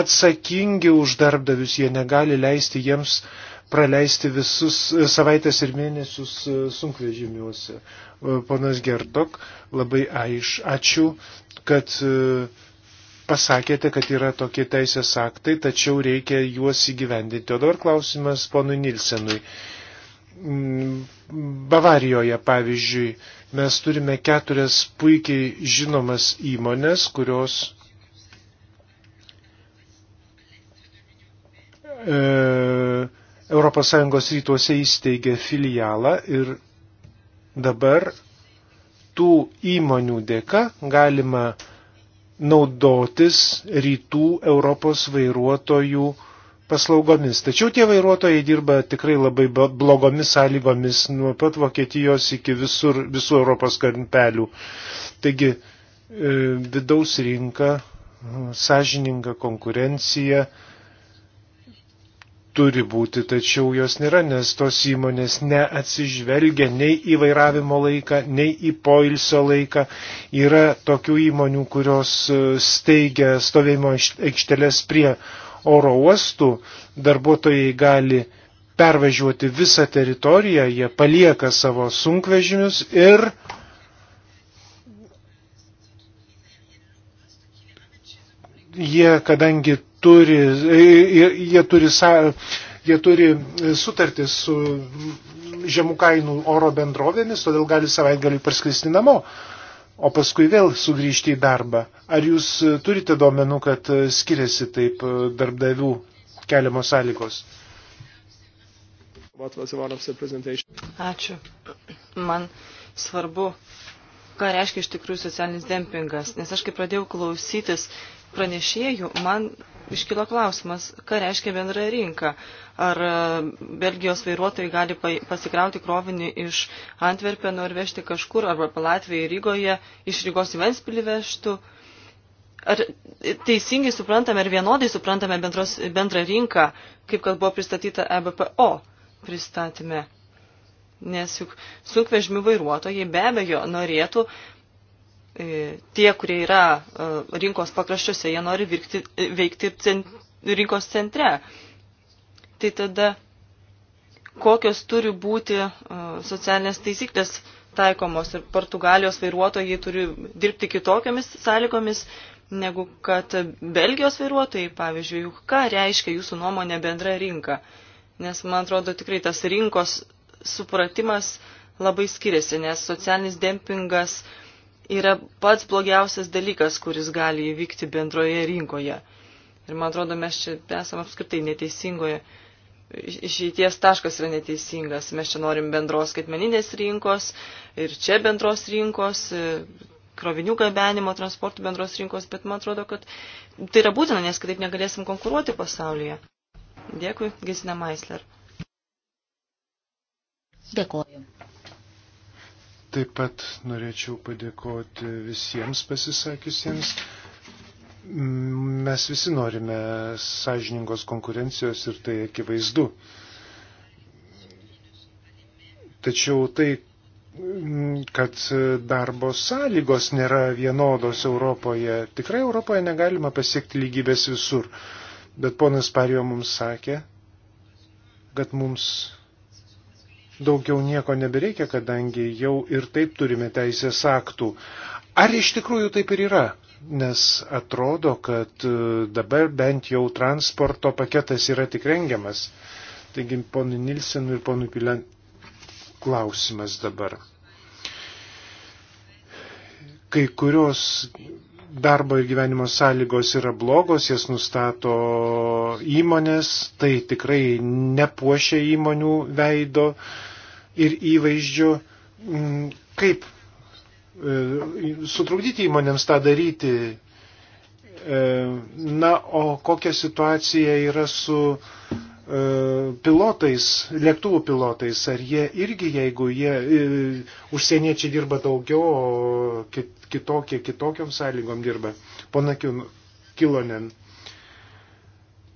atsakingi už darbdavius, jie negali leisti jiems praleisti visus e, savaitės ir mėnesius e, sunkvežimiuose. E, ponas Gertok, labai aiš, ačiū, kad pasakėte, kad yra tokie teisės aktai, tačiau reikia juos įgyvendinti. O dabar klausimas ponui Nilsenui. Mm, Bavarijoje, pavyzdžiui, mes turime keturias puikiai žinomas įmonės, kurios e, ES rytuose įsteigė filialą ir dabar tų įmonių dėka galima naudotis rytų Europos vairuotojų paslaugomis. Tačiau tie vairuotojai dirba tikrai labai blogomis sąlygomis nuo pat Vokietijos iki visur, visų Europos kampelių. Taigi e, vidaus rinka, sąžininga konkurencija, turi būti, tačiau jos nėra, nes tos įmonės neatsižvelgia nei į vairavimo laiką, nei į poilsio laiką. Yra tokių įmonių, kurios e, steigia stovėjimo aikštelės prie oro uostų, darbuotojai gali pervažiuoti visą teritoriją, jie palieka savo sunkvežimius ir jie, kadangi turi, e, jie, jie turi, jie turi e, sutartį su žemų kainų oro bendrovėmis, todėl gali savaitgaliui parskristi namo, o paskui vėl sugrįžti į darbą. Ar jūs turite duomenų, kad e, skiriasi taip darbdavių keliamos sąlygos? Ačiū. Man svarbu, ką reiškia iš tikrųjų socialinis dempingas, nes aš kai pradėjau klausytis pranešėjų, man iškilo klausimas, ką reiškia bendra rinka. Ar e, Belgijos vairuotojai gali pasikrauti krovinį iš Antverpeno ir vežti kažkur, arba Palatvėje ir Rygoje, iš Rygos į Ventspilį vežtų. Ar teisingai suprantame ir vienodai suprantame bendros, bendrą rinką, kaip kad buvo pristatyta EBPO pristatyme? Nes juk sunkvežimių vairuotojai be abejo norėtų E, tie, kurie yra e, rinkos pakraščiuose, jie nori virkti, e, veikti cent, rinkos centre. Tai tada kokios turi būti socialinės taisyklės taikomos ir Portugalijos vairuotojai turi dirbti kitokiamis sąlygomis negu kad Belgijos vairuotojai, pavyzdžiui, juk ką reiškia jūsų nuomonė bendra rinka. Nes man atrodo tikrai tas rinkos supratimas labai skiriasi, nes socialinis dempingas uh, yra pats blogiausias dalykas, kuris gali įvykti bendroje rinkoje. Ir man atrodo, mes čia esame apskritai neteisingoje. Išeities taškas yra neteisingas. Mes čia norim bendros skaitmeninės rinkos ir čia bendros rinkos, krovinių gabenimo, transportų bendros rinkos, bet man atrodo, kad tai yra būtina, nes kitaip negalėsim konkuruoti pasaulyje. Dėkui, Gesina Maisler. Dėkoju. Taip pat norėčiau padėkoti visiems pasisakiusiems. Mes visi norime sąžiningos konkurencijos ir tai akivaizdu. Tačiau tai, kad darbo sąlygos nėra vienodos Europoje. Tikrai Europoje negalima pasiekti lygybės visur. Bet ponas Parijo mums sakė, kad mums daugiau nieko nebereikia, kadangi jau ir taip turime teisės aktų. Ar iš tikrųjų taip ir yra? Nes atrodo, kad e, dabar bent jau transporto paketas yra tik rengiamas. Taigi, ponui Nilsenui ir ponui Pilen klausimas dabar. Kai kurios darbo ir gyvenimo sąlygos yra blogos, jas nustato įmonės, tai tikrai nepuošia įmonių veido, ir įvaizdžiu, mm, kaip e, sutrukdyti įmonėms tą daryti. E, na, o kokia situacija yra su e, pilotais, lėktuvų pilotais, ar jie irgi, jeigu jie užsieniečiai dirba daugiau, o kit, kitokie, kitokiam sąlygom dirba. Pana Kilonen,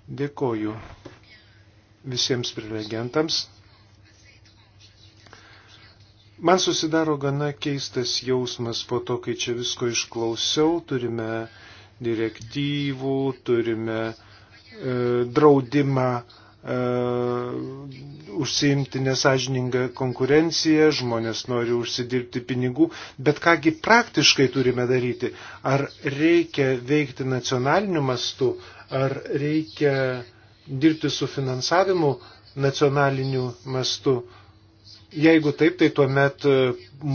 dėkoju visiems prelegentams. Man susidaro gana keistas jausmas po to, kai čia visko išklausiau. Turime direktyvų, turime e, draudimą e, užsiimti nesažiningą konkurenciją, žmonės nori užsidirbti pinigų, bet kągi praktiškai turime daryti? Ar reikia veikti nacionaliniu mastu, ar reikia dirbti su finansavimu nacionaliniu mastu? Jeigu taip, tai tuomet e,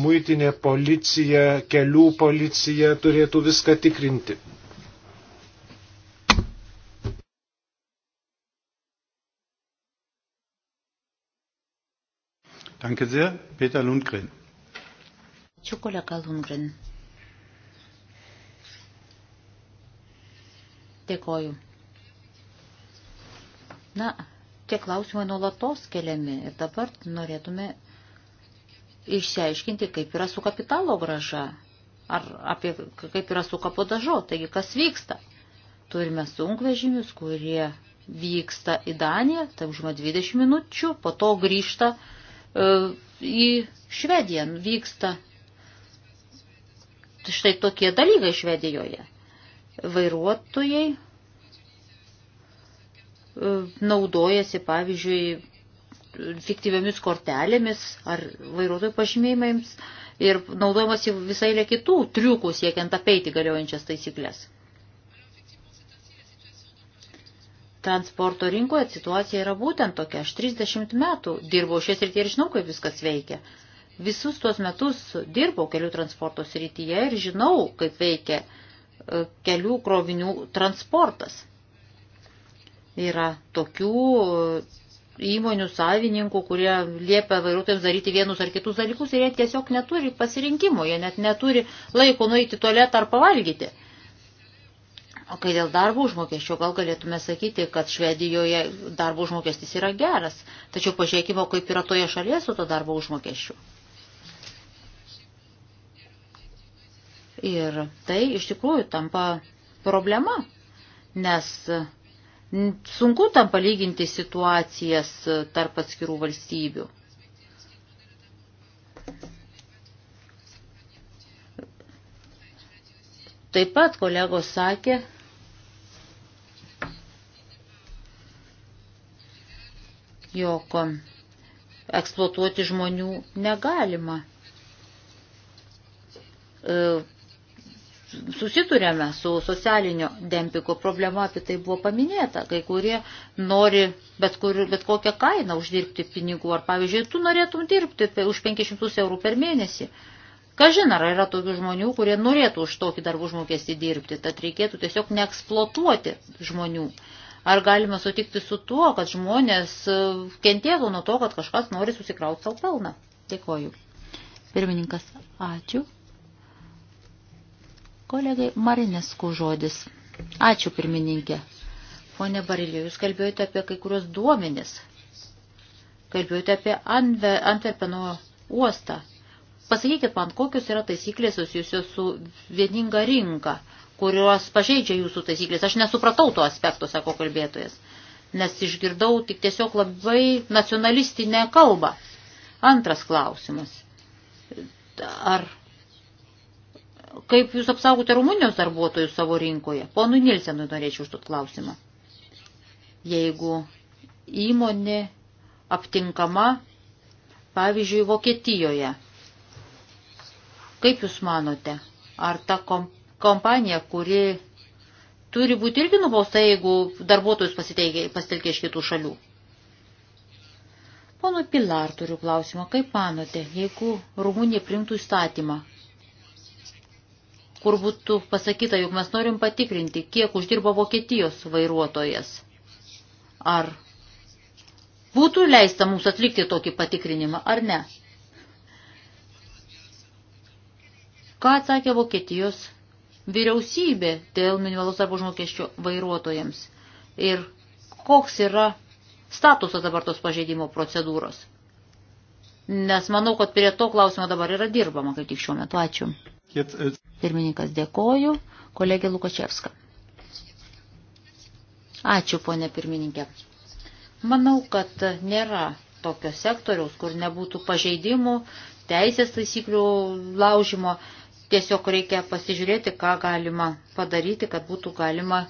muitinė policija, kelių policija turėtų viską tikrinti. Danke sehr, Peter Lundgren. Ačiū kolega Lundgren. Dėkoju. Na, tie klausimai nuolatos keliami ir dabar norėtume išsiaiškinti, kaip yra su kapitalo graža, ar apie kaip yra su kapodažo, taigi kas vyksta. Turime sunkvežimius, kurie vyksta į Daniją, tai užima 20 minučių, po to grįžta e, į Švediją, vyksta štai tokie dalykai Švedijoje. Vairuotojai e, naudojasi, pavyzdžiui, fiktyviomis kortelėmis ar vairuotojų pažymėjimais ir naudojamas visai lė kitų triukų siekiant apeiti galiojančias taisyklės. Transporto rinkoje situacija yra būtent tokia. Aš 30 metų dirbau šią srityje ir žinau, kaip viskas veikia. Visus tuos metus dirbau kelių transporto srityje ir žinau, kaip veikia e, kelių krovinių transportas. Yra tokių įmonių savininkų, kurie liepia vairuotojams daryti vienus ar kitus dalykus ir jie tiesiog neturi pasirinkimo, jie net neturi laiko nueiti tualetą ar pavalgyti. O kai dėl darbo užmokesčio, gal galėtume sakyti, kad Švedijoje darbo užmokestis yra geras, tačiau pažiūrėkime, kaip yra toje šalyje su to darbo užmokesčiu. Ir tai iš tikrųjų tampa problema, nes Sunku tam palyginti situacijas tarp atskirų valstybių. Taip pat kolegos sakė, jog eksploatuoti žmonių negalima. E, susiturėme su socialinio dempiko problema, apie tai buvo paminėta, kai kurie nori bet, kur, bet kokią kainą uždirbti pinigų, ar pavyzdžiui, tu norėtum dirbti už 500 eurų per mėnesį. Kažin ar yra tokių žmonių, kurie norėtų už tokį darbų užmokestį dirbti, tad reikėtų tiesiog neeksploatuoti žmonių. Ar galime sutikti su tuo, kad žmonės e, kentėtų nuo to, kad kažkas nori susikrauti savo pelną? Dėkoju. Pirmininkas, ačiū. Kolegai Marinesku žodis. Ačiū pirmininkė. Pone Barilė, jūs kalbėjote apie kai kurios duomenis. Kalbėjote apie Antverpeno uostą. Pasakykit man, kokios yra taisyklės susijusios su vieninga rinka, kurios pažeidžia jūsų taisyklės. Aš nesupratau to aspekto, sako kalbėtojas, nes išgirdau tik tiesiog labai nacionalistinę kalbą. Antras klausimas. Ar kaip jūs apsaugote Rumunijos darbuotojus savo rinkoje? Ponui Nilsenui norėčiau užduot klausimą. Jeigu įmonė aptinkama, pavyzdžiui, Vokietijoje, kaip jūs manote, ar ta kom kompanija, kuri turi būti irgi nubausta, jeigu darbuotojus pasitelkia iš kitų šalių? Pono Pilar turiu klausimą, kaip manote, jeigu Rumunija primtų įstatymą, kur būtų pasakyta, jog mes norim patikrinti, kiek uždirba Vokietijos vairuotojas. Ar būtų leista mums atlikti tokį patikrinimą, ar ne? Ką atsakė Vokietijos vyriausybė dėl minimalus darbo užmokesčio vairuotojams? Ir koks yra statusas dabar tos pažeidimo procedūros? Nes manau, kad prie to klausimo dabar yra dirbama, kaip tik šiuo metu. Ačiū. E, Pirmininkas dėkoju, kolegė Lukačevska. Ačiū, ponė pirmininkė. Manau, kad nėra tokio sektoriaus, kur nebūtų pažeidimų, teisės taisyklių laužimo. Tiesiog reikia pasižiūrėti, ką galima padaryti, kad būtų galima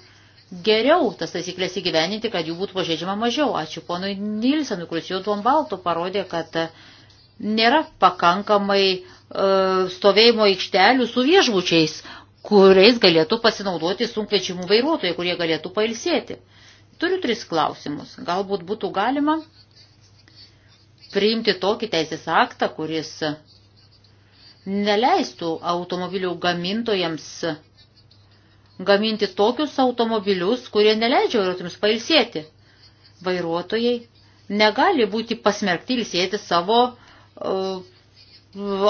geriau tas taisyklės įgyveninti, kad jų būtų pažeidžiama mažiau. Ačiū ponui Nilsenui, kuris jau tuom baltu parodė, kad nėra pakankamai E, stovėjimo aikštelių su viešbučiais, kuriais galėtų pasinaudoti sunkvežimų vairuotojai, kurie galėtų pailsėti. Turiu tris klausimus. Galbūt būtų galima priimti tokį teisės aktą, kuris neleistų automobilių gamintojams gaminti tokius automobilius, kurie neleidžia vairuotojams pailsėti. Vairuotojai negali būti pasmerkti ilsėti savo uh,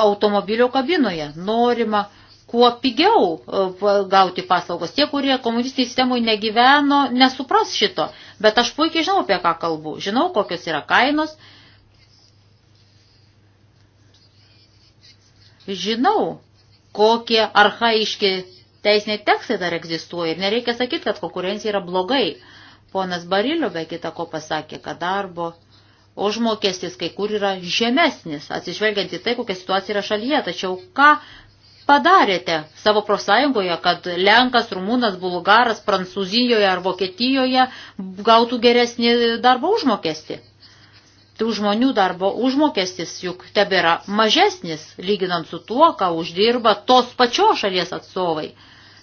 automobilio kabinoje. Norima kuo pigiau e, gauti paslaugos. Tie, kurie komunistai sistemui negyveno, nesupras šito. Bet aš puikiai žinau, apie ką kalbu. Žinau, kokios yra kainos. Žinau, kokie arhaiški teisiniai tekstai dar egzistuoja. Ir nereikia sakyti, kad konkurencija yra blogai. Ponas Barilio be kita ko pasakė, kad darbo užmokestis kai kur yra žemesnis, atsižvelgiant į tai, kokia situacija yra šalyje. Tačiau ką padarėte savo profsąjungoje, kad Lenkas, Rumūnas, Bulgaras, Prancūzijoje ar Vokietijoje gautų geresnį darbo užmokestį? Tų žmonių darbo užmokestis juk tebėra mažesnis, lyginant su tuo, ką uždirba tos pačios šalies atstovai.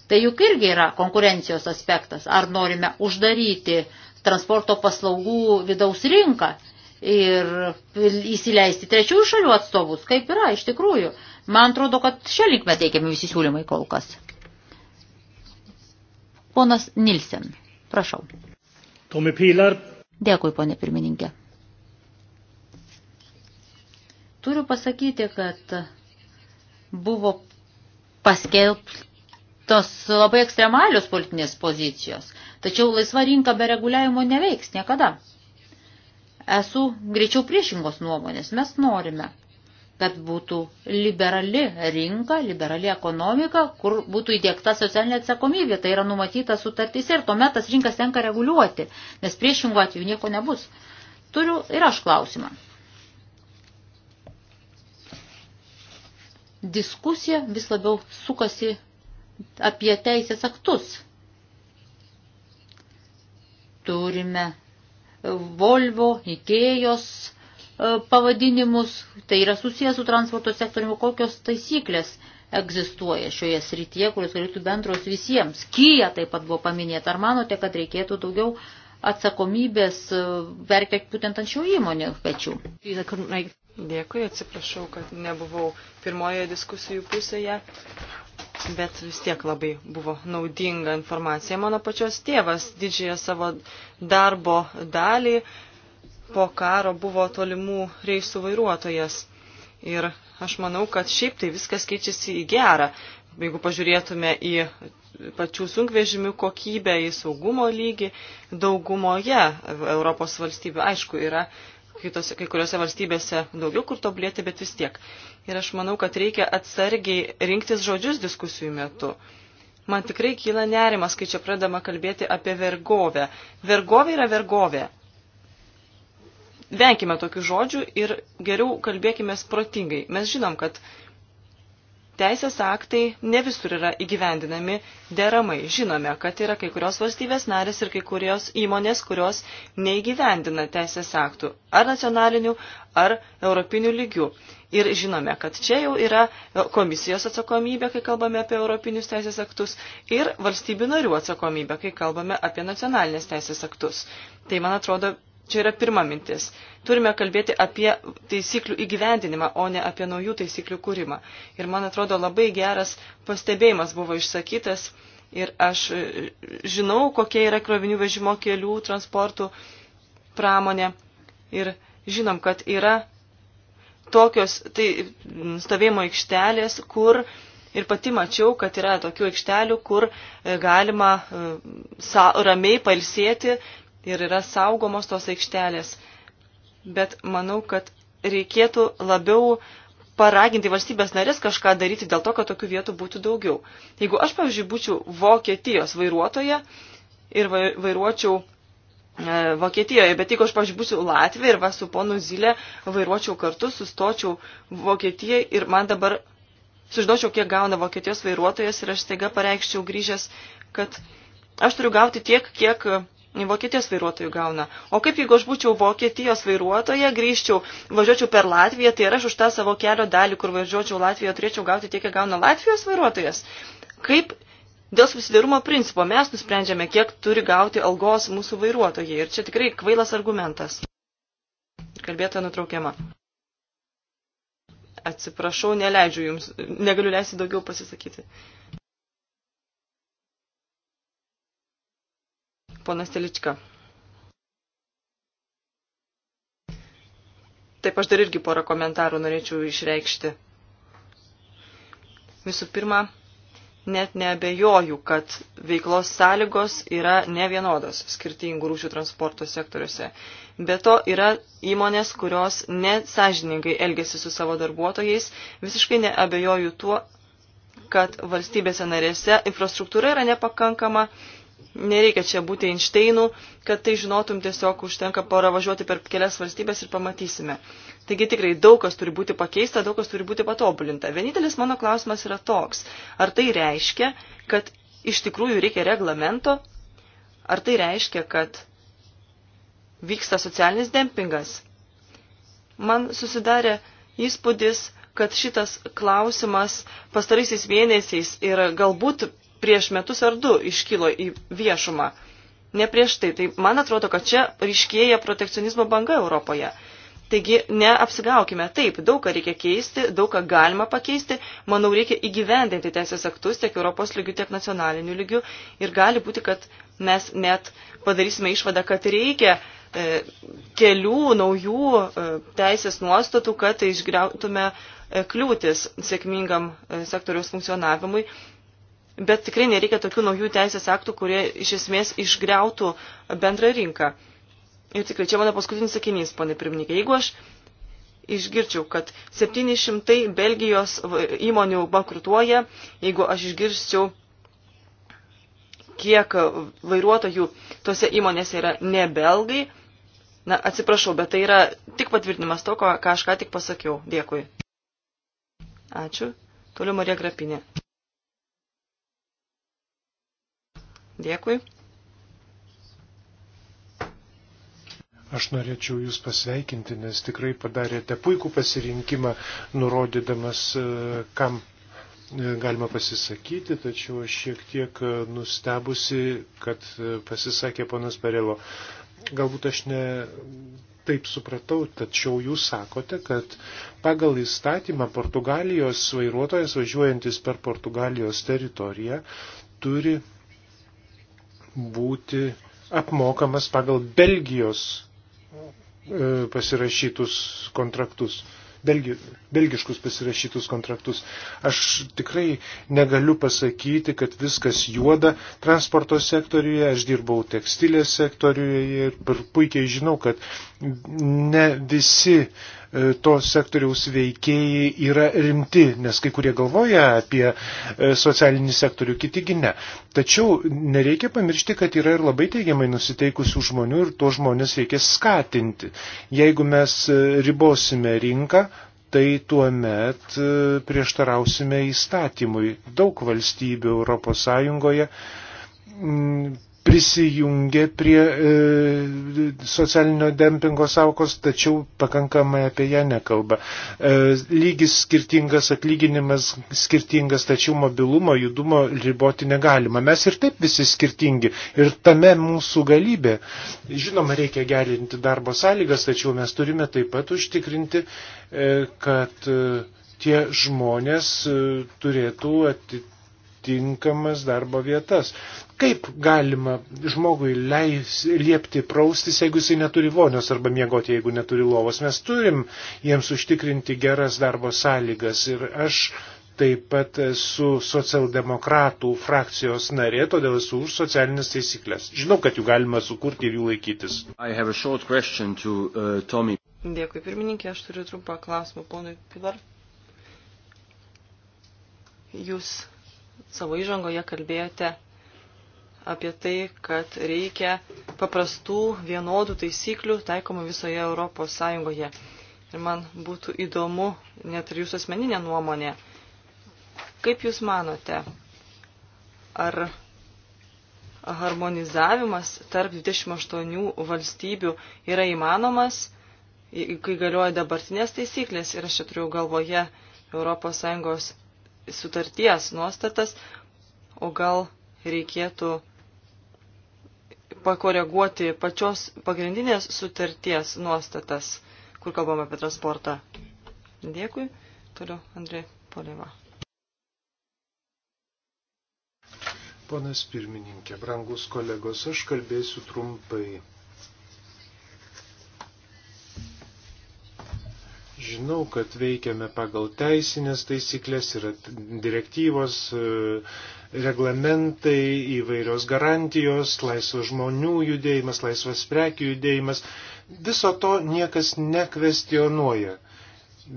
Tai juk irgi yra konkurencijos aspektas. Ar norime uždaryti transporto paslaugų vidaus rinką ir įsileisti trečiųjų šalių atstovus, kaip yra iš tikrųjų. Man atrodo, kad šią linkmę teikiami visi siūlymai kol kas. Ponas Nilsen, prašau. Tomi Pilar. Dėkui, ponė pirmininkė. Turiu pasakyti, kad buvo paskelbtos labai ekstremalios politinės pozicijos, tačiau laisva rinka be reguliavimo neveiks niekada. Esu greičiau priešingos nuomonės. Mes norime, kad būtų liberali rinka, liberali ekonomika, kur būtų įdėkta socialinė atsakomybė. Tai yra numatyta sutartys ir tuomet tas rinkas tenka reguliuoti, nes priešingų atveju nieko nebus. Turiu ir aš klausimą. Diskusija vis labiau sukasi apie teisės aktus. Turime Volvo, Ikėjos e, pavadinimus, tai yra susijęs su transporto sektoriumi, kokios taisyklės egzistuoja šioje srityje, kuris galėtų bendros visiems. Kyja taip pat buvo paminėta. Ar manote, kad reikėtų daugiau atsakomybės perkelti e, būtent ant šių įmonių pečių? Dėkui, atsiprašau, kad nebuvau pirmoje diskusijų pusėje bet vis tiek labai buvo naudinga informacija. Mano pačios tėvas didžiąją savo darbo dalį po karo buvo tolimų reisų vairuotojas. Ir aš manau, kad šiaip tai viskas keičiasi į gerą. Jeigu pažiūrėtume į pačių sunkvežimių kokybę, į saugumo lygį, daugumoje Europos valstybių, aišku, yra kitos, kai kuriuose valstybėse daugiau kur tobulėti, bet vis tiek. Ir aš manau, kad reikia atsargiai rinktis žodžius diskusijų metu. Man tikrai kyla nerimas, kai čia pradama kalbėti apie vergovę. Vergovė yra vergovė. Venkime tokių žodžių ir geriau kalbėkime protingai. Mes žinom, kad teisės aktai ne visur yra įgyvendinami deramai. Žinome, kad yra kai kurios valstybės narės ir kai kurios įmonės, kurios neįgyvendina teisės aktų ar nacionalinių, ar europinių lygių. Ir žinome, kad čia jau yra komisijos atsakomybė, kai kalbame apie europinius teisės aktus, ir valstybių narių atsakomybė, kai kalbame apie nacionalinės teisės aktus. Tai, man atrodo, Čia yra pirma mintis. Turime kalbėti apie taisyklių įgyvendinimą, o ne apie naujų taisyklių kūrimą. Ir man atrodo labai geras pastebėjimas buvo išsakytas ir aš e, žinau, kokie yra krovinių vežimo kelių, transportų pramonė. Ir žinom, kad yra tokios tai, stovėjimo aikštelės, kur ir pati mačiau, kad yra tokių aikštelių, kur e, galima e, sa, ramiai palsėti ir yra saugomos tos aikštelės. Bet manau, kad reikėtų labiau paraginti valstybės narės kažką daryti dėl to, kad tokių vietų būtų daugiau. Jeigu aš, pavyzdžiui, būčiau Vokietijos vairuotoja ir vairuočiau e, Vokietijoje, bet jeigu aš, pavyzdžiui, būsiu Latvija ir va su ponu Zilė vairuočiau kartu, sustočiau Vokietijoje ir man dabar sužinočiau, kiek gauna Vokietijos vairuotojas ir aš staiga pareikščiau grįžęs, kad aš turiu gauti tiek, kiek Vokietijos vairuotojų gauna. O kaip jeigu aš būčiau Vokietijos vairuotoja, grįžčiau, važiuočiau per Latviją, tai ir aš už tą savo kelio dalį, kur važiuočiau Latviją, turėčiau gauti tiek, kiek gauna Latvijos vairuotojas. Kaip dėl susidarumo principo mes nusprendžiame, kiek turi gauti algos mūsų vairuotojai. Ir čia tikrai kvailas argumentas. Kalbėtoja nutraukiama. Atsiprašau, neleidžiu jums, negaliu leisti daugiau pasisakyti. Ponas Telička. Taip aš dar irgi porą komentarų norėčiau išreikšti. Visų pirma, net neabejoju, kad veiklos sąlygos yra nevienodos skirtingų rūšių transporto sektoriuose. Be to yra įmonės, kurios nesažiningai elgesi su savo darbuotojais. Visiškai neabejoju tuo, kad valstybėse narėse infrastruktūra yra nepakankama Nereikia čia būti Einšteinų, kad tai žinotum tiesiog užtenka paravažiuoti per kelias valstybės ir pamatysime. Taigi tikrai daug kas turi būti pakeista, daug kas turi būti patobulinta. Vienintelis mano klausimas yra toks. Ar tai reiškia, kad iš tikrųjų reikia reglamento? Ar tai reiškia, kad vyksta socialinis dempingas? Man susidarė įspūdis, kad šitas klausimas pastaraisiais mėnesiais ir galbūt prieš metus ar du iškilo į viešumą, ne prieš tai. Tai man atrodo, kad čia ryškėja protekcionizmo banga Europoje. Taigi neapsigaukime taip, daug ką reikia keisti, daug ką galima pakeisti, manau, reikia įgyvendinti teisės aktus tiek Europos lygių, tiek nacionalinių lygių ir gali būti, kad mes net padarysime išvadą, kad reikia e, kelių naujų e, teisės nuostatų, kad išgriautume e, kliūtis sėkmingam e, sektoriaus funkcionavimui bet tikrai nereikia tokių naujų teisės aktų, kurie iš esmės išgriautų bendrą rinką. Ir tikrai čia mano paskutinis sakinys, ponė pirmininkė. Jeigu aš išgirčiau, kad 700 Belgijos įmonių bankrutuoja, jeigu aš išgirščiau, kiek vairuotojų tose įmonėse yra ne belgai, na atsiprašau, bet tai yra tik patvirtinimas to, ką aš ką tik pasakiau. Dėkui. Ačiū. Toliau Marija Grapinė. Dėkui. Aš norėčiau Jūs pasveikinti, nes tikrai padarėte puikų pasirinkimą, nurodydamas, e, kam e, galima pasisakyti, tačiau aš šiek tiek e, nustebusi, kad pasisakė ponas Perelo. Galbūt aš ne taip supratau, tačiau Jūs sakote, kad pagal įstatymą Portugalijos vairuotojas važiuojantis per Portugalijos teritoriją turi būti apmokamas pagal Belgijos e, pasirašytus kontraktus. Belgi, belgiškus pasirašytus kontraktus. Aš tikrai negaliu pasakyti, kad viskas juoda transporto sektoriuje, aš dirbau tekstilės sektoriuje ir puikiai žinau, kad ne visi E, to sektoriaus veikėjai yra rimti, nes kai kurie galvoja apie e, socialinį sektorių, kitigi ne. Tačiau nereikia pamiršti, kad yra ir labai teigiamai nusiteikusių žmonių ir to žmonės reikia skatinti. Jeigu mes e, ribosime rinką, tai tuo met prieštarausime įstatymui. Daug valstybių ES prisijungė prie e, socialinio dempingo saukos, tačiau pakankamai apie ją nekalba. E, lygis skirtingas, atlyginimas skirtingas, tačiau mobilumo, judumo riboti negalima. Mes ir taip visi skirtingi ir tame mūsų galybė. Žinoma, reikia gerinti darbo sąlygas, tačiau mes turime taip pat užtikrinti, e, kad e, tie žmonės e, turėtų atitikti tinkamas darbo vietas. Kaip galima žmogui leis, liepti praustis, jeigu jisai neturi vonios arba miegoti, jeigu neturi lovos? Mes turim jiems užtikrinti geras darbo sąlygas ir aš taip pat esu socialdemokratų frakcijos narė, todėl esu už socialinės taisyklės. Žinau, kad jų galima sukurti ir jų laikytis. To, uh, Dėkui, pirmininkė, aš turiu trumpą klausimą ponui Pilar. Jūs savo įžangoje kalbėjote apie tai, kad reikia paprastų vienodų taisyklių taikomų visoje Europos Sąjungoje. Ir man būtų įdomu net ir jūsų asmeninė nuomonė. Kaip jūs manote, ar harmonizavimas tarp 28 valstybių yra įmanomas, kai galioja dabartinės taisyklės ir aš čia turiu galvoje ES sutarties nuostatas, o gal reikėtų pakoreguoti pačios pagrindinės sutarties nuostatas, kur kalbame apie transportą. Dėkui. Toliau Andrė Poliva. Ponas pirmininkė, brangus kolegos, aš kalbėsiu trumpai. Žinau, kad veikiame pagal teisinės taisyklės, yra direktyvos, e, reglamentai, įvairios garantijos, laisvas žmonių judėjimas, laisvas prekių judėjimas. Viso to niekas nekvestionuoja.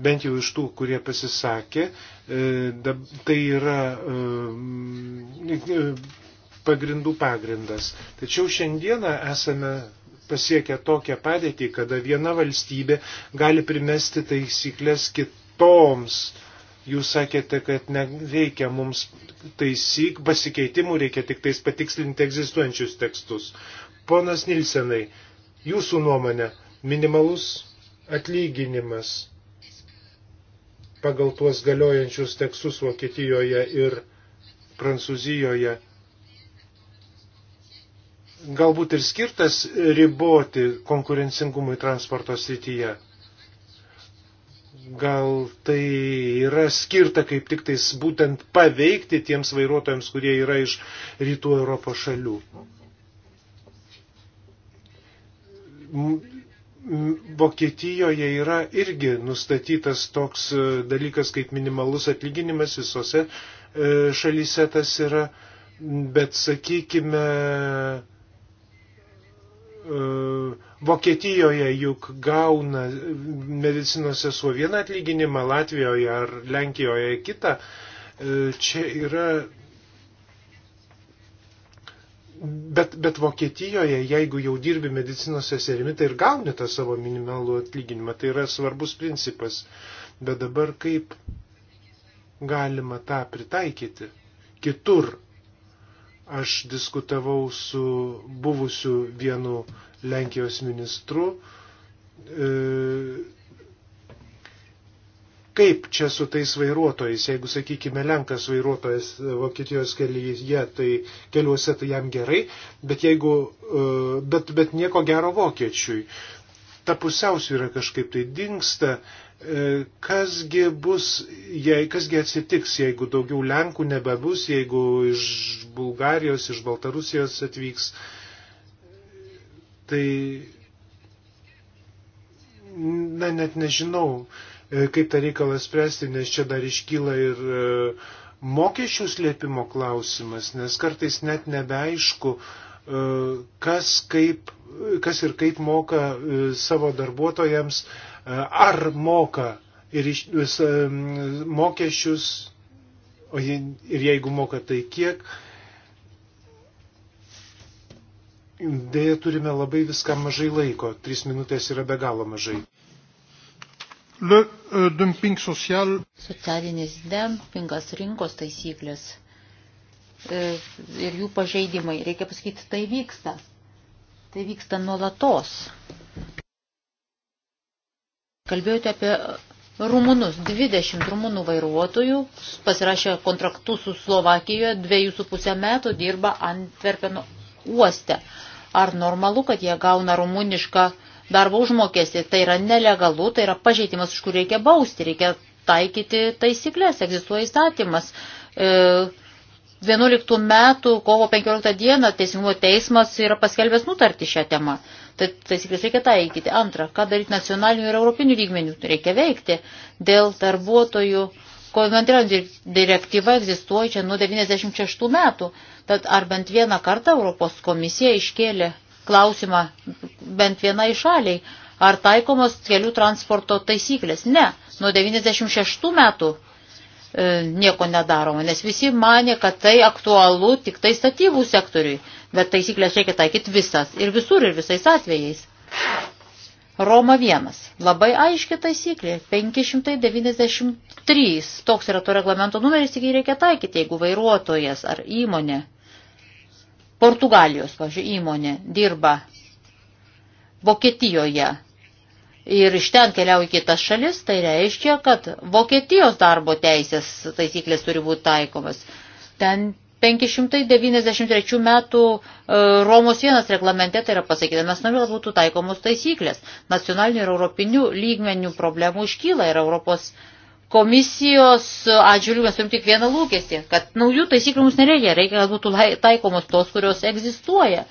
Bent jau iš tų, kurie pasisakė, e, tai yra e, pagrindų pagrindas. Tačiau šiandieną esame pasiekę tokią padėtį, kada viena valstybė gali primesti taisyklės kitoms. Jūs sakėte, kad nereikia mums taisyk, pasikeitimų reikia tik tais patikslinti egzistuojančius tekstus. Ponas Nilsenai, jūsų nuomonė, minimalus atlyginimas pagal tuos galiojančius tekstus Vokietijoje ir Prancūzijoje galbūt ir skirtas riboti konkurencingumui transporto srityje. Gal tai yra skirta kaip tik tais būtent paveikti tiems vairuotojams, kurie yra iš rytų Europos šalių. Vokietijoje yra irgi nustatytas toks e, dalykas kaip minimalus atlyginimas visose e, šalyse tas yra, bet sakykime, E, Vokietijoje juk gauna medicinos sesuo vieną atlyginimą, Latvijoje ar Lenkijoje kitą. E, čia yra. Bet, bet Vokietijoje, jeigu jau dirbi medicinos seserimi, tai ir gauni tą savo minimalų atlyginimą. Tai yra svarbus principas. Bet dabar kaip galima tą pritaikyti kitur Aš diskutavau su buvusiu vienu Lenkijos ministru. E, kaip čia su tais vairuotojais, jeigu, sakykime, Lenkas vairuotojas e, Vokietijos kelyje, tai keliuose tai jam gerai, bet, jeigu, e, bet, bet nieko gero vokiečiui ta pusiausvyra kažkaip tai dinksta, E, kasgi bus, jei, kasgi atsitiks, jeigu daugiau Lenkų nebebus, jeigu iš Bulgarijos, iš Baltarusijos atvyks. Tai, na, net nežinau, e, kaip tą reikalą spręsti, nes čia dar iškyla ir e, mokesčių slėpimo klausimas, nes kartais net nebeaišku, kas, kaip, kas ir kaip moka savo darbuotojams E, ar moka ir iš, vis, e, mokesčius, o, ir jeigu moka, tai kiek. Dėja, turime labai viskam mažai laiko. Tris minutės yra be galo mažai. Le uh, dumping social. Socialinis dumpingas, rinkos taisyklės uh, ir jų pažeidimai, reikia pasakyti, tai vyksta. Tai vyksta nuolatos. Kalbėjote apie rumunus. 20 rumunų vairuotojų pasirašė kontraktus su Slovakijoje, dviejų su pusę metų dirba Antverpeno uoste. Ar normalu, kad jie gauna rumunišką darbo užmokestį? Tai yra nelegalu, tai yra pažeidimas, už kur reikia bausti, reikia taikyti taisyklės, egzistuoja įstatymas. E, 11 metų kovo 15 dieną Teisingumo teismas yra paskelbęs nutartį šią temą. Tai taisyklės reikia taikyti. Antra, ką daryti nacionaliniu ir europiniu lygmeniu? Reikia veikti dėl darbuotojų komentarų direktyva egzistuoja čia nuo 96 metų. Tad ar bent vieną kartą Europos komisija iškėlė klausimą bent vienai šaliai, ar taikomos kelių transporto taisyklės? Ne, nuo 96 metų e, nieko nedaroma, nes visi manė, kad tai aktualu tik tai statybų sektoriui bet taisyklės reikia taikyti visas ir visur ir visais atvejais. Roma 1. Labai aiški taisyklė. 593. Toks yra to reglamento numeris, tik jį reikia taikyti, jeigu vairuotojas ar įmonė. Portugalijos, pavyzdžiui, įmonė dirba Vokietijoje ir iš ten keliauja į kitas šalis, tai reiškia, kad Vokietijos darbo teisės taisyklės turi būti taikomas. Ten 593 metų e, Romos vienas reglamente tai yra pasakyta, mes norime, nu, kad būtų taikomos taisyklės. Nacionalinių ir europinių lygmenių problemų iškyla ir Europos komisijos atžiūrių mes turim tik vieną lūkestį, kad naujų taisyklių mums nereikia, reikia, kad būtų taikomos tos, kurios egzistuoja.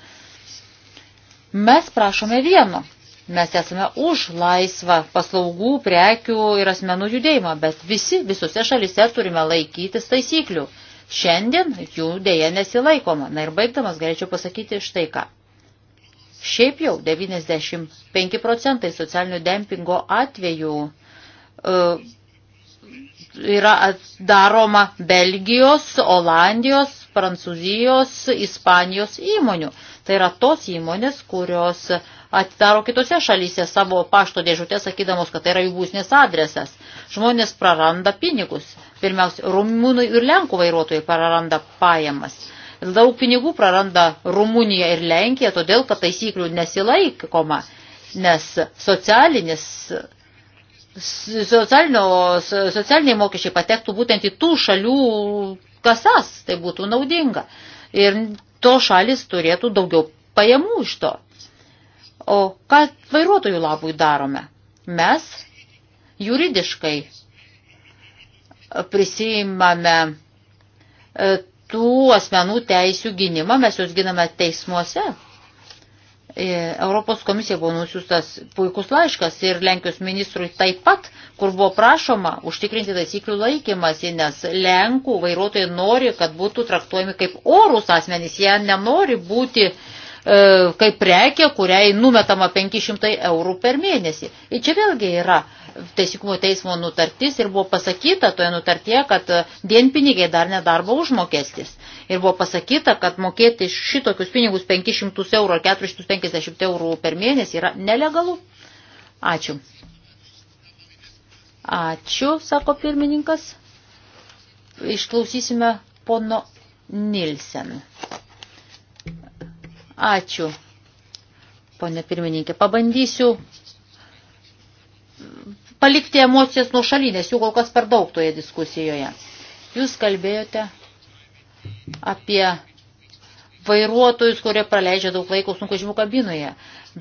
Mes prašome vieno. Mes esame už laisvą paslaugų, prekių ir asmenų judėjimą, bet visi visose šalise turime laikytis taisyklių. Šiandien jų dėja nesilaikoma. Na ir baigdamas galėčiau pasakyti štai ką. Šiaip jau 95 procentai socialinio dempingo atvejų uh, yra daroma Belgijos, Olandijos, Prancūzijos, Ispanijos įmonių. Tai yra tos įmonės, kurios uh, atidaro kitose šalyse savo pašto dėžutės, sakydamos, kad tai yra jų būsnės adresas. Žmonės praranda pinigus. Pirmiausia, rumūnų ir lenkų vairuotojai praranda pajamas. Daug pinigų praranda Rumunija ir Lenkija, todėl, kad taisyklių nesilaikoma, nes socialinis socialiniai mokesčiai patektų būtent į tų šalių kasas, tai būtų naudinga. Ir to šalis turėtų daugiau pajamų iš to. O ką vairuotojų labui darome? Mes juridiškai prisijimame e, tų asmenų teisių gynimą, mes juos giname teismuose. E, Europos komisija buvo nusiustas puikus laiškas ir Lenkijos ministrui taip pat, kur buvo prašoma užtikrinti taisyklių laikymasi, nes Lenkų vairuotojai nori, kad būtų traktuojami kaip orus asmenys, jie nenori būti uh, E, kaip prekė, kuriai numetama 500 eurų per mėnesį. Ir čia vėlgi yra teisingumo teismo nutartis ir buvo pasakyta toje nutartie, kad e, dienpinigiai dar nedarbo užmokestis. Ir buvo pasakyta, kad mokėti šitokius pinigus 500 eurų ar 450 eurų per mėnesį yra nelegalu. Ačiū. Ačiū, sako pirmininkas. Išklausysime pono Nilsen. Ačiū, ponė pirmininkė. Pabandysiu palikti emocijas nuo šalinės, jų kol kas per daug toje diskusijoje. Jūs kalbėjote apie vairuotojus, kurie praleidžia daug laiko sunkvežimių kabinoje.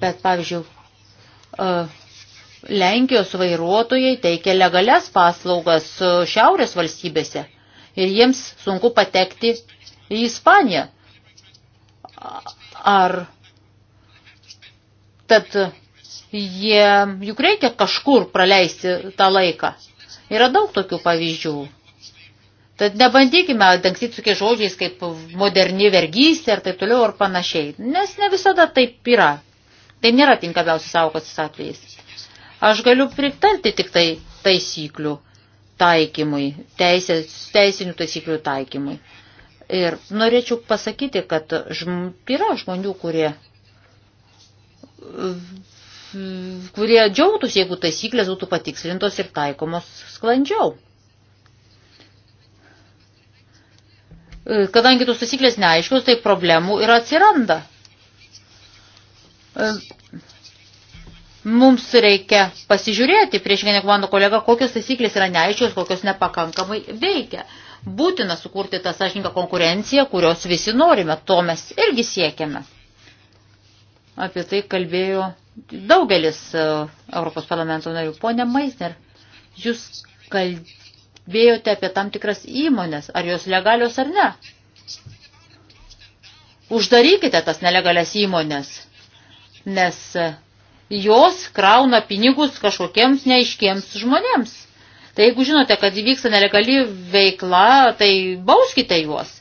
Bet, pavyzdžiui, e, Lenkijos vairuotojai teikia legalias paslaugas e, šiaurės valstybėse ir jiems sunku patekti į Ispaniją. Ar tad jie, juk reikia kažkur praleisti tą laiką. Yra daug tokių pavyzdžių. Tad nebandykime dangstyti tokie žodžiais kaip moderni vergystė ir taip toliau ar panašiai, nes ne visada taip yra. Tai nėra tinkamiausias aukas atvejais. Aš galiu pritarti tik tai taisyklių taikymui, teisės, teisinių taisyklių taikymui. Ir norėčiau pasakyti, kad žm, yra žmonių, kurie, kurie džiaugtųsi, jeigu taisyklės būtų patikslintos ir taikomos sklandžiau. Kadangi tos taisyklės neaiškios, tai problemų ir atsiranda. Mums reikia pasižiūrėti prieš mano kolega, kokios taisyklės yra neaiškios, kokios nepakankamai veikia. Būtina sukurti tą sąžininką konkurenciją, kurios visi norime, to mes irgi siekiame. Apie tai kalbėjo daugelis e, Europos parlamento narių. Pone Maisner, jūs kalbėjote apie tam tikras įmonės, ar jos legalios ar ne. Uždarykite tas nelegalias įmonės, nes jos krauna pinigus kažkokiems neaiškiems žmonėms. Tai jeigu žinote, kad vyksta nelegali veikla, tai bauskite juos.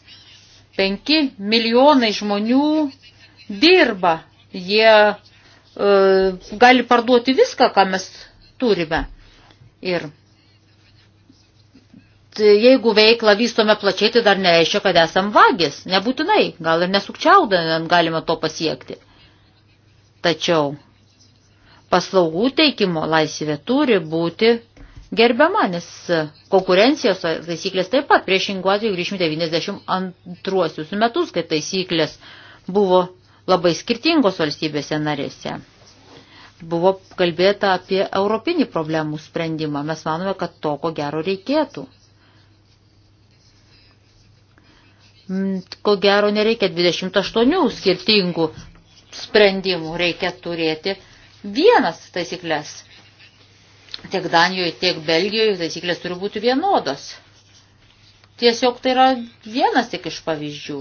5 milijonai žmonių dirba. Jie e, gali parduoti viską, ką mes turime. Ir jeigu veiklą vystome plačiai, tai dar nereiškia, kad esam vagis. Nebūtinai, gal ir nesukčiaudami galima to pasiekti. Tačiau paslaugų teikimo laisvė turi būti gerbiama, nes konkurencijos taisyklės taip pat priešingų atveju grįžim 92 metus, kai taisyklės buvo labai skirtingos valstybėse narėse. Buvo kalbėta apie europinį problemų sprendimą. Mes manome, kad to ko gero reikėtų. Ko gero nereikia 28 skirtingų sprendimų, reikia turėti vienas taisyklės tiek Danijoje, tiek Belgijoje taisyklės turi būti vienodos. Tiesiog tai yra vienas tik iš pavyzdžių.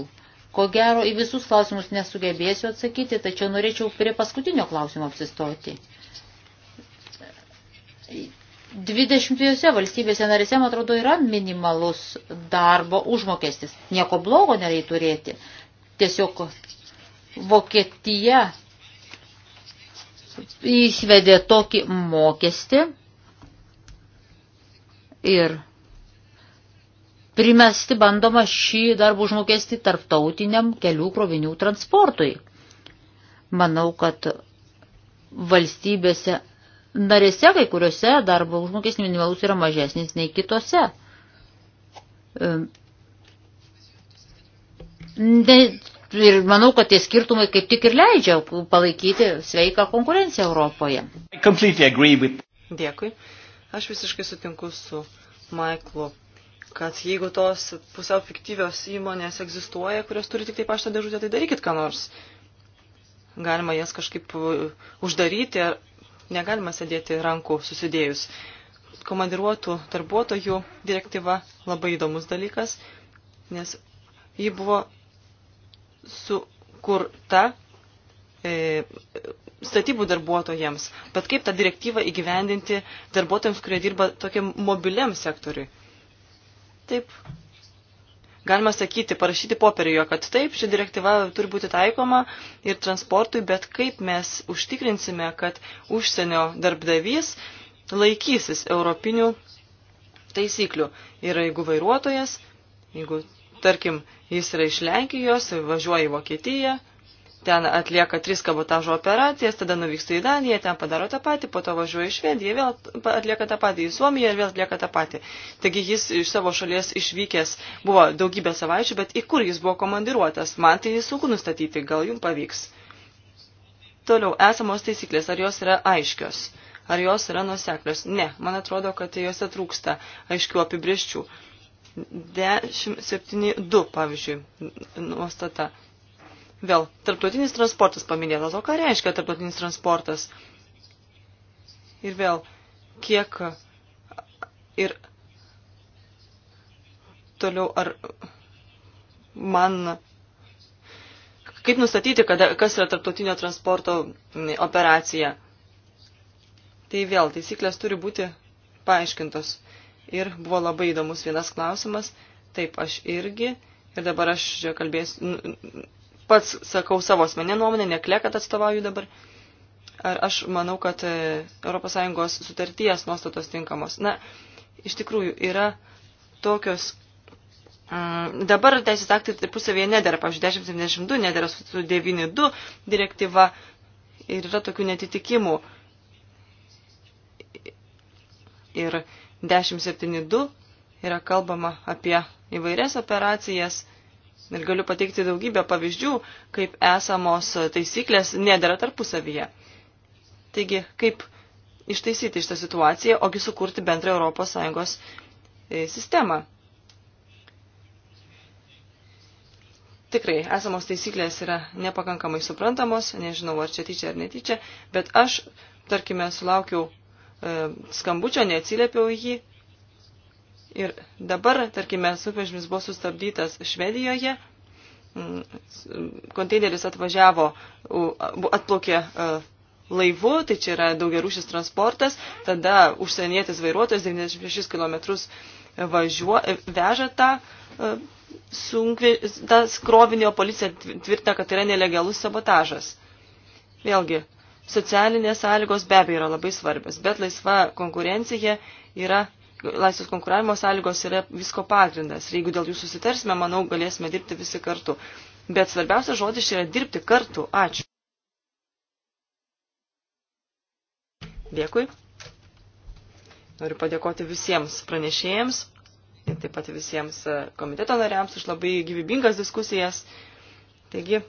Ko gero, į visus klausimus nesugebėsiu atsakyti, tačiau norėčiau prie paskutinio klausimo apsistoti. 20 valstybėse narėse, man atrodo, yra minimalus darbo užmokestis. Nieko blogo nereikia turėti. Tiesiog Vokietija įsvedė tokį mokestį, ir primesti bandoma šį darbų užmokestį tarptautiniam kelių krovinių transportui. Manau, kad valstybėse narėse, kai kuriuose darbo užmokestis minimalus yra mažesnis nei kitose. Ne, ir manau, kad tie skirtumai kaip tik ir leidžia palaikyti sveiką konkurenciją Europoje. Dėkui. Aš visiškai sutinku su Maiklu, kad jeigu tos pusiau fiktyvios įmonės egzistuoja, kurios turi tik tai pašto dėžutę, tai darykit ką nors. Galima jas kažkaip uh, uždaryti, ar negalima sėdėti rankų susidėjus. Komandiruotų darbuotojų direktyva labai įdomus dalykas, nes ji buvo sukurta e, statybų darbuotojams, bet kaip tą direktyvą įgyvendinti darbuotojams, kurie dirba tokiam mobiliam sektoriui. Taip. Galima sakyti, parašyti popieriuje, kad taip, ši direktyva turi būti taikoma ir transportui, bet kaip mes užtikrinsime, kad užsienio darbdavys laikysis europinių taisyklių. Ir jeigu vairuotojas, jeigu, tarkim, jis yra iš Lenkijos, važiuoja į Vokietiją, ten atlieka tris kabotažo operacijas, tada nuvyksta į Daniją, ten padaro tą patį, po to važiuoja į Švediją, vėl atlieka tą patį, į Suomiją ir vėl atlieka tą patį. Taigi jis iš savo šalies išvykęs buvo daugybę savaičių, bet į kur jis buvo komandiruotas, man tai sunku nustatyti, gal jums pavyks. Toliau, esamos taisyklės, ar jos yra aiškios, ar jos yra nuseklios? Ne, man atrodo, kad jose trūksta aiškių apibrieščių. 10.7.2, pavyzdžiui, nuostata Vėl, tarptautinis transportas paminėtas. O ką reiškia tarptautinis transportas? Ir vėl, kiek ir toliau ar man. Kaip nustatyti, kada, kas yra tarptautinio transporto operacija? Tai vėl, taisyklės turi būti paaiškintos. Ir buvo labai įdomus vienas klausimas. Taip, aš irgi. Ir dabar aš kalbėsiu, pats sakau savo asmenį nuomonę, nekle, kad atstovauju dabar. Ar aš manau, kad ES sutarties nuostatos tinkamos? Na, iš tikrųjų, yra tokios. Mm, dabar teisės aktai tarpusavėje nedėra, pavyzdžiui, 1072 nedėra su 92 direktyva ir yra tokių netitikimų. Ir 1072 yra kalbama apie įvairias operacijas Ir galiu pateikti daugybę pavyzdžių, kaip esamos taisyklės nedėra tarpusavyje. Taigi, kaip ištaisyti šitą situaciją, ogi sukurti bendrą ES e, sistemą. Tikrai, esamos taisyklės yra nepakankamai suprantamos, nežinau ar čia tyčia ar netyčia, bet aš, tarkime, sulaukiau e, skambučio, neatsiliepiau į jį Ir dabar, tarkime, sunkvežimis buvo sustabdytas Švedijoje, mm, konteineris atvažiavo, atplaukė e, laivu, tai čia yra daugiarūšis transportas, tada užsienietis vairuotojas 96 km važiuo, e, veža tą e, sunkvi, tas krovinio policija tvirtina, kad tai yra nelegalus sabotažas. Vėlgi, socialinės sąlygos be abejo yra labai svarbios, bet laisva konkurencija yra laisvės konkuravimo sąlygos yra visko pagrindas. Ir jeigu dėl jų susitarsime, manau, galėsime dirbti visi kartu. Bet svarbiausia žodis čia yra dirbti kartu. Ačiū. Dėkui. Noriu padėkoti visiems pranešėjams ir taip pat visiems e, komiteto nariams už labai gyvybingas diskusijas. Taigi,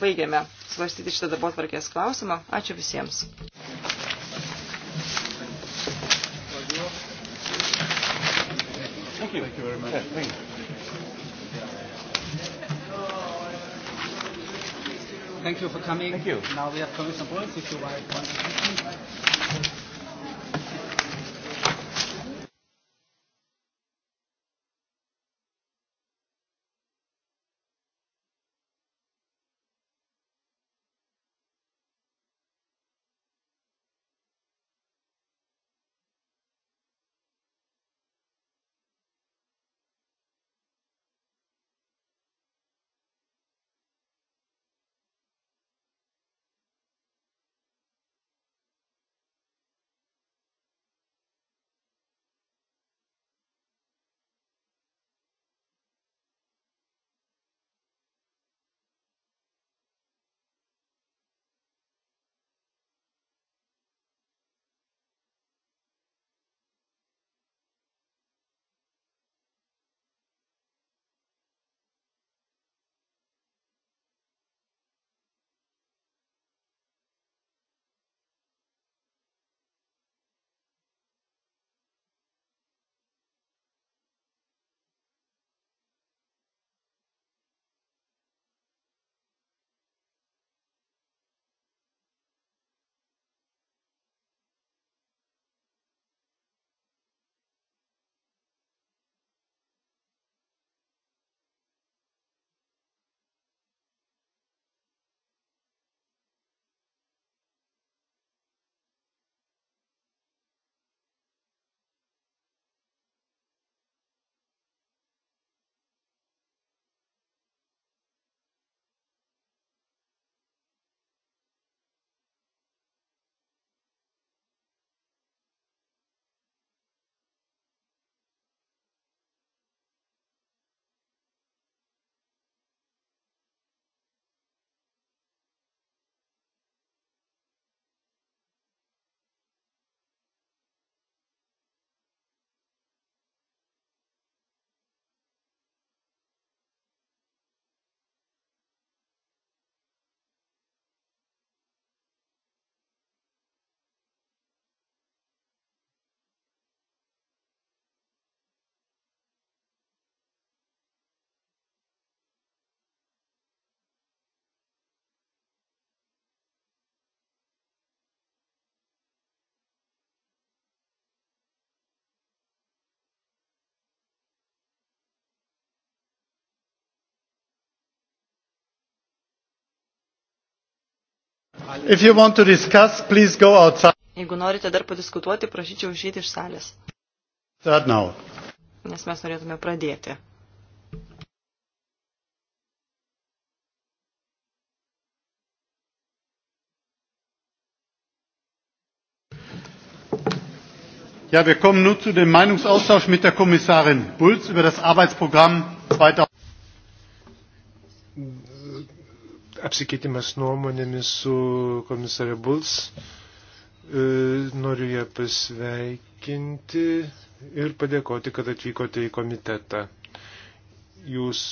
baigiame svarstyti šitą darbo tvarkės klausimą. Ačiū visiems. Thank you. Thank you very much. Yeah, thank you. Thank you for coming. Thank you. Now we have Commissioner Bulls, if you want to. Discuss, Jeigu norite dar padiskutuoti, prašyčiau išėti iš salės. Nes mes norėtume pradėti. Ja, wir kommen nun zu dem Meinungsaustausch mit der Kommissarin Bulc über das Arbeitsprogramm 2000 apsikeitimas nuomonėmis su komisarė Bulls. E, noriu ją pasveikinti ir padėkoti, kad atvykote į komitetą. Jūs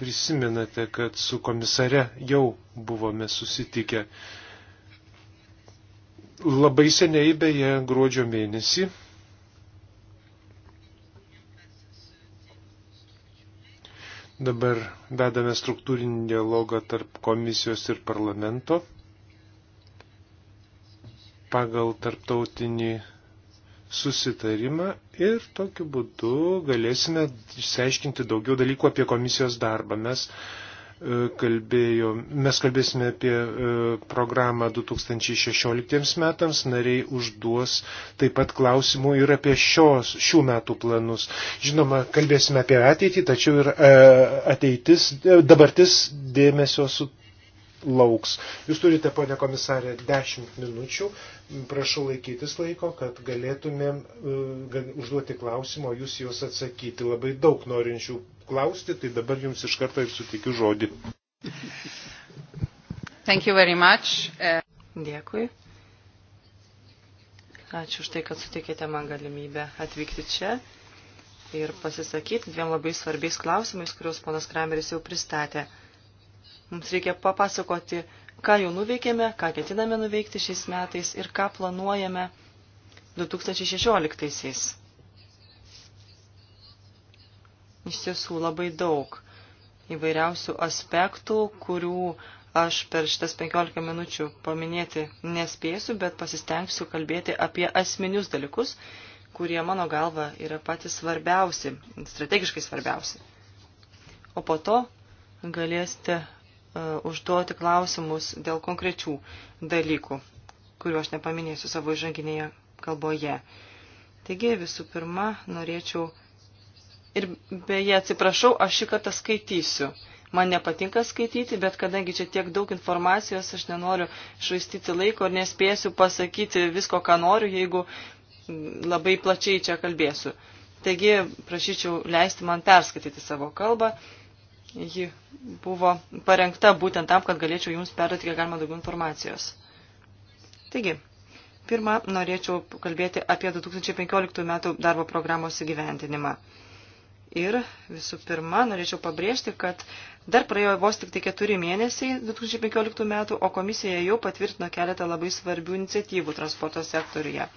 prisimenate, kad su komisare jau buvome susitikę labai seniai, beje, gruodžio mėnesį. Dabar vedame struktūrinį dialogą tarp komisijos ir parlamento pagal tarptautinį susitarimą ir tokiu būdu galėsime išsiaiškinti daugiau dalykų apie komisijos darbą. Mes uh, E, kalbėjo, mes kalbėsime apie e, programą 2016 metams, nariai užduos taip pat klausimų ir apie šios, šių metų planus. Žinoma, kalbėsime apie ateitį, tačiau ir e, ateitis, dabartis dėmesio su lauks. Jūs turite, ponė komisarė, 10 minučių Prašau laikytis laiko, kad galėtumėm e, užduoti klausimą, jūs juos atsakyti. Labai daug norinčių klausti, tai dabar jums iš karto ir sutikiu žodį. Thank you very much. E, Dėkui. Ačiū už tai, kad sutikėte man galimybę atvykti čia ir pasisakyti dviem labai svarbiais klausimais, kuriuos ponas Krameris jau pristatė. Mums reikia papasakoti ką jau nuveikėme, ką ketiname nuveikti šiais metais ir ką planuojame 2016-aisiais. Iš tiesų labai daug įvairiausių aspektų, kurių aš per šitas 15 minučių paminėti nespėsiu, bet pasistengsiu kalbėti apie asmenius dalykus, kurie mano galva yra patys svarbiausi, strategiškai svarbiausi. O po to galėsite E, užduoti klausimus dėl konkrečių dalykų, kuriuos aš nepaminėsiu savo žanginėje kalboje. Taigi visų pirma, norėčiau ir beje atsiprašau, aš šį kartą skaitysiu. Man nepatinka skaityti, bet kadangi čia tiek daug informacijos, aš nenoriu švaistyti laiko ir nespėsiu pasakyti visko, ką noriu, jeigu labai plačiai čia kalbėsiu. Taigi prašyčiau leisti man perskaityti savo kalbą Ji buvo parengta būtent tam, kad galėčiau jums perduoti kiek galima daugiau informacijos. Taigi, pirmą norėčiau kalbėti apie 2015 metų darbo programos įgyvendinimą. Ir visų pirma, norėčiau pabrėžti, kad dar praėjo vos tik tai keturi mėnesiai 2015 metų, o komisija jau patvirtino keletą labai svarbių iniciatyvų transporto sektoriuje.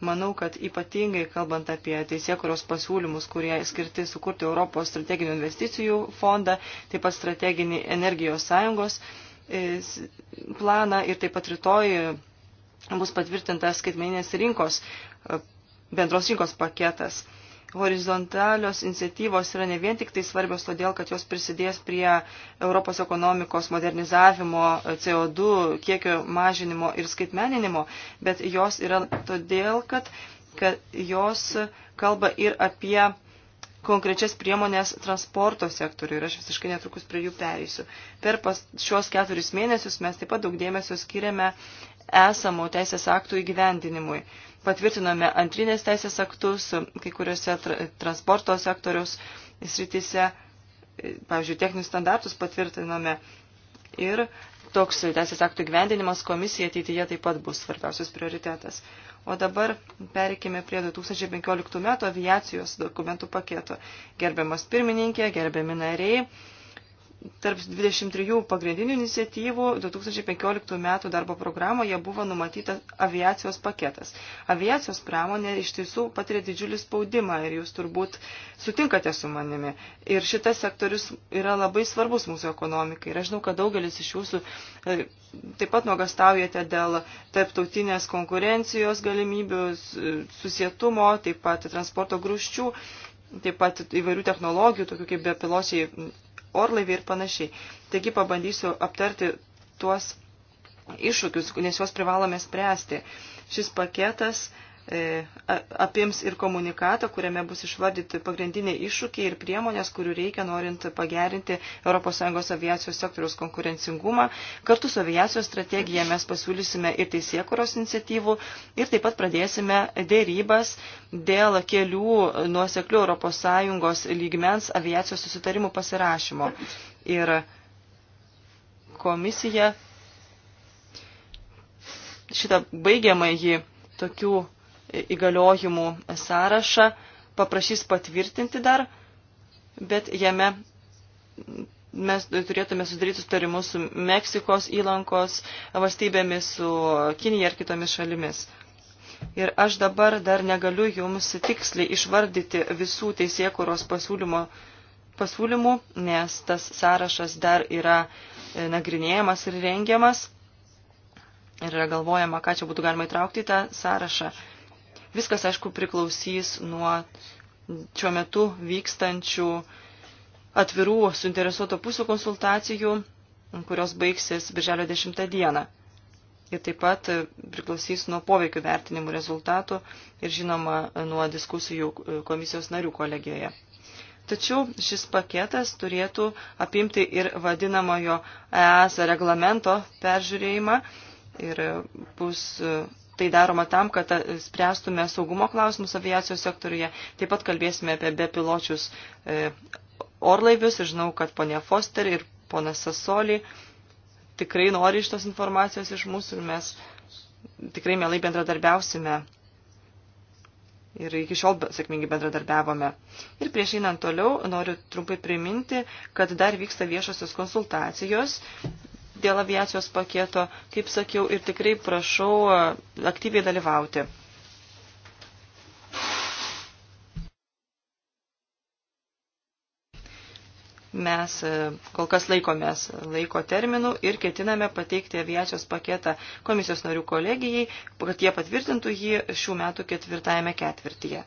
Manau, kad ypatingai kalbant apie teisėkuros pasiūlymus, kurie skirti sukurti Europos strateginių investicijų fondą, taip pat strateginį energijos sąjungos e, planą ir taip pat rytoj bus patvirtintas skaitmeninės rinkos, e, bendros rinkos paketas horizontalios iniciatyvos yra ne vien tik tai svarbios todėl, kad jos prisidės prie Europos ekonomikos modernizavimo, CO2 kiekio mažinimo ir skaitmeninimo, bet jos yra todėl, kad, kad jos kalba ir apie konkrečias priemonės transporto sektoriui ir aš visiškai netrukus prie jų pereisiu. Per pas, šios keturis mėnesius mes taip pat daug dėmesio skiriame esamo teisės aktų įgyvendinimui. Uh, patvirtinome antrinės teisės aktus kai kuriuose tra transporto sektoriaus srityse, pavyzdžiui, techninius standartus patvirtinome ir toks teisės aktų gyvendinimas komisija ateityje taip pat bus svarbiausias prioritetas. O dabar pereikime prie 2015 metų aviacijos dokumentų paketo. Gerbiamas pirmininkė, gerbiami nariai. Tarp 23 pagrindinių iniciatyvų 2015 metų darbo programoje buvo numatyta aviacijos paketas. Aviacijos pramonė iš tiesų patiria didžiulį spaudimą ir jūs turbūt sutinkate su manimi. Ir šitas sektorius yra labai svarbus mūsų ekonomikai. Ir aš žinau, kad daugelis iš jūsų e, taip pat nuogastaujate dėl tarptautinės konkurencijos galimybių, susietumo, taip pat transporto grūščių, taip pat įvairių technologijų, tokių kaip bepiločiai orlaivį ir panašiai. Taigi pabandysiu aptarti tuos iššūkius, nes juos privalome spręsti. Šis paketas E, apims ir komunikatą, kuriame bus išvardyti pagrindiniai iššūkiai ir priemonės, kurių reikia norint pagerinti ES aviacijos sektoriaus konkurencingumą. Kartu su aviacijos strategija mes pasiūlysime ir teisėkuros iniciatyvų ir taip pat pradėsime dėrybas dėl kelių nuoseklių ES lygmens aviacijos susitarimų pasirašymo. Ir komisija šitą baigiamąjį tokių įgaliojimų sąrašą paprašys patvirtinti dar, bet jame mes turėtume sudaryti sutarimus su Meksikos įlankos valstybėmis, su Kinija ir kitomis šalimis. Ir aš dabar dar negaliu jums tiksliai išvardyti visų teisėkuros pasiūlymo, pasiūlymų, nes tas sąrašas dar yra e, nagrinėjamas ir rengiamas. Ir yra galvojama, ką čia būtų galima įtraukti į tą sąrašą. Viskas, aišku, priklausys nuo šiuo metu vykstančių atvirų suinteresuoto pusių konsultacijų, kurios baigsis birželio 10 dieną. Ir taip pat priklausys nuo poveikio vertinimų rezultatų ir žinoma nuo diskusijų komisijos narių kolegijoje. Tačiau šis paketas turėtų apimti ir vadinamojo EAS reglamento peržiūrėjimą ir bus tai daroma tam, kad e, spręstume saugumo klausimus aviacijos sektoriuje. Taip pat kalbėsime apie bepiločius e, orlaivius ir žinau, kad ponė Foster ir ponas Sasoli tikrai nori iš tos informacijos iš mūsų ir mes tikrai mielai bendradarbiausime. Ir iki šiol sėkmingai bendradarbiavome. Ir prieš einant toliau noriu trumpai priminti, kad dar vyksta viešosios konsultacijos dėl aviacijos paketo, kaip sakiau, ir tikrai prašau aktyviai dalyvauti. mes kol kas laikomės laiko terminų ir ketiname pateikti aviacijos paketą komisijos narių kolegijai, kad jie patvirtintų jį šių metų ketvirtajame ketvirtyje.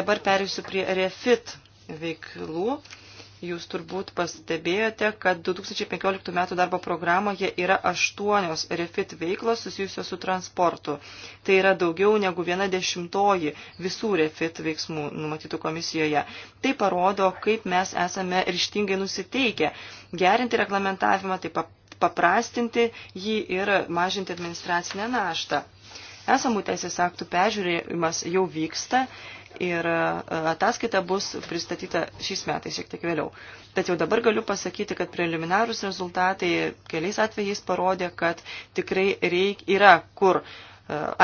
Dabar perėsiu prie refit veiklų Jūs turbūt pastebėjote, kad 2015 metų darbo programoje yra aštuonios refit veiklos susijusios su transportu. Tai yra daugiau negu viena dešimtoji visų refit veiksmų numatytų komisijoje. Tai parodo, kaip mes esame ryštingai nusiteikę gerinti reglamentavimą, taip paprastinti jį ir mažinti administracinę naštą. Esamų teisės aktų peržiūrėjimas jau vyksta ir e, ataskaita bus pristatyta šiais metais šiek tiek vėliau. Tačiau dabar galiu pasakyti, kad preliminarūs rezultatai keliais atvejais parodė, kad tikrai reik, yra kur e,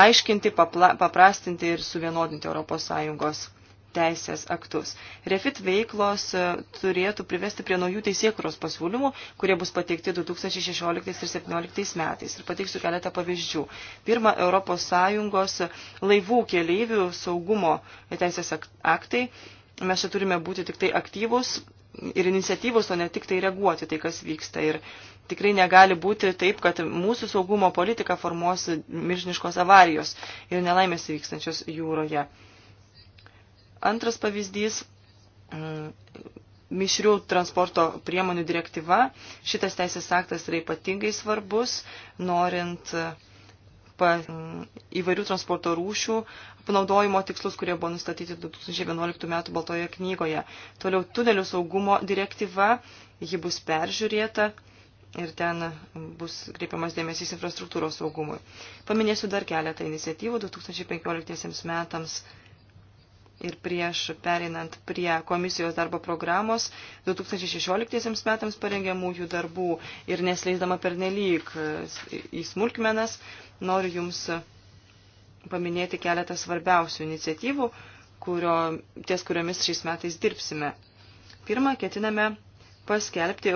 aiškinti, papla, paprastinti ir suvienodinti ES teisės aktus. Refit veiklos e, turėtų privesti prie naujų teisėkuros pasiūlymų, kurie bus pateikti 2016 ir 2017 metais. Ir pateiksiu keletą pavyzdžių. Pirma, ES laivų keleivių saugumo teisės aktai. Mes čia turime būti tik tai aktyvus ir iniciatyvus, o ne tik tai reaguoti tai, kas vyksta. Ir tikrai negali būti taip, kad mūsų saugumo politika formuos milžiniškos avarijos ir nelaimės vykstančios jūroje. Antras pavyzdys mm, mišrių transporto priemonių direktyva. Šitas teisės aktas yra ypatingai svarbus, norint pa, mm, įvairių transporto rūšių panaudojimo tikslus, kurie buvo nustatyti 2011 m. Baltoje knygoje. Toliau tunelių saugumo direktyva, ji bus peržiūrėta ir ten bus kreipiamas dėmesys infrastruktūros saugumui. Paminėsiu dar keletą iniciatyvų 2015 metams Ir prieš pereinant prie komisijos darbo programos 2016 metams parengiamųjų darbų ir nesleisdama pernelyg e, į smulkmenas, noriu Jums paminėti keletą svarbiausių iniciatyvų, kurio, ties kuriomis šiais metais dirbsime. Pirmą, ketiname paskelbti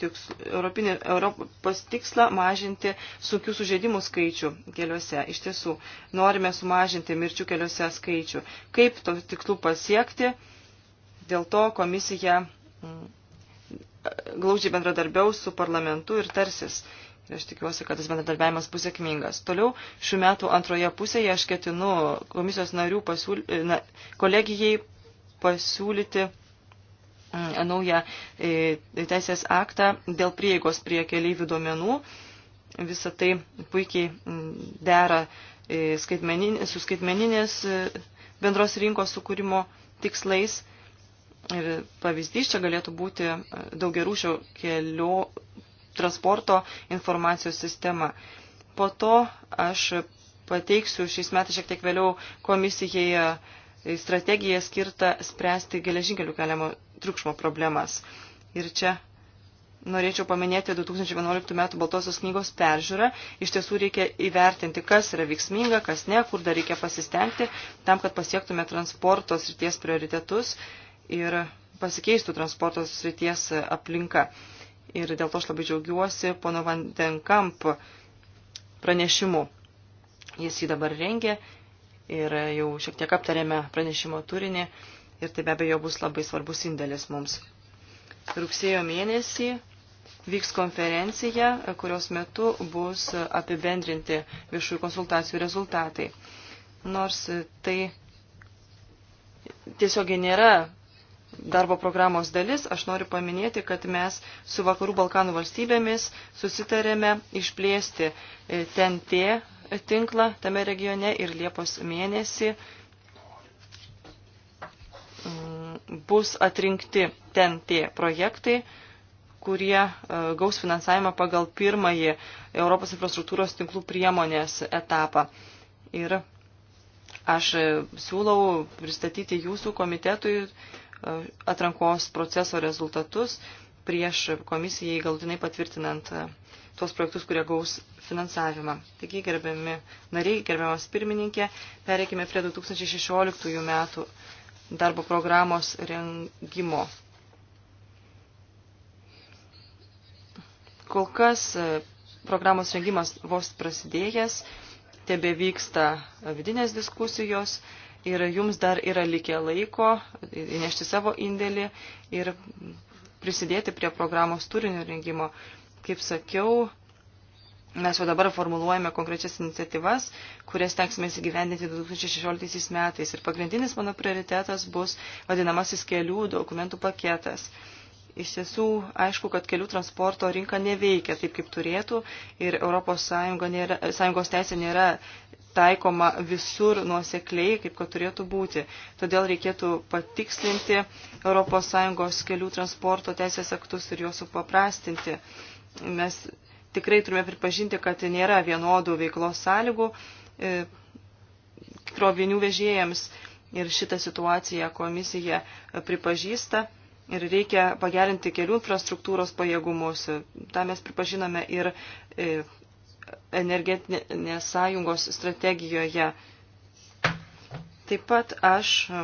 tiks, Europinį, Europos tikslą mažinti sunkių sužeidimų skaičių keliuose. Iš tiesų, norime sumažinti mirčių keliuose skaičių. Kaip to tikslų pasiekti? Dėl to komisija mm, glaudžiai bendradarbiaus su parlamentu ir tarsis. Ir aš tikiuosi, kad tas bendradarbiavimas bus sėkmingas. Toliau šių metų antroje pusėje aš ketinu komisijos narių pasiūly, na, kolegijai pasiūlyti Mm, naują e, teisės aktą dėl prieigos prie keleivių duomenų. Visą tai puikiai mm, dera e, skaitmeninės, su skaitmeninės e, bendros rinkos sukūrimo tikslais. Ir pavyzdys čia galėtų būti daugiarūšio kelio transporto informacijos sistema. Po to aš pateiksiu šiais metais šiek tiek vėliau komisijai strategiją skirtą spręsti geležinkelių keliamo triukšmo problemas. Ir čia norėčiau paminėti 2011 m. Baltosios knygos peržiūrą. Iš tiesų reikia įvertinti, kas yra veiksminga, kas ne, kur dar reikia pasistengti, tam, kad pasiektume transporto srities prioritetus ir pasikeistų transporto srities aplinka. Ir dėl to aš labai džiaugiuosi pono Vandenkamp pranešimu. Jis jį dabar rengia ir jau šiek tiek aptarėme pranešimo turinį ir tai be abejo bus labai svarbus indėlis mums. Rugsėjo mėnesį vyks konferencija, kurios metu bus apibendrinti viešųjų konsultacijų rezultatai. Nors tai tiesiog nėra darbo programos dalis, aš noriu paminėti, kad mes su Vakarų Balkanų valstybėmis susitarėme išplėsti TNT tinklą tame regione ir Liepos mėnesį bus atrinkti ten tie projektai, kurie e, gaus finansavimą pagal pirmąjį Europos infrastruktūros tinklų priemonės etapą. Ir aš e, siūlau pristatyti jūsų komitetui e, atrankos proceso rezultatus prieš komisijai galtinai patvirtinant tuos projektus, kurie gaus finansavimą. Taigi, gerbiami nariai, gerbiamas pirmininkė, pereikime prie 2016 metų darbo programos rengimo. Kol kas e, programos rengimas vos prasidėjęs, tebe vyksta vidinės diskusijos ir jums dar yra likę laiko įnešti savo indėlį ir prisidėti prie programos turinio rengimo. Kaip sakiau, Mes jau dabar formuluojame konkrečias iniciatyvas, kurias tenksime įsigyvendinti 2016 metais. Ir pagrindinis mano prioritetas bus vadinamasis kelių dokumentų paketas. Iš tiesų, aišku, kad kelių transporto rinka neveikia taip, kaip turėtų ir ES nėra, Sąjungos teisė nėra taikoma visur nuosekliai, kaip kad turėtų būti. Todėl reikėtų patikslinti ES kelių transporto teisės aktus ir juos supaprastinti. Mes tikrai turime pripažinti, kad nėra vienodų veiklos sąlygų e, krovinių vežėjams ir šitą situaciją komisija pripažįsta ir reikia pagerinti kelių infrastruktūros pajėgumus. Ta mes pripažinome ir e, energetinės sąjungos strategijoje. Taip pat aš e,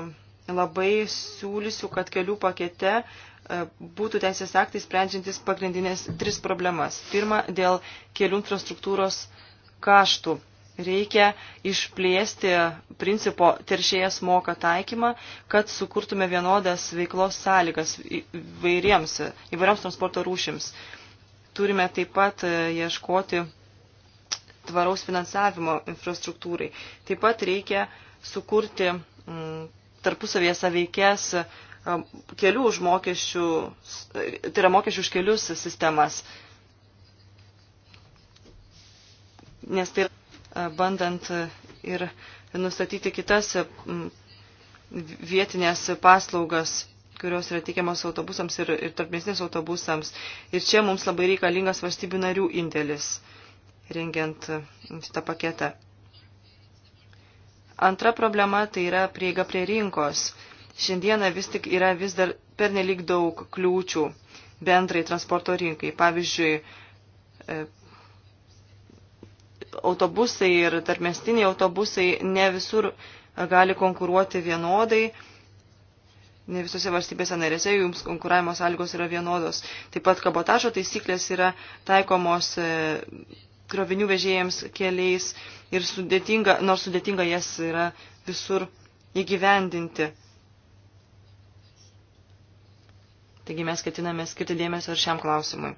labai siūlysiu, kad kelių pakete E, būtų teisės aktai sprendžiantis pagrindinės tris problemas. Pirma, dėl kelių infrastruktūros kaštų. Reikia išplėsti principo teršėjas moka taikymą, kad sukurtume vienodas veiklos sąlygas įvairiems, įvairioms transporto rūšims. Turime taip pat e, ieškoti tvaraus finansavimo infrastruktūrai. Taip pat reikia sukurti mm, tarpusavėje saveikės kelių už mokesčių, tai yra mokesčių už kelius sistemas. Nes tai bandant ir nustatyti kitas vietinės paslaugas, kurios yra teikiamos autobusams ir, ir tarpmėsnės autobusams. Ir čia mums labai reikalingas valstybių narių indėlis, rengiant šitą paketą. Antra problema tai yra prieiga prie rinkos. Šiandieną vis tik yra vis dar pernelyg daug kliūčių bendrai transporto rinkai. Pavyzdžiui, e, autobusai ir tarmestiniai autobusai ne visur gali konkuruoti vienodai. Ne visose valstybėse narėse jums konkuravimo sąlygos yra vienodos. Taip pat kabotažo taisyklės yra taikomos e, krovinių vežėjams keliais ir sudėtinga, nors sudėtinga jas yra visur įgyvendinti. Taigi mes ketiname skirti dėmesio ir šiam klausimui.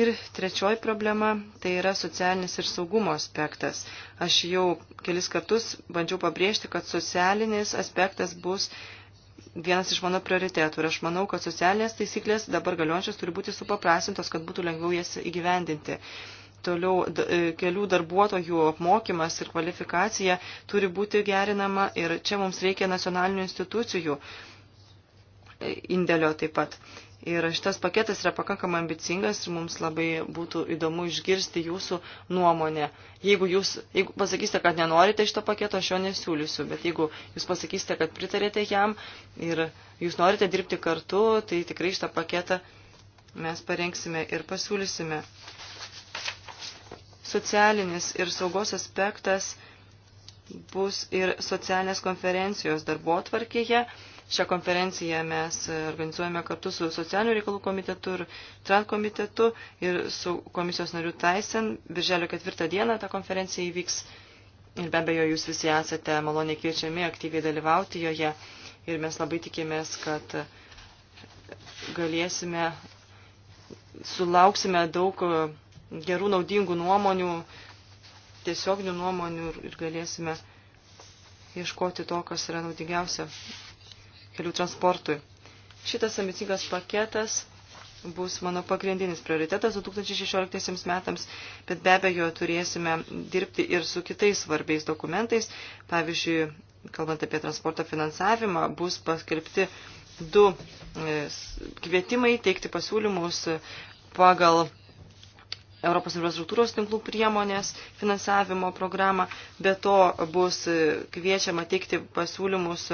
Ir trečioji problema – tai yra socialinis ir saugumo aspektas. Aš jau kelis kartus bandžiau pabrėžti, kad socialinis aspektas bus vienas iš mano prioritetų. Ir aš manau, kad socialinės taisyklės dabar galiojančios turi būti supaprasintos, kad būtų lengviau jas įgyvendinti. Toliau e, kelių darbuotojų apmokymas ir kvalifikacija turi būti gerinama ir čia mums reikia nacionalinių institucijų, indėlio taip pat. Ir šitas paketas yra pakankamai ambicingas ir mums labai būtų įdomu išgirsti jūsų nuomonę. Jeigu jūs jeigu pasakysite, kad nenorite šito paketo, aš jo nesiūlysiu, bet jeigu jūs pasakysite, kad pritarėte jam ir jūs norite dirbti kartu, tai tikrai šitą paketą mes parengsime ir pasiūlysime. Socialinis ir saugos aspektas bus ir socialinės konferencijos darbo tvarkėje Šią konferenciją mes organizuojame kartu su socialinių reikalų komitetu ir trans komitetu ir su komisijos nariu Taisen. Birželio ketvirtą dieną ta konferencija įvyks ir be abejo jūs visi esate maloniai kviečiami aktyviai dalyvauti joje ir mes labai tikimės, kad galėsime, sulauksime daug gerų, naudingų nuomonių, tiesioginių nuomonių ir galėsime ieškoti to, kas yra naudingiausia kelių transportui. Šitas ambicingas paketas bus mano pagrindinis prioritetas 2016 metams, bet be abejo turėsime dirbti ir su kitais svarbiais dokumentais. Pavyzdžiui, kalbant apie transporto finansavimą, bus paskelbti du e, kvietimai teikti pasiūlymus pagal Europos infrastruktūros tinklų priemonės finansavimo programą. Be to bus kviečiama teikti pasiūlymus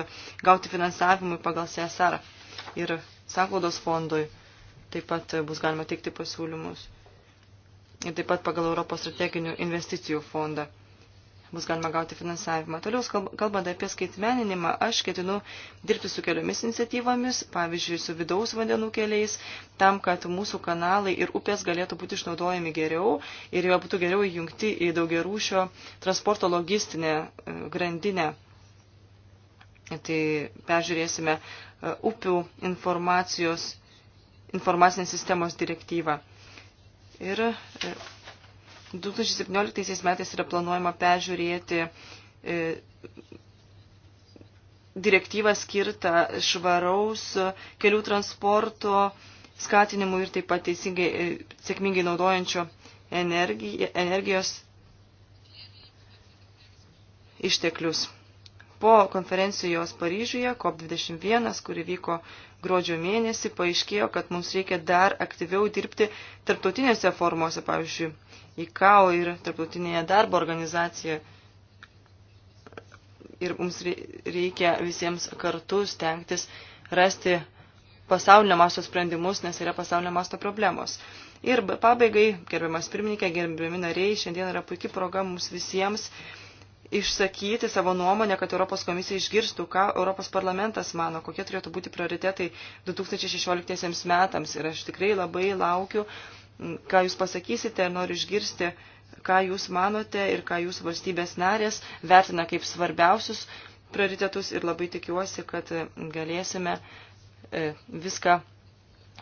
gauti finansavimui pagal CSR ir sanklaudos fondui. Taip pat bus galima teikti pasiūlymus. Ir taip pat pagal Europos strateginių investicijų fondą bus galima gauti finansavimą. Toliau, kalbant apie skaitmeninimą, aš ketinu dirbti su keliomis iniciatyvomis, pavyzdžiui, su vidaus vandenų keliais, tam, kad mūsų kanalai ir upės galėtų būti išnaudojami geriau ir jie būtų geriau įjungti į daugiarūšio transporto logistinę e, grandinę. Tai peržiūrėsime e, upių informacijos, informacinės sistemos direktyvą. Ir e, 2017 metais yra planuojama peržiūrėti e, direktyvą skirtą švaraus kelių transporto skatinimui ir taip pat teisingai, e, sėkmingai naudojančio energijos išteklius. Po konferencijos Paryžiuje, COP21, kuri vyko gruodžio mėnesį, paaiškėjo, kad mums reikia dar aktyviau dirbti tarptautinėse formuose, pavyzdžiui, ICAO ir tarptautinėje darbo organizacijoje. Ir mums reikia visiems kartu stengtis rasti pasaulinio masto sprendimus, nes yra pasaulinio masto problemos. Ir pabaigai, gerbiamas pirmininkė, gerbiami nariai, šiandien yra puikia proga mums visiems išsakyti savo nuomonę, kad Europos komisija išgirstų, ką Europos parlamentas mano, kokie turėtų būti prioritetai 2016 metams. Ir aš tikrai labai laukiu, ką jūs pasakysite ir noriu išgirsti, ką jūs manote ir ką jūs valstybės narės vertina kaip svarbiausius prioritetus ir labai tikiuosi, kad galėsime e, viską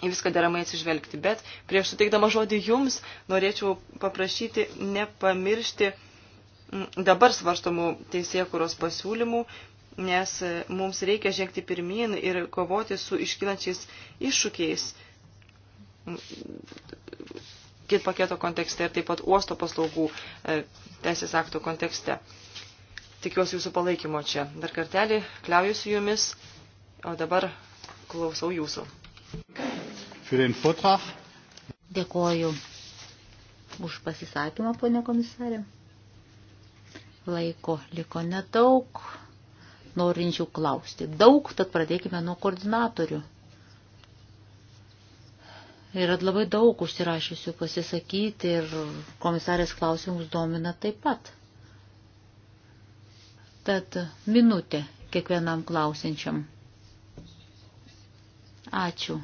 į viską deramai atsižvelgti. Bet prieš suteikdama žodį jums norėčiau paprašyti nepamiršti dabar svarstomų teisėkuros pasiūlymų, nes e, mums reikia žengti pirmin ir kovoti su iškilančiais iššūkiais kit paketo kontekste ir taip pat uosto paslaugų e, teisės akto kontekste. Tikiuosi jūsų palaikymo čia. Dar kartelį kliaujuosi jumis, o dabar klausau jūsų. Dėkoju už pasisakymą, ponė komisarė. Laiko liko nedaug, norinčių klausti. Daug, tad pradėkime nuo koordinatorių. Yra labai daug užsirašysiu pasisakyti ir komisarės klausimus domina taip pat. Tad minutė kiekvienam klausinčiam. Ačiū,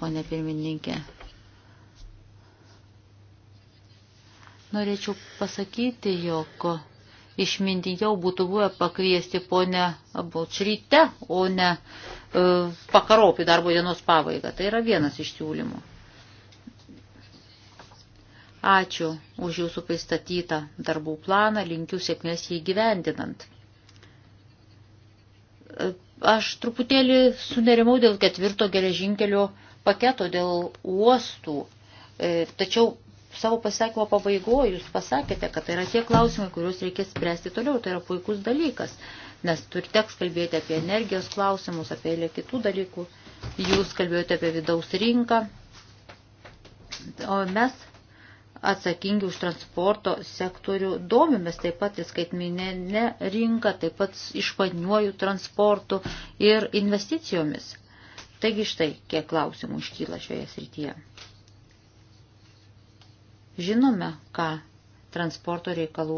ponė pirmininkė. Norėčiau pasakyti, jog išmintingiau būtų buvę pakviesti ponę Boč ryte, o ne e, pakaropį darbo dienos pabaigą. Tai yra vienas iš siūlymų. Ačiū už jūsų pristatytą darbų planą, linkiu sėkmės jį gyvendinant. E, aš truputėlį sunerimau dėl ketvirto geležinkelio paketo, dėl uostų, e, tačiau savo pasakymo pabaigoje jūs pasakėte, kad tai yra tie klausimai, kuriuos reikės spręsti toliau, tai yra puikus dalykas, nes tur teks kalbėti apie energijos klausimus, apie eilę kitų dalykų, jūs kalbėjote apie vidaus rinką, o mes atsakingi už transporto sektorių domimės taip pat įskaitminė rinka, taip pat išpaniuoju transportu ir investicijomis. Taigi štai, kiek klausimų iškyla šioje srityje. Žinome, ką transporto reikalų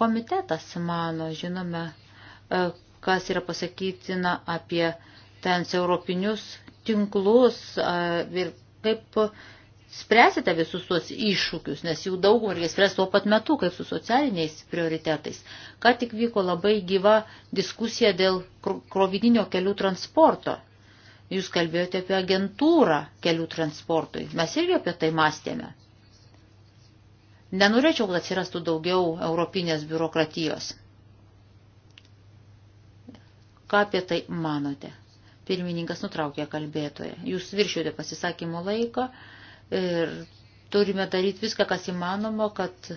komitetas mano, žinome, e, kas yra pasakytina apie tens europinius tinklus e, ir kaip spręsite visus tuos iššūkius, nes jų daug reikia spręsti tuo pat metu, kaip su socialiniais prioritetais. Ką tik vyko labai gyva diskusija dėl krovininio kelių transporto. Jūs kalbėjote apie agentūrą kelių transportui. Mes irgi apie tai mąstėme. Nenorėčiau, kad atsirastų daugiau europinės biurokratijos. Ką apie tai manote? Pirmininkas nutraukė kalbėtoje. Jūs viršiuote pasisakymo laiką ir turime daryti viską, kas įmanoma, kad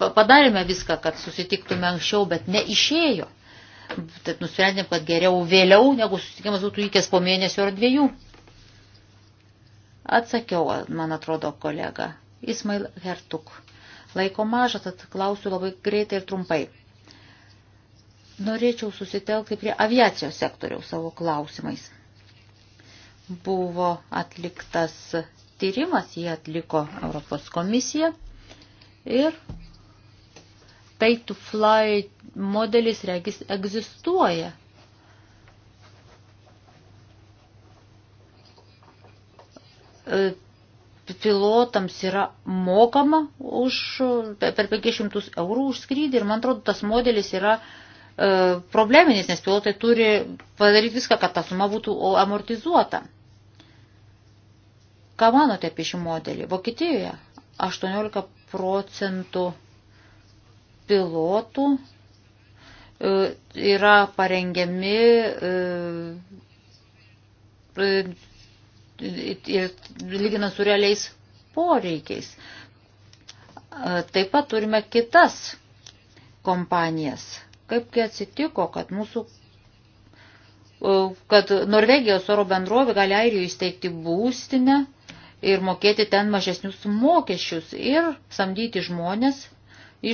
padarėme viską, kad susitiktume anksčiau, bet neišėjo. Taip nusprendėm, kad geriau vėliau, negu susitikimas būtų įkės po mėnesio ar dviejų. Atsakiau, man atrodo, kolega Ismail Hertuk. Laiko maža, tad klausiu labai greitai ir trumpai. Norėčiau susitelkti prie aviacijos sektoriaus savo klausimais. Buvo atliktas tyrimas, jį atliko Europos komisija ir pay to fly modelis regis egzistuoja pilotams yra mokama už, per 500 eurų už skrydį ir man atrodo tas modelis yra e, probleminis, nes pilotai turi padaryti viską, kad ta suma būtų amortizuota. Ką manote apie šį modelį? Vokietijoje 18 procentų pilotų e, yra parengiami e, e lyginant su realiais poreikiais. Taip pat turime kitas kompanijas. Kaipgi atsitiko, kad mūsų kad Norvegijos oro bendrovė gali Airijoje įsteigti būstinę ir mokėti ten mažesnius mokesčius ir samdyti žmonės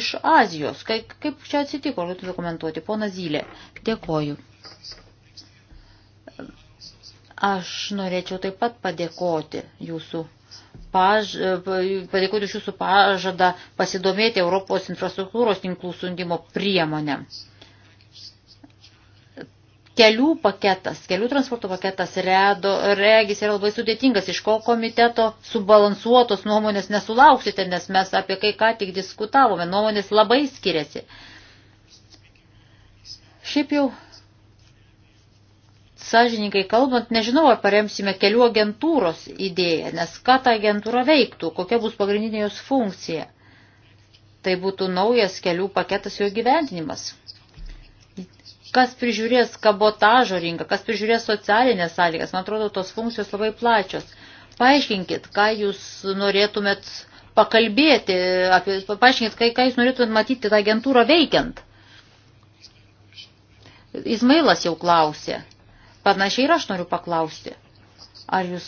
iš Azijos. Kaip, kaip čia atsitiko, galėtų dokumentuoti. Pona Zylė, dėkoju. Aš norėčiau taip pat padėkoti jūsų. Paž... Padėkoti už jūsų pažadą pasidomėti Europos infrastruktūros tinklų sundimo priemonę. Kelių paketas, kelių transporto paketas redo, regis yra labai sudėtingas, iš ko komiteto subalansuotos nuomonės nesulauksite, nes mes apie kai ką tik diskutavome, nuomonės labai skiriasi. Šiaip jau sąžininkai kalbant, nežinau, ar paremsime kelių agentūros idėją, nes ką ta agentūra veiktų, kokia bus pagrindinė jos funkcija. Tai būtų naujas kelių paketas jo gyventinimas. Kas prižiūrės kabotažo rinką, kas prižiūrės socialinės sąlygas, man atrodo, tos funkcijos labai plačios. Paaiškinkit, ką jūs norėtumėt pakalbėti, apie, paaiškinkit, ką, ką jūs norėtumėt matyti tą agentūrą veikiant. Izmailas jau klausė Panašiai ir aš noriu paklausti, ar jūs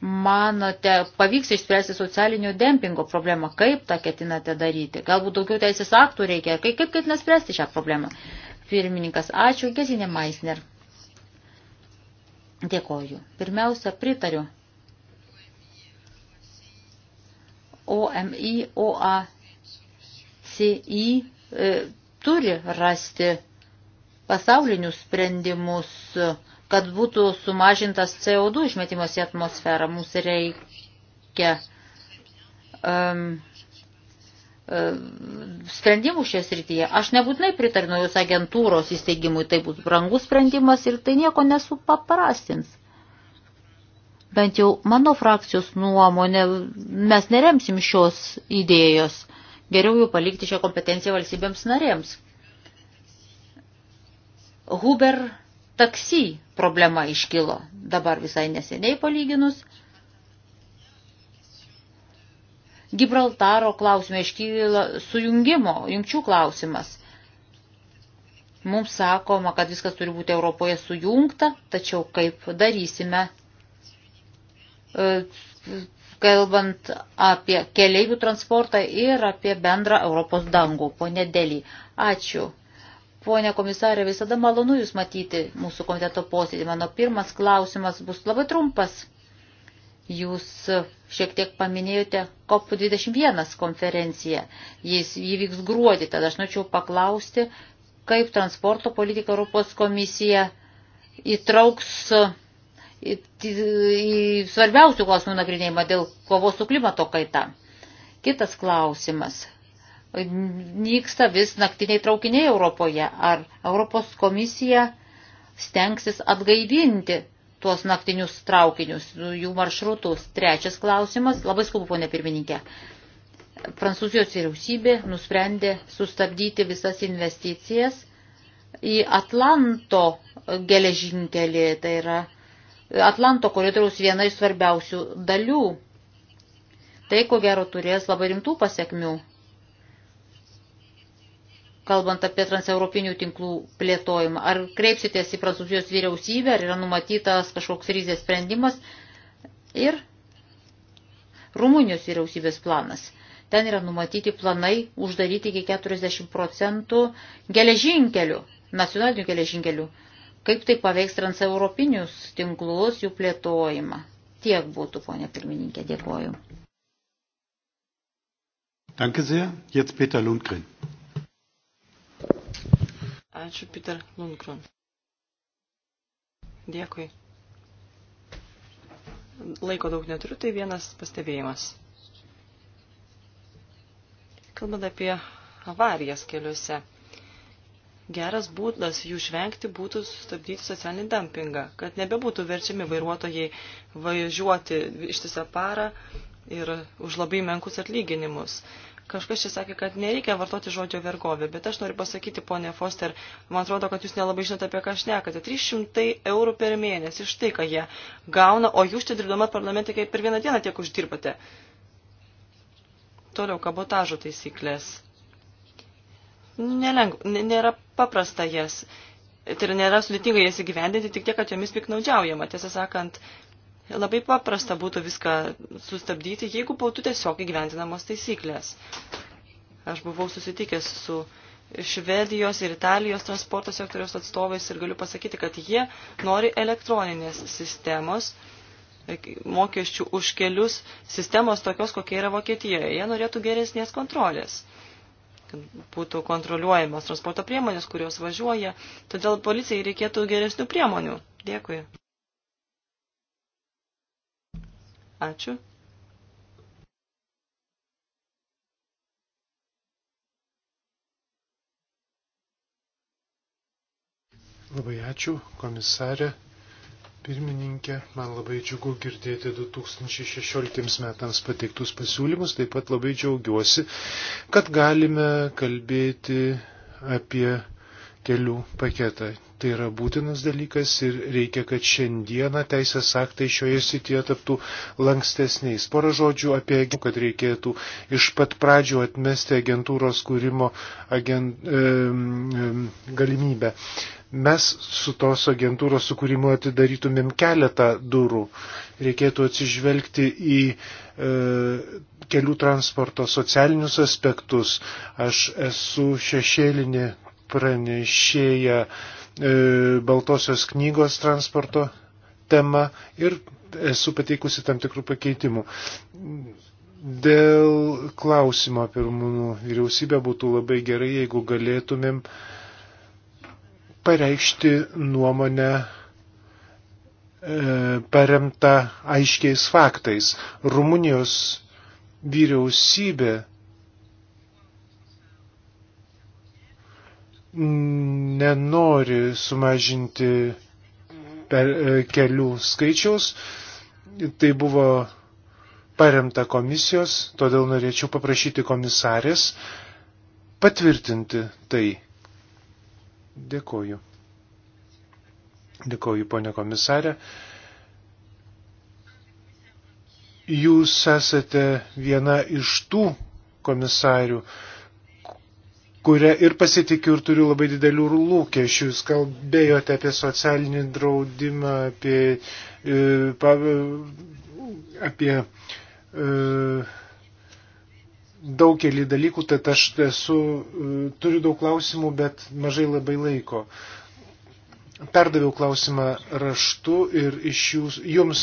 manote, pavyks išspręsti socialinio dempingo problemą, kaip tą ketinate daryti? Galbūt daugiau teisės aktų reikia, kaip, kaip ketinate spręsti šią problemą? Pirmininkas, ačiū, Gezinė Maisner. Dėkoju. Pirmiausia, pritariu. OMI, OACI e, turi rasti pasaulinius sprendimus e, Kad būtų sumažintas CO2 išmetimas į atmosferą, mums reikia um, sprendimų šioje srityje. Aš nebūtinai pritariu naujos agentūros įsteigimui, tai bus brangus sprendimas ir tai nieko nesupaprastins. Bent jau mano frakcijos nuomonė, mes neremsim šios idėjos. Geriau jau palikti šią kompetenciją valstybėms narėms. Huber taksi problema iškilo dabar visai neseniai palyginus. Gibraltaro klausime iškyla sujungimo, jungčių klausimas. Mums sakoma, kad viskas turi būti Europoje sujungta, tačiau kaip darysime, e, kalbant apie keleivių transportą ir apie bendrą Europos dangų. Pone Dėlį, ačiū. Pone komisarė, visada malonu Jūs matyti mūsų komiteto posėdį. Mano pirmas klausimas bus labai trumpas. Jūs šiek tiek paminėjote COP21 konferenciją. Jis įvyks gruodį, tad aš norėčiau paklausti, kaip transporto politika Europos komisija įtrauks į, į svarbiausių klausimų nagrinėjimą dėl kovos su klimato kaita. Kitas klausimas nyksta vis naktiniai traukiniai Europoje. Ar Europos komisija stengsis atgaivinti tuos naktinius traukinius, jų maršrutus? Trečias klausimas, labai skubu, ponė pirmininkė. Prancūzijos vyriausybė nusprendė sustabdyti visas investicijas į Atlanto geležinkelį, tai yra Atlanto koridoriaus viena iš svarbiausių dalių. Tai, ko gero, turės labai rimtų pasiekmių kalbant apie transeuropinių tinklų plėtojimą. Ar kreipsitės į Prancūzijos vyriausybę, ar yra numatytas kažkoks rizės sprendimas ir Rumunijos vyriausybės planas. Ten yra numatyti planai uždaryti iki 40 procentų geležinkelių, nacionalinių geležinkelių. Kaip tai paveiks transeuropinius tinklus, jų plėtojimą. Tiek būtų, ponė pirmininkė, dėkoju. Danke sehr. Jetzt Peter Lundgren. Ačiū, Peter Lundgren. Dėkui. Laiko daug neturiu, tai vienas pastebėjimas. Kalbant apie avarijas keliuose, geras būdas jų išvengti būtų sustabdyti socialinį dumpingą, kad nebebūtų verčiami vairuotojai važiuoti ištisą parą ir už labai menkus atlyginimus. Kažkas čia sakė, kad nereikia vartoti žodžio vergovė, bet aš noriu pasakyti, ponė Foster, man atrodo, kad jūs nelabai žinote, apie ką šnekate. 300 eurų per mėnesį, iš tai, ką jie gauna, o jūs čia dirbdama parlamente kaip per vieną dieną tiek uždirbate. Toliau kabotažo taisyklės. Nelengv, nėra paprasta jas. Tai nėra sudėtinga jas įgyvendinti, tik tiek, kad jomis piknaudžiaujama. Tiesą sakant, Labai paprasta būtų viską sustabdyti, jeigu būtų tiesiog įgyventinamos taisyklės. Aš buvau susitikęs su Švedijos ir Italijos transporto sektoriaus atstovais ir galiu pasakyti, kad jie nori elektroninės sistemos, mokesčių už kelius sistemos tokios, kokia yra Vokietijoje. Jie norėtų geresnės kontrolės, kad būtų kontroliuojamos transporto priemonės, kurios važiuoja. Todėl policijai reikėtų geresnių priemonių. Dėkui. Ačiū. Labai ačiū, komisarė, pirmininkė. Man labai džiugu girdėti 2016 metams pateiktus pasiūlymus. Taip pat labai džiaugiuosi, kad galime kalbėti apie kelių paketą. Tai yra būtinas dalykas ir reikia, kad šiandieną teisės aktai šioje sityje taptų lankstesniais. Porą žodžių apie, kad reikėtų iš pat pradžių atmesti agentūros kūrimo agent, e, e, galimybę. Mes su tos agentūros sukūrimu atidarytumėm keletą durų. Reikėtų atsižvelgti į e, kelių transporto socialinius aspektus. Aš esu šešėlinė pranešėja uh, E, baltosios knygos transporto tema ir esu pateikusi tam tikrų pakeitimų. Dėl klausimo apie rumunų vyriausybę būtų labai gerai, jeigu galėtumėm pareikšti nuomonę e, paremta aiškiais faktais. Rumunijos vyriausybė nenori sumažinti per, e, kelių skaičiaus. Tai buvo paremta komisijos, todėl norėčiau paprašyti komisarės patvirtinti tai. Dėkoju. Dėkoju, ponė komisarė. Jūs esate viena iš tų komisarių, kurią ir pasitikiu ir turiu labai didelių lūkesčių. Jūs kalbėjote apie socialinį draudimą, apie, e, apie e, daugelį dalykų, tad aš esu, e, turiu daug klausimų, bet mažai labai laiko. Perdaviau klausimą raštu ir iš jūs, jums,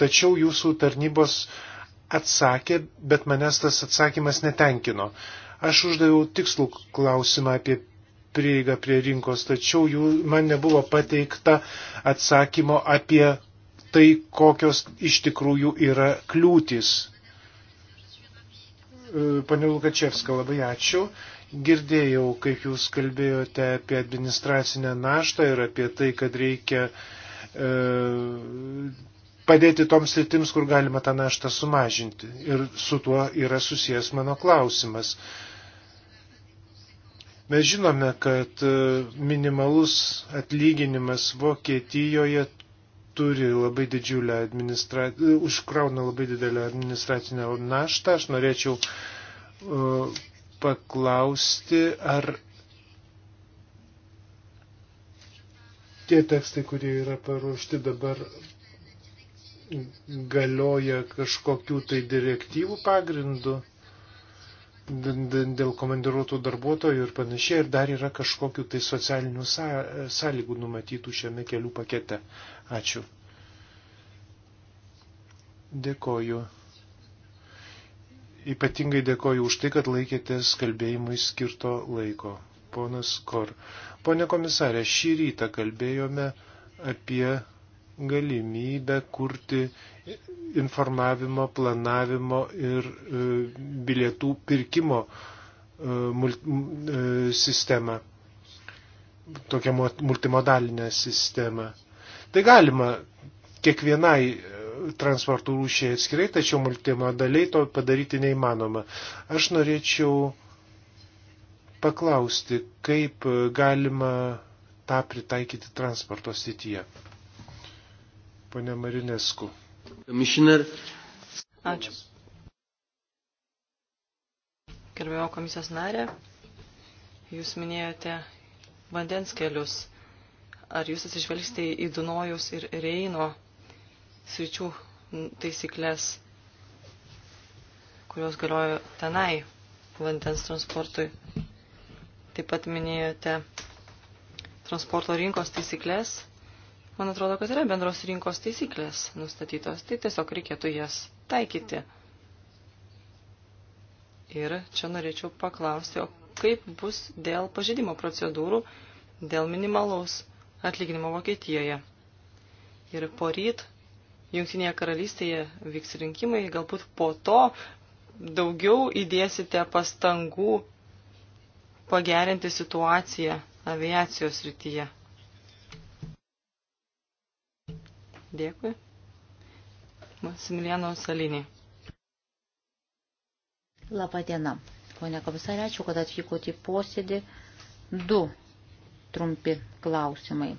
tačiau jūsų tarnybos atsakė, bet manęs tas atsakymas netenkino. Uh, Aš uždaviau tikslų klausimą apie prieigą prie rinkos, tačiau jų, man nebuvo pateikta atsakymo apie tai, kokios iš tikrųjų yra kliūtis. E, Pane Lukačevska, labai ačiū. Girdėjau, kaip jūs kalbėjote apie administracinę naštą ir apie tai, kad reikia e, padėti toms sritims, kur galima tą naštą sumažinti. Ir su tuo yra susijęs mano klausimas. E, Mes žinome, kad e, minimalus atlyginimas Vokietijoje turi labai didžiulę administraciją, užkrauna labai didelę administracinę naštą. Aš norėčiau uh, paklausti, ar tie tekstai, kurie yra paruošti dabar galioja kažkokių tai direktyvų pagrindų dėl komandiruotų darbuotojų ir panašiai, ir dar yra kažkokiu tai socialinių sąlygų numatytų šiame kelių pakete. Ačiū. Dėkoju. Ypatingai dėkoju už tai, kad laikėtės kalbėjimui skirto laiko. Ponas Kor. Pone komisarė, šį rytą kalbėjome apie galimybę kurti informavimo, planavimo ir e, bilietų pirkimo e, e, sistemą, tokią multimodalinę sistemą. Tai galima kiekvienai transporto rūšiai atskirai, tačiau multimodaliai to padaryti neįmanoma. Aš norėčiau paklausti, kaip galima tą pritaikyti transporto srityje. Pone Marinesku. Commissioner. Ačiū. Gerbėjo komisijos narė, jūs minėjote vandens kelius. Ar jūs atsižvelgsite į Dunojus ir Reino sričių taisyklės, kurios galiojo tenai vandens transportui? Taip pat minėjote transporto rinkos taisyklės Man atrodo, kad yra bendros rinkos taisyklės nustatytos, tai tiesiog reikėtų jas taikyti. Ir čia norėčiau paklausti, o kaip bus dėl pažeidimo procedūrų, dėl minimalaus atlyginimo Vokietijoje. Ir poryt Junktinėje karalystėje vyks rinkimai, galbūt po to daugiau įdėsite pastangų pagerinti situaciją aviacijos rytyje. Dėkui. Masimiliano Salinį. Labadiena. Pone komisarė, ačiū, kad atvykote į posėdį. Du trumpi klausimai.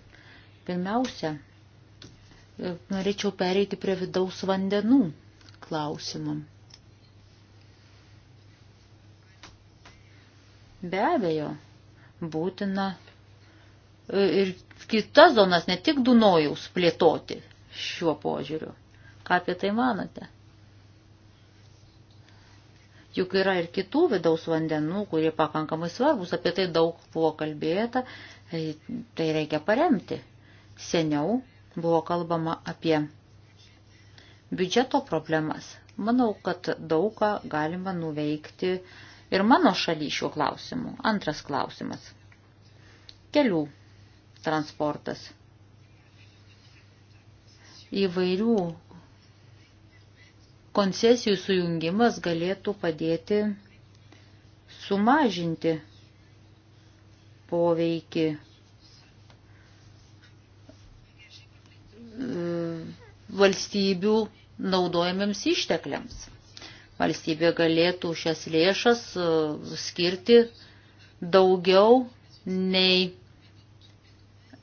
Pirmiausia, e, norėčiau pereiti prie vidaus vandenų klausimų. Be abejo, būtina e, ir kitas zonas, ne tik Dunojaus plėtoti šiuo požiūriu. Ką apie tai manote? Juk yra ir kitų vidaus vandenų, kurie pakankamai svarbus, apie tai daug buvo kalbėta, e, tai reikia paremti. Seniau buvo kalbama apie biudžeto problemas. Manau, kad daug ką galima nuveikti ir mano šaly šiuo klausimu. Antras klausimas. Kelių transportas įvairių koncesijų sujungimas galėtų padėti sumažinti poveikį e, valstybių naudojamiams ištekliams. Valstybė galėtų šias lėšas e, skirti daugiau nei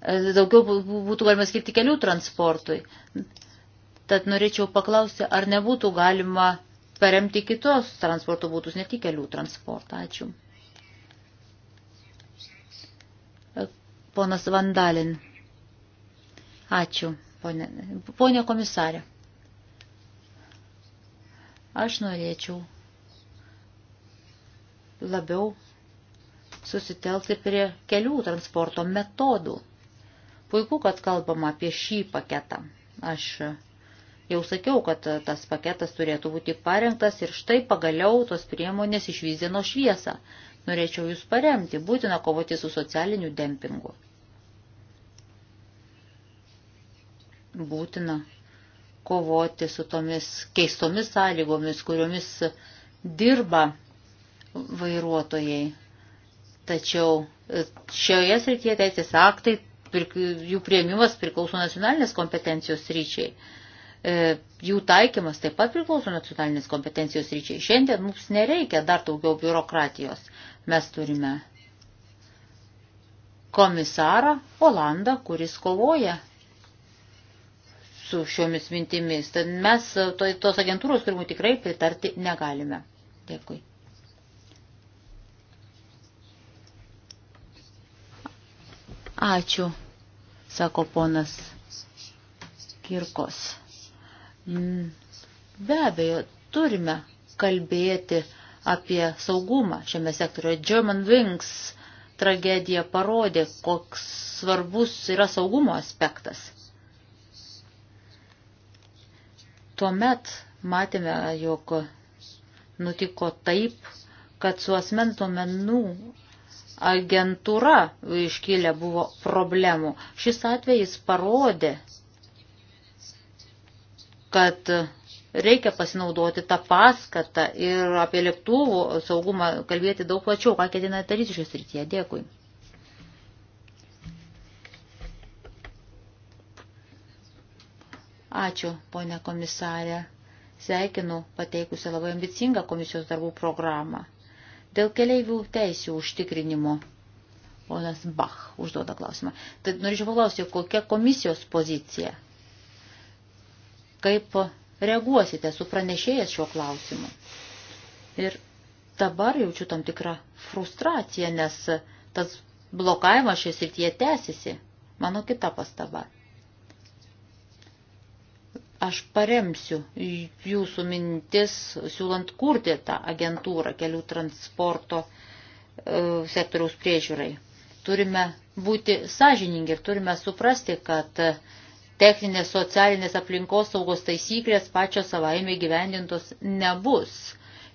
daugiau būtų galima skirti kelių transportui. Tad norėčiau paklausti, ar nebūtų galima paremti kitos transporto būtus, ne tik kelių transportą. Ačiū. Ponas Vandalin. Ačiū, ponė, ponė komisarė. Aš norėčiau labiau susitelkti prie kelių transporto metodų. Puiku, kad kalbama apie šį paketą. Aš jau sakiau, kad tas paketas turėtų būti parengtas ir štai pagaliau tos priemonės išvyzino šviesą. Norėčiau jūs paremti, būtina kovoti su socialiniu dempingu. Būtina kovoti su tomis keistomis sąlygomis, kuriomis dirba vairuotojai. Tačiau šioje srityje teisės aktai jų prieimimas priklauso nacionalinės kompetencijos ryčiai. E, jų taikymas taip pat priklauso nacionalinės kompetencijos ryčiai. Šiandien mums nereikia dar daugiau biurokratijos. Mes turime komisarą Olandą, kuris kovoja su šiomis mintimis. Tad mes to, tos agentūros turimų tikrai pritarti negalime. Dėkui. Ačiū, sako ponas Kirkos. Mm, be abejo, turime kalbėti apie saugumą šiame sektoriuje. German Wings tragedija parodė, koks svarbus yra saugumo aspektas. Tuomet matėme, jog nutiko taip, kad su asmens duomenų agentūra iškilę buvo problemų. Šis atvejis parodė, kad reikia pasinaudoti tą paskatą ir apie lėktuvų saugumą kalbėti daug plačiau, ką ketina daryti šios rytyje. Dėkui. Ačiū, ponė komisarė. Sveikinu pateikusią labai ambicingą komisijos darbų programą. Dėl keleivių teisų užtikrinimo. Ponas Bach užduoda klausimą. Tad norėčiau paklausti, kokia komisijos pozicija? Kaip reaguosite su pranešėjas šiuo klausimu? Ir dabar jaučiu tam tikrą frustraciją, nes tas blokavimas šis ir tie tęsiasi. Mano kita pastaba. Aš paremsiu jūsų mintis, siūlant kurti tą agentūrą kelių transporto e, sektoriaus priežiūrai. Turime būti sąžiningi ir turime suprasti, kad techninės socialinės aplinkos saugos taisyklės pačios savaime gyvendintos nebus.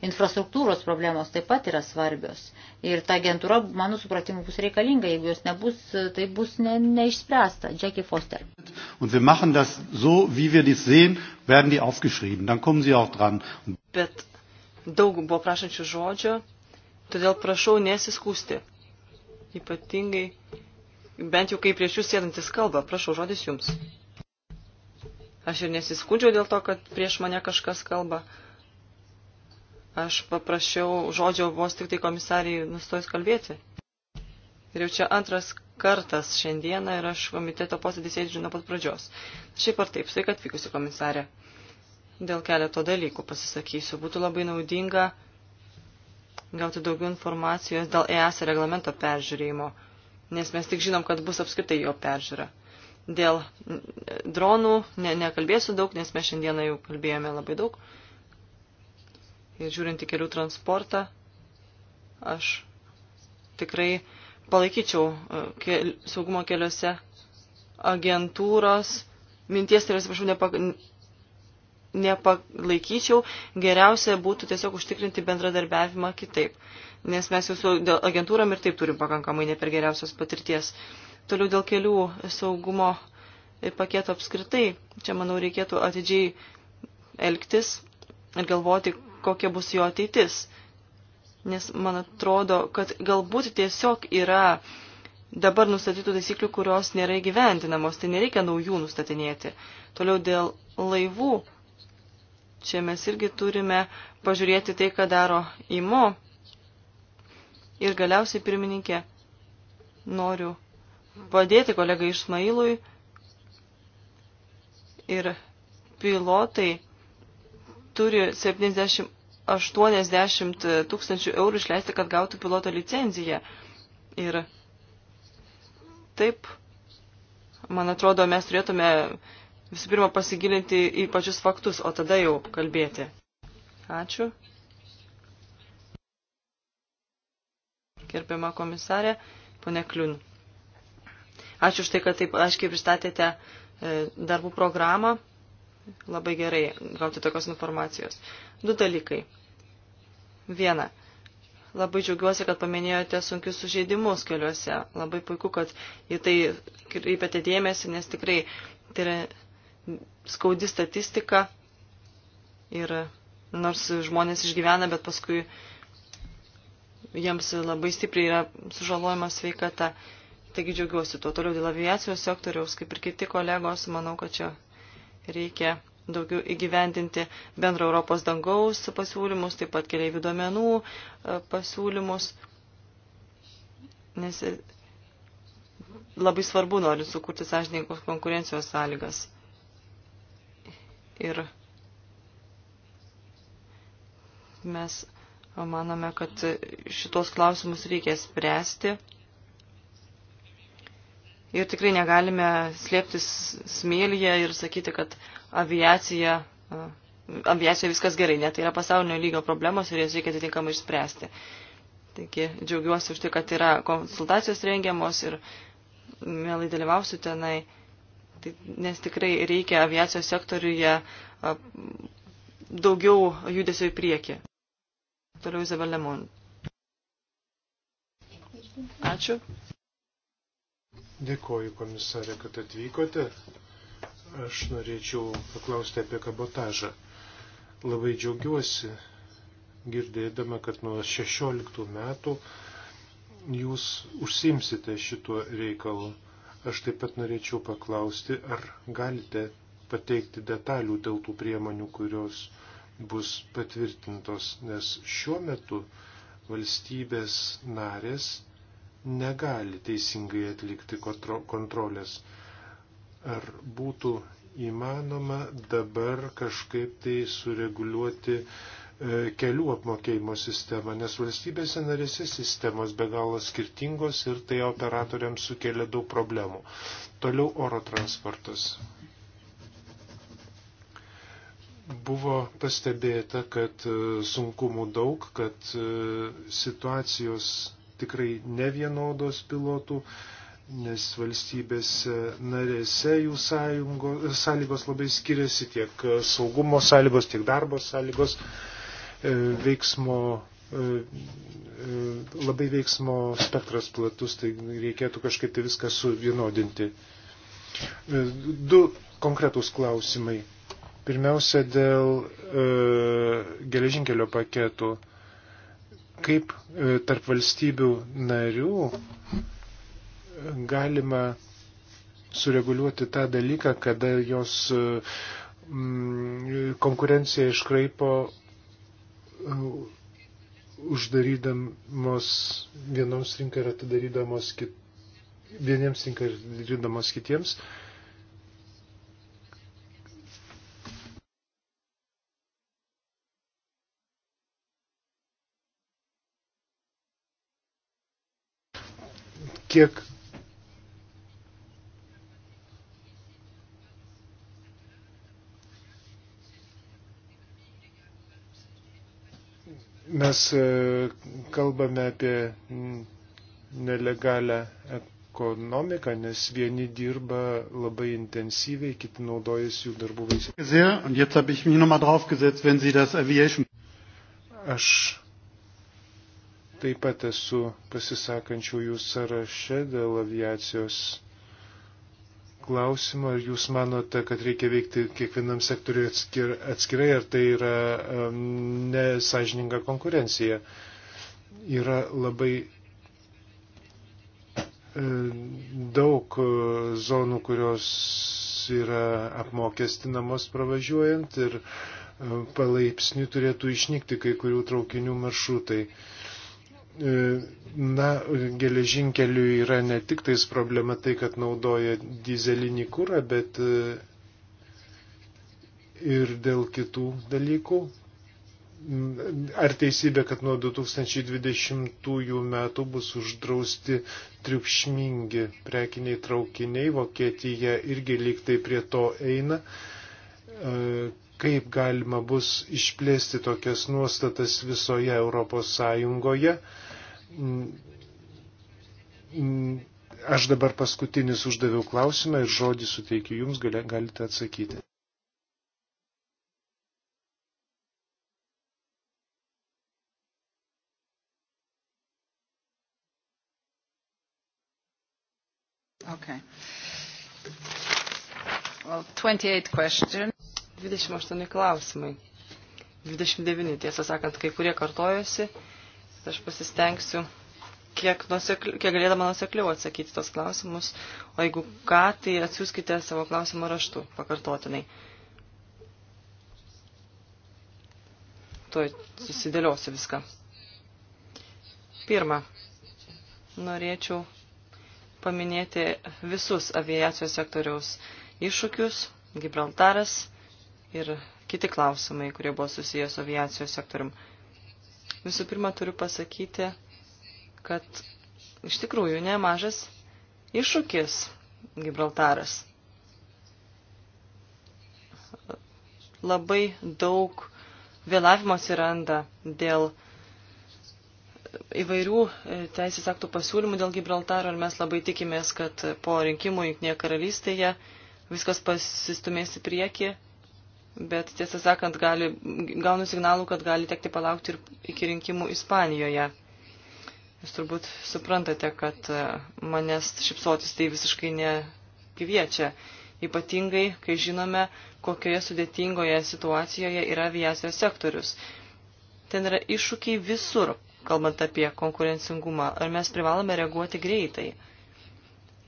Infrastruktūros problemos taip pat yra svarbios. Ir ta agentūra, mano supratimu, bus reikalinga. Jeigu jos nebus, tai bus ne, neišspręsta. Jackie Foster. Und wir machen das so, wie wir dies sehen, werden die aufgeschrieben. Dann kommen sie auch dran. Bet daug buvo prašančių žodžio, todėl prašau nesiskūsti. Ypatingai, bent jau kaip prieš jūs sėdantis kalba, prašau žodis jums. Aš ir nesiskundžiau dėl to, kad prieš mane kažkas kalba. Aš paprašiau žodžio vos tik tai komisariai nustojus kalbėti. Ir jau čia antras kartas šiandieną ir aš komiteto posėdį sėdžiu nuo pat pradžios. Šiaip ar taip, sveika atvykusi komisarė. Dėl keleto dalykų pasisakysiu. Būtų labai naudinga gauti daugiau informacijos dėl EAS reglamento peržiūrėjimo, nes mes tik žinom, kad bus apskritai jo peržiūra. Dėl dronų ne, nekalbėsiu daug, nes mes šiandieną jau kalbėjome labai daug ir žiūrint į kelių transportą, aš tikrai palaikyčiau e, kel, saugumo keliuose agentūros minties ir tai atsiprašau, nepa, nepalaikyčiau, geriausia būtų tiesiog užtikrinti bendradarbiavimą kitaip, nes mes jau su agentūram ir taip turim pakankamai ne per geriausios patirties. Toliau dėl kelių saugumo paketo apskritai, čia manau reikėtų atidžiai elgtis ir galvoti, kokia bus jo ateitis. Nes man atrodo, kad galbūt tiesiog yra dabar nustatytų taisyklių, kurios nėra įgyvendinamos, tai nereikia naujų nustatinėti. Toliau dėl laivų. Čia mes irgi turime pažiūrėti tai, ką daro įmo. Ir galiausiai, pirmininkė, noriu padėti kolegai Ismailui ir pilotai turi 70-80 tūkstančių eurų išleisti, kad gautų piloto licenciją. Ir taip, man atrodo, mes turėtume visų pirma pasigilinti į pačius faktus, o tada jau kalbėti. Ačiū. Gerbiama komisarė, ponė Kliun. Ačiū už tai, kad taip aiškiai pristatėte e, darbų programą. Labai gerai gauti tokios informacijos. Du dalykai. Viena. Labai džiaugiuosi, kad paminėjote sunkius sužeidimus keliuose. Labai puiku, kad į tai kreipėte dėmesį, nes tikrai tai yra skaudi statistika. Ir nors žmonės išgyvena, bet paskui jiems labai stipriai yra sužalojama sveikata. Taigi džiaugiuosi tuo toliau dėl aviacijos sektoriaus, kaip ir kiti kolegos, manau, kad čia reikia daugiau įgyvendinti bendro Europos dangaus pasiūlymus, taip pat keliaivių duomenų e, pasiūlymus, nes e, labai svarbu norint sukurti sąžininkos konkurencijos sąlygas. Ir mes manome, kad šitos klausimus reikia spręsti ir tikrai negalime slėptis smėlyje ir sakyti, kad aviacija, aviacija viskas gerai, net tai yra pasaulinio lygio problemos ir jas reikia atitinkamai išspręsti. Taigi džiaugiuosi už tai, kad yra konsultacijos rengiamos ir mielai dalyvausiu tenai, tai, nes tikrai reikia aviacijos sektoriuje daugiau judesio į priekį. Toliau Izabel Lemon. Ačiū. Dėkoju komisarė, kad atvykote. Aš norėčiau paklausti apie kabotažą. Labai džiaugiuosi girdėdama, kad nuo 16 metų jūs užsimsite šituo reikalu. Aš taip pat norėčiau paklausti, ar galite pateikti detalių dėl tų priemonių, kurios bus patvirtintos, nes šiuo metu valstybės narės negali teisingai atlikti kontrolės. Ar būtų įmanoma dabar kažkaip tai sureguliuoti e, kelių apmokėjimo sistemą, nes valstybėse narėse sistemos be galo skirtingos ir tai operatoriams sukelia daug problemų. Toliau oro transportas. Buvo pastebėta, kad e, sunkumų daug, kad e, situacijos tikrai nevienodos pilotų, nes valstybėse narėse jų sąjungo, sąlygos labai skiriasi tiek saugumo sąlygos, tiek darbo sąlygos, e, veiksmo e, e, labai veiksmo spektras platus, tai reikėtų kažkaip tai viską suvienodinti. Du konkretūs klausimai. Pirmiausia, dėl e, geležinkelio paketų. E, kaip e, tarp valstybių narių e, galima sureguliuoti tą dalyką, kada jos e, konkurencija iškraipo uždarydamos vienoms rinkai ir atidarydamos kit, vieniems rinkai ir atidarydamos kitiems. Uh, kiek mes e, kalbame apie nelegalią ekonomiką, nes vieni dirba labai intensyviai, kiti naudojasi jų darbų vaisiais. Aš Taip pat esu pasisakančiųjų sąraše dėl aviacijos klausimo. Ar jūs manote, kad reikia veikti kiekvienam sektoriui atskir, atskirai, ar tai yra um, nesažininga konkurencija? Yra labai e, daug zonų, kurios yra apmokestinamos pravažiuojant ir e, palaipsniui turėtų išnykti kai kurių traukinių maršrutai. Na, geležinkeliu yra ne tik tais problema tai, kad naudoja dizelinį kūrą, bet e, ir dėl kitų dalykų. Ar teisybė, kad nuo 2020 metų bus uždrausti triukšmingi prekiniai traukiniai, Vokietija irgi lyg tai prie to eina e, kaip galima bus išplėsti tokias nuostatas visoje Europos Sąjungoje. Aš dabar paskutinis uždaviau klausimą ir žodį suteikiu Jums, galite atsakyti. Okay. Well, 28 questions. 28 klausimai. 29, tiesą sakant, kai kurie kartojosi. Aš pasistengsiu, kiek, nusekli, kiek galėdama nusekliau atsakyti tos klausimus, o jeigu ką, tai atsiųskite savo klausimą raštu pakartotinai. Tuoj susidėliosiu viską. Pirma, norėčiau paminėti visus aviacijos sektoriaus iššūkius. Gibraltaras, ir kiti klausimai, kurie buvo susijęs su aviacijos sektorium. Visų pirma, turiu pasakyti, kad iš tikrųjų nemažas iššūkis Gibraltaras. Labai daug vėlavimo atsiranda dėl įvairių e, teisės aktų pasiūlymų dėl Gibraltaro ir mes labai tikimės, kad po rinkimų Junktinėje karalystėje viskas pasistumės į priekį bet tiesą sakant, gali, gaunu signalų, kad gali tekti palaukti ir iki rinkimų Ispanijoje. Jūs turbūt suprantate, kad e, manęs šipsotis tai visiškai nekviečia, ypatingai, kai žinome, kokioje sudėtingoje situacijoje yra aviacijos sektorius. Ten yra iššūkiai visur, kalbant apie konkurencingumą, ar mes privalome reaguoti greitai.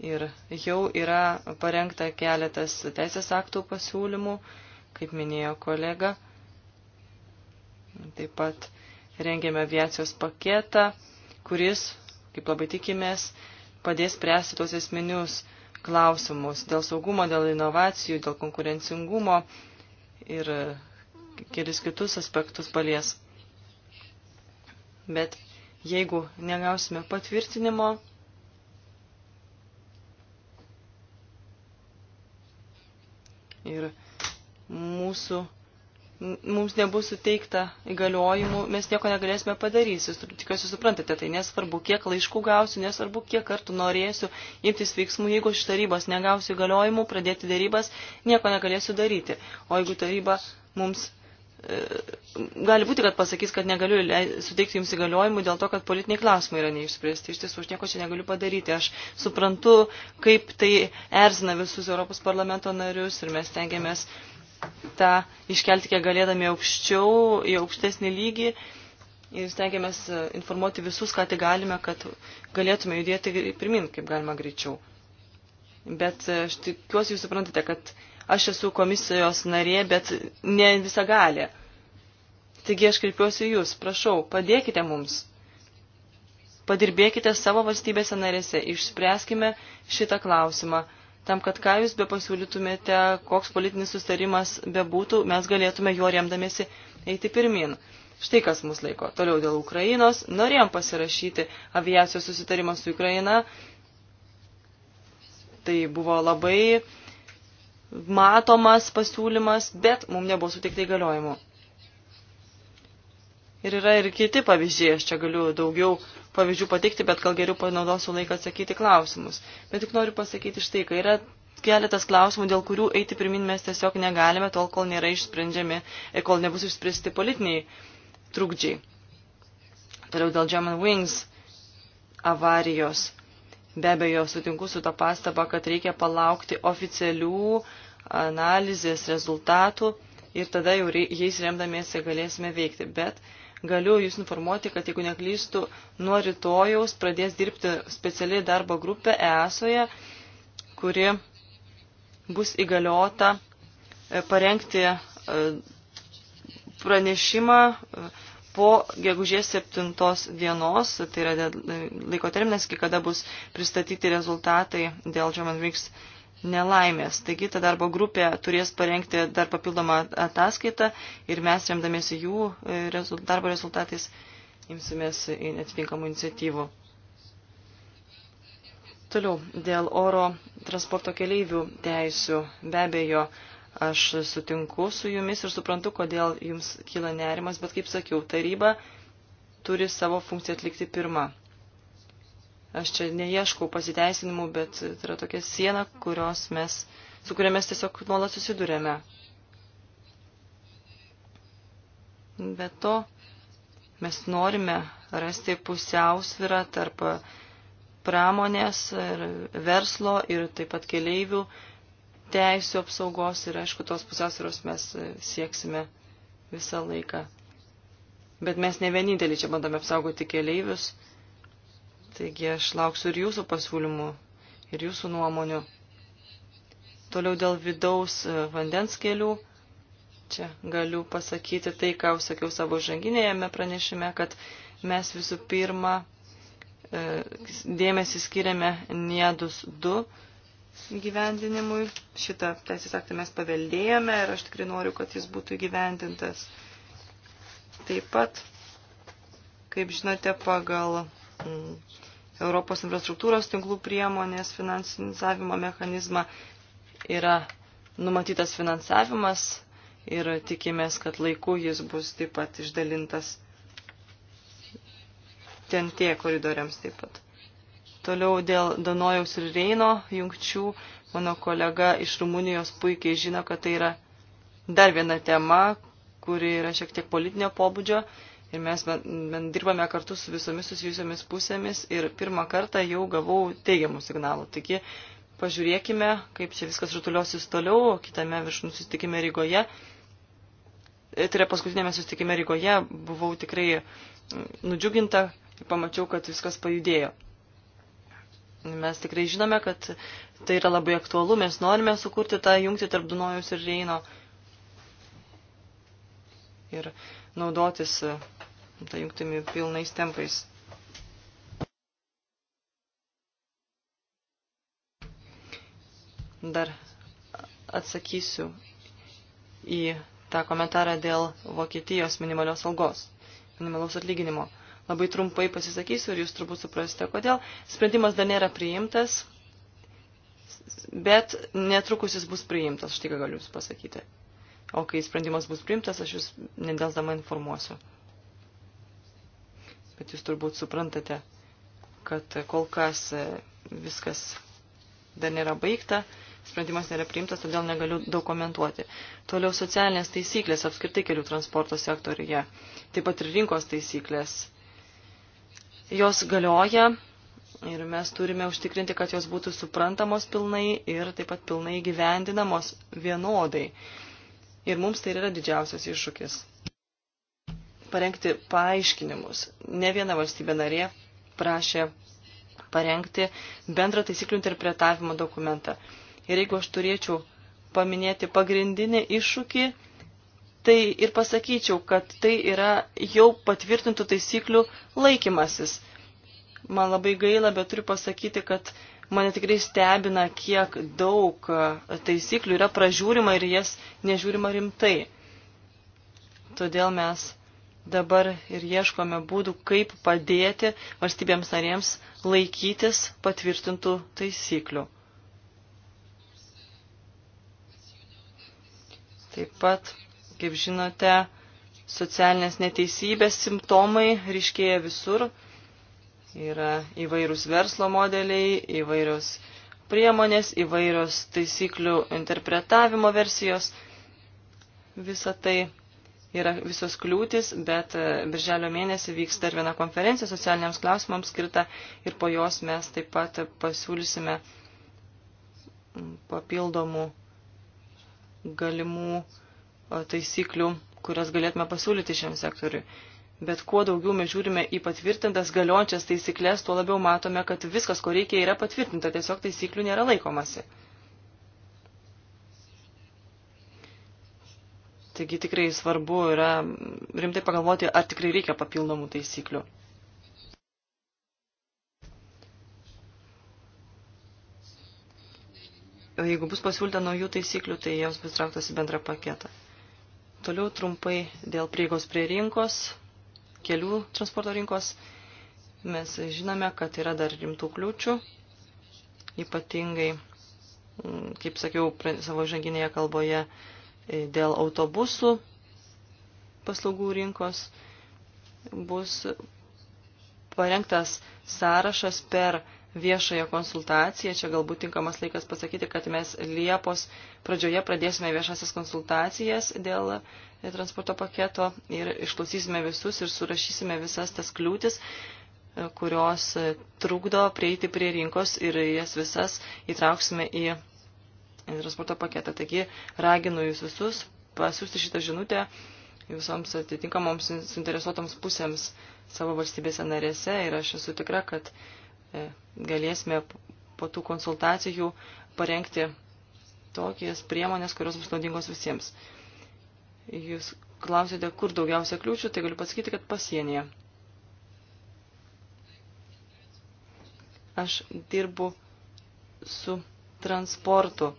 Ir jau yra parengta keletas teisės aktų pasiūlymų, kaip minėjo kolega. Taip pat rengėme aviacijos paketą, kuris, kaip labai tikimės, padės spręsti tuos esminius klausimus dėl saugumo, dėl inovacijų, dėl konkurencingumo ir kelis kitus aspektus palies. Bet jeigu negausime patvirtinimo, ir mūsų, mums nebus suteikta įgaliojimų, mes nieko negalėsime padaryti. Jūs tikiuosi suprantate, tai nesvarbu, kiek laiškų gausiu, nesvarbu, kiek kartų norėsiu imtis veiksmų, jeigu iš tarybos negausiu įgaliojimų, pradėti darybas, nieko negalėsiu daryti. O jeigu taryba mums e, gali būti, kad pasakys, kad negaliu suteikti jums įgaliojimų dėl to, kad politiniai klausimai yra neišspręsti. Iš tiesų, aš nieko čia negaliu padaryti. Aš suprantu, kaip tai erzina visus Europos parlamento narius ir mes tengiamės uh, tą iškelti kiek galėdami aukščiau, į aukštesnį lygį ir stengiamės e, informuoti visus, ką tik galime, kad galėtume judėti pirmin, kaip galima greičiau. Bet e, aš tikiuosi, jūs suprantate, kad aš esu komisijos narė, bet ne visą galę. Taigi aš kreipiuosi jūs, prašau, padėkite mums. Padirbėkite savo valstybėse narėse, išspręskime šitą klausimą tam, kad ką jūs be pasiūlytumėte, koks politinis sustarimas bebūtų, mes galėtume juo remdamėsi eiti pirmin. Štai kas mus laiko. Toliau dėl Ukrainos. Norėjom pasirašyti aviacijos susitarimą su Ukraina. Tai buvo labai matomas pasiūlymas, bet mums nebuvo suteikta įgaliojimų. Ir yra ir kiti pavyzdžiai, aš čia galiu daugiau pavyzdžių pateikti, bet gal geriau panaudosiu laiką atsakyti klausimus. Bet tik noriu pasakyti štai, kai yra keletas klausimų, dėl kurių eiti pirmin mes tiesiog negalime, tol kol nėra išsprendžiami ir kol nebus išspręsti politiniai trukdžiai. Toliau dėl German Wings avarijos. Be abejo, sutinku su tą pastabą, kad reikia palaukti oficialių analizės rezultatų ir tada jau jais remdamiesi galėsime veikti. Bet uh, galiu Jūs informuoti, kad jeigu neklystų, nuo rytojaus pradės dirbti specialiai darbo grupė ESOje, e, kuri bus įgaliota e, parengti e, pranešimą po gegužės 7 dienos, tai yra laiko terminas, iki kada bus pristatyti rezultatai dėl German Rigs nelaimės. Taigi ta darbo grupė turės parengti dar papildomą ataskaitą ir mes remdamėsi jų e, darbo rezultatais imsimės atitinkamų iniciatyvų. Toliau, dėl oro transporto keleivių teisių be abejo aš sutinku su jumis ir suprantu, kodėl jums kyla nerimas, bet kaip sakiau, taryba turi savo funkciją atlikti pirmą. Aš čia neieškau pasiteisinimų, bet tai yra tokia siena, kurios mes, su kuria mes tiesiog nuolat susidurėme. Be to, mes norime rasti pusiausvirą tarp pramonės ir verslo ir taip pat keleivių teisų apsaugos ir aišku, tos pusiausvėros mes sieksime visą laiką. Bet mes ne vienintelį čia bandome apsaugoti keleivius, Taigi aš lauksiu ir jūsų pasiūlymų, ir jūsų nuomonių. Toliau dėl vidaus e, vandens kelių. Čia galiu pasakyti tai, ką sakiau savo žanginėjame pranešime, kad mes visų pirma e, dėmesį skiriame Niedus 2 gyvendinimui. Šitą teisės aktą mes paveldėjome ir aš tikrai noriu, kad jis būtų gyvendintas. Taip pat, kaip žinote, pagal mm, Europos infrastruktūros tinklų priemonės finansavimo mechanizmą yra numatytas finansavimas ir tikimės, kad laiku jis bus taip pat išdalintas ten tie koridoriams taip pat. Toliau dėl Danojaus ir Reino jungčių, mano kolega iš Rumunijos puikiai žino, kad tai yra dar viena tema, kuri yra šiek tiek politinio pobūdžio Ir mes bent dirbame kartu su visomis susijusiamis pusėmis ir pirmą kartą jau gavau teigiamų signalų. Taigi pažiūrėkime, kaip čia viskas rutuliosis toliau, kitame viršūnų susitikime Rygoje. E, tai yra paskutinėme susitikime Rygoje buvau tikrai mm, nudžiuginta ir pamačiau, kad viskas pajudėjo. Mes tikrai žinome, kad tai yra labai aktualu, mes norime sukurti tą jungtį tarp Dunojus ir Reino ir naudotis e, tą jungtimi pilnais tempais. Dar atsakysiu į tą komentarą dėl Vokietijos minimalios algos, minimalaus atlyginimo. Labai trumpai pasisakysiu ir jūs turbūt suprasite, kodėl. Sprendimas dar nėra priimtas, bet netrukus jis bus priimtas, štai ką galiu jums pasakyti. O kai sprendimas bus priimtas, aš jūs nedelsdama informuosiu bet jūs turbūt suprantate, kad kol kas e, viskas dar nėra baigta, sprendimas nėra priimtas, todėl negaliu daug komentuoti. Toliau socialinės taisyklės apskritai kelių transporto sektoriuje, taip pat ir rinkos taisyklės. Jos galioja ir mes turime užtikrinti, kad jos būtų suprantamos pilnai ir taip pat pilnai gyvendinamos vienodai. Ir mums tai yra didžiausias iššūkis parengti paaiškinimus. Ne viena valstybė narė prašė parengti bendrą taisyklių interpretavimo dokumentą. Ir jeigu aš turėčiau paminėti pagrindinį iššūkį, tai ir pasakyčiau, kad tai yra jau patvirtintų taisyklių laikymasis. Man labai gaila, bet turiu pasakyti, kad mane tikrai stebina, kiek daug taisyklių yra pražiūrima ir jas nežiūrima rimtai. Todėl mes dabar ir ieškome būdų, kaip padėti valstybėms narėms laikytis patvirtintų taisyklių. Taip pat, kaip žinote, socialinės neteisybės simptomai ryškėja visur. Yra įvairūs verslo modeliai, įvairios priemonės, įvairios taisyklių interpretavimo versijos. Visą tai yra visos kliūtis, bet e, birželio mėnesį vyks dar viena konferencija socialiniams klausimams skirta ir po jos mes taip pat pasiūlysime papildomų galimų taisyklių, kurias galėtume pasiūlyti šiam sektoriui. Bet kuo daugiau mes žiūrime į patvirtintas galiojančias taisyklės, tuo labiau matome, kad viskas, ko reikia, yra patvirtinta, tiesiog taisyklių nėra laikomasi. Taigi tikrai svarbu yra rimtai pagalvoti, ar tikrai reikia papildomų taisyklių. Jeigu bus pasiūlyta naujų taisyklių, tai jiems bus traktas į bendrą paketą. Toliau trumpai dėl prieigos prie rinkos, kelių transporto rinkos. Mes žinome, kad yra dar rimtų kliūčių, ypatingai, mm, kaip sakiau, savo žanginėje kalboje E, dėl autobusų paslaugų rinkos bus parengtas sąrašas per viešąją konsultaciją. Čia galbūt tinkamas laikas pasakyti, kad mes Liepos pradžioje pradėsime viešasias konsultacijas dėl e, transporto paketo ir išklausysime visus ir surašysime visas tas kliūtis, e, kurios trukdo prieiti prie rinkos ir jas visas įtrauksime į transporto paketą. Taigi raginu jūs visus pasiūsti šitą žinutę visoms atitinkamoms suinteresuotoms pusėms savo valstybėse narėse ir aš esu tikra, kad e, galėsime po tų konsultacijų parengti tokias priemonės, kurios bus naudingos visiems. Jūs klausėte, kur daugiausia kliūčių, tai galiu pasakyti, kad pasienyje. Aš dirbu su transportu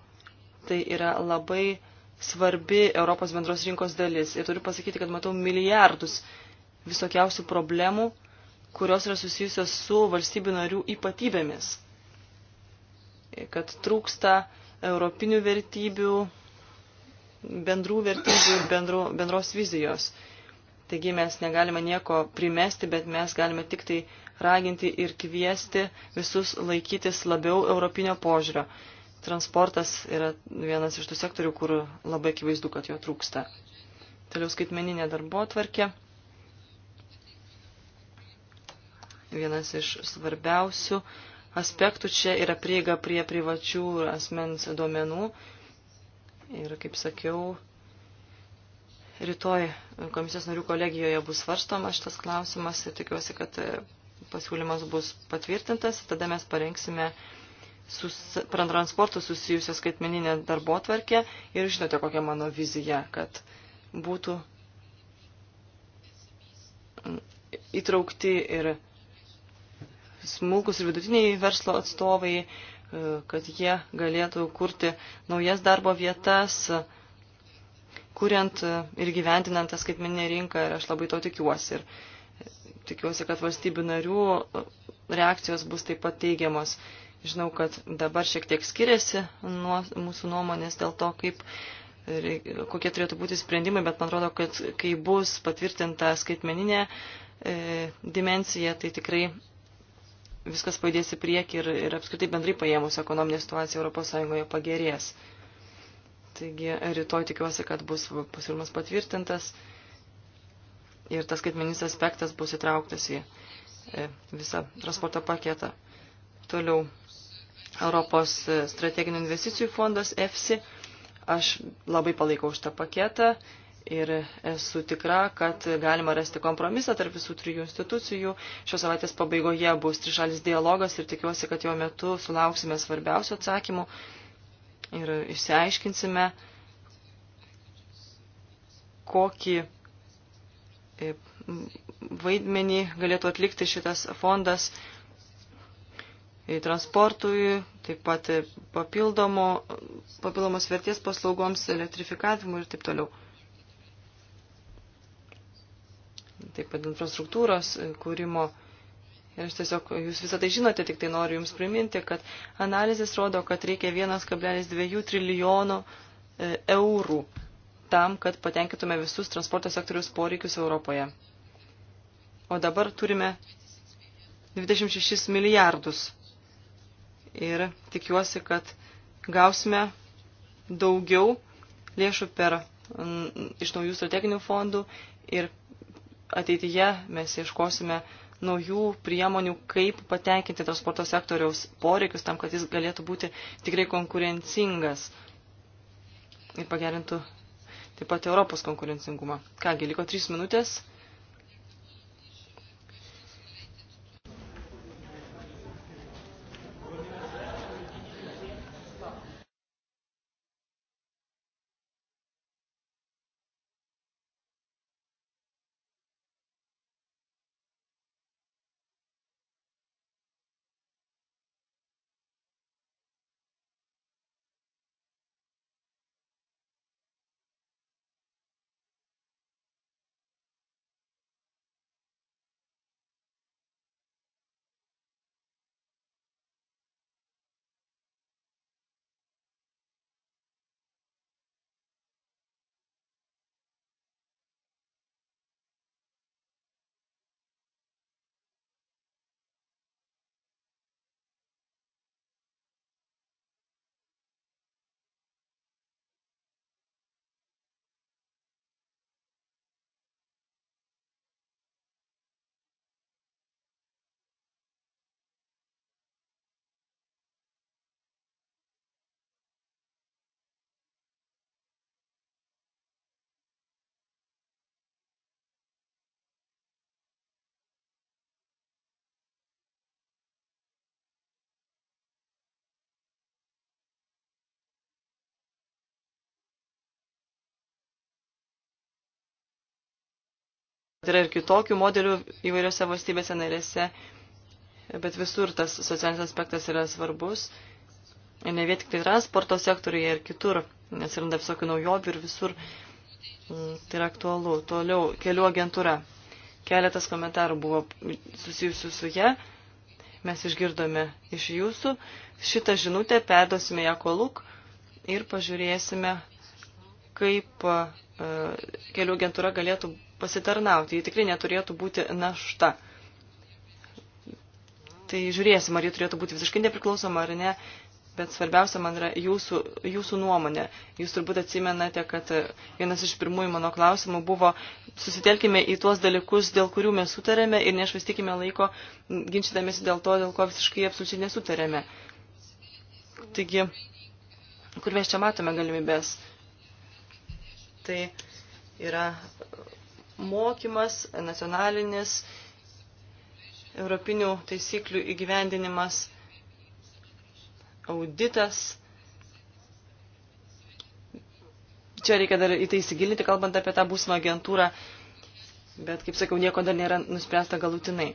tai yra labai svarbi Europos bendros rinkos dalis. Ir turiu pasakyti, kad matau milijardus visokiausių problemų, kurios yra susijusios su valstybių narių ypatybėmis. Kad trūksta europinių vertybių, bendrų vertybių, bendru, bendros vizijos. Taigi mes negalime nieko primesti, bet mes galime tik tai raginti ir kviesti visus laikytis labiau europinio požiūrio transportas yra vienas iš tų sektorių, kur labai akivaizdu, kad jo trūksta. Toliau skaitmeninė darbo atvarkė. Vienas iš svarbiausių aspektų čia yra prieiga prie privačių asmens duomenų. Ir kaip sakiau, rytoj komisijos narių kolegijoje bus svarstoma šitas klausimas ir tikiuosi, kad pasiūlymas bus patvirtintas. Tada mes parengsime sus, transportų susijusią skaitmeninę darbo tvarkę ir žinote, kokia mano vizija, kad būtų įtraukti ir smulkus ir vidutiniai verslo atstovai, kad jie galėtų kurti naujas darbo vietas, kuriant ir gyventinant tą skaitmeninę rinką ir aš labai to tikiuosi. Ir tikiuosi, kad valstybių narių reakcijos bus taip pat teigiamos Žinau, kad dabar šiek tiek skiriasi nuo mūsų nuomonės dėl to, kaip, kokie turėtų būti sprendimai, bet man atrodo, kad kai bus patvirtinta skaitmeninė e, dimencija, tai tikrai viskas pajudės į priekį ir, ir apskritai bendrai paėmus ekonominė situacija ES pagerės. Taigi rytoj tikiuosi, kad bus pasiūlymas patvirtintas ir tas skaitmeninis aspektas bus įtrauktas į e, visą transporto paketą. Toliau Europos strateginių investicijų fondas EFSI. Aš labai palaikau šitą paketą ir esu tikra, kad galima rasti kompromisą tarp visų trijų institucijų. Šios savaitės pabaigoje bus trišalis dialogas ir tikiuosi, kad jo metu sulauksime svarbiausių atsakymų ir išsiaiškinsime, kokį e, vaidmenį galėtų atlikti šitas fondas transportui, taip pat papildomo, papildomos vertės paslaugoms, elektrifikavimui ir taip toliau. Taip pat infrastruktūros kūrimo. Ir aš tiesiog, jūs visą tai žinote, tik tai noriu jums priminti, kad analizės rodo, kad reikia 1,2 trilijono e, eurų tam, kad patenkintume visus transporto sektorius poreikius Europoje. O dabar turime 26 milijardus ir tikiuosi, kad gausime daugiau lėšų per, m, iš naujų strateginių fondų ir ateityje mes ieškosime naujų priemonių, kaip patenkinti transporto sektoriaus poreikius tam, kad jis galėtų būti tikrai konkurencingas ir pagerintų taip pat Europos konkurencingumą. Kągi, liko trys minutės. Tai yra ir kitokių modelių įvairiose valstybėse narėse, bet visur tas socialinis aspektas yra svarbus. Ir ne vien tik tai transporto sektoriuje ir kitur, nes randa visokių naujovių ir visur mm, tai yra aktualu. Toliau kelių agentūra. Keletas komentarų buvo susijusių su ją. Mes išgirdome iš jūsų. Šitą žinutę perdosime ją koluk ir pažiūrėsime, kaip e, kelių agentūra galėtų pasitarnauti. Ji tikrai neturėtų būti našta. Tai žiūrėsim, ar ji turėtų būti visiškai nepriklausoma ar ne, bet svarbiausia man yra jūsų, jūsų nuomonė. Jūs turbūt atsimenate, kad vienas iš pirmųjų mano klausimų buvo susitelkime į tuos dalykus, dėl kurių mes sutarėme ir nešvaistykime laiko ginčytamėsi dėl to, dėl ko visiškai absoliučiai nesutarėme. Taigi, kur mes čia matome galimybės? Tai yra mokymas, nacionalinis europinių taisyklių įgyvendinimas, auditas. Čia reikia dar į tai įsigilinti, kalbant apie tą būsimą agentūrą, bet, kaip sakiau, nieko dar nėra nuspręsta galutinai.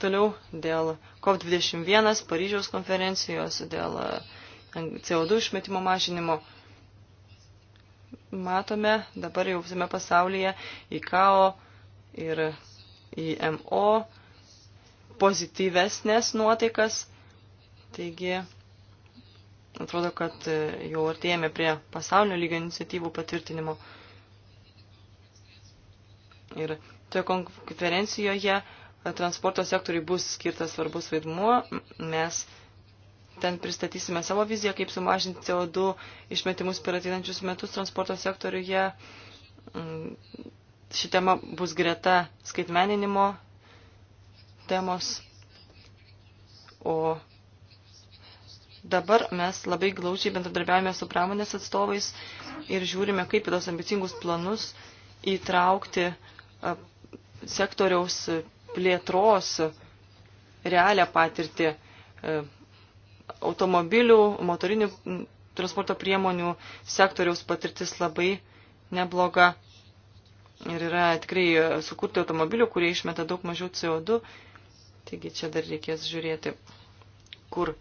Toliau dėl COP21 Paryžiaus konferencijos, dėl e, CO2 išmetimo mažinimo matome dabar jau visame pasaulyje ICAO ir IMO pozityvesnės nuotaikas. Taigi, atrodo, kad jau artėjame prie pasaulio lygio iniciatyvų patvirtinimo. Ir toje konferencijoje transporto sektoriui bus skirtas svarbus vaidmuo. Mes Ten pristatysime savo viziją, kaip sumažinti CO2 išmetimus per ateinančius metus transporto sektoriuje. Mm, ši tema bus greta skaitmeninimo temos. O dabar mes labai glaučiai bendradarbiavame su pramonės atstovais ir žiūrime, kaip į tos ambicingus planus įtraukti sektoriaus plėtros realią patirtį automobilių, motorinių transporto priemonių sektoriaus patirtis labai nebloga. Ir yra tikrai e, sukurti automobilių, kurie išmeta daug mažiau CO2. Taigi čia dar reikės žiūrėti, kur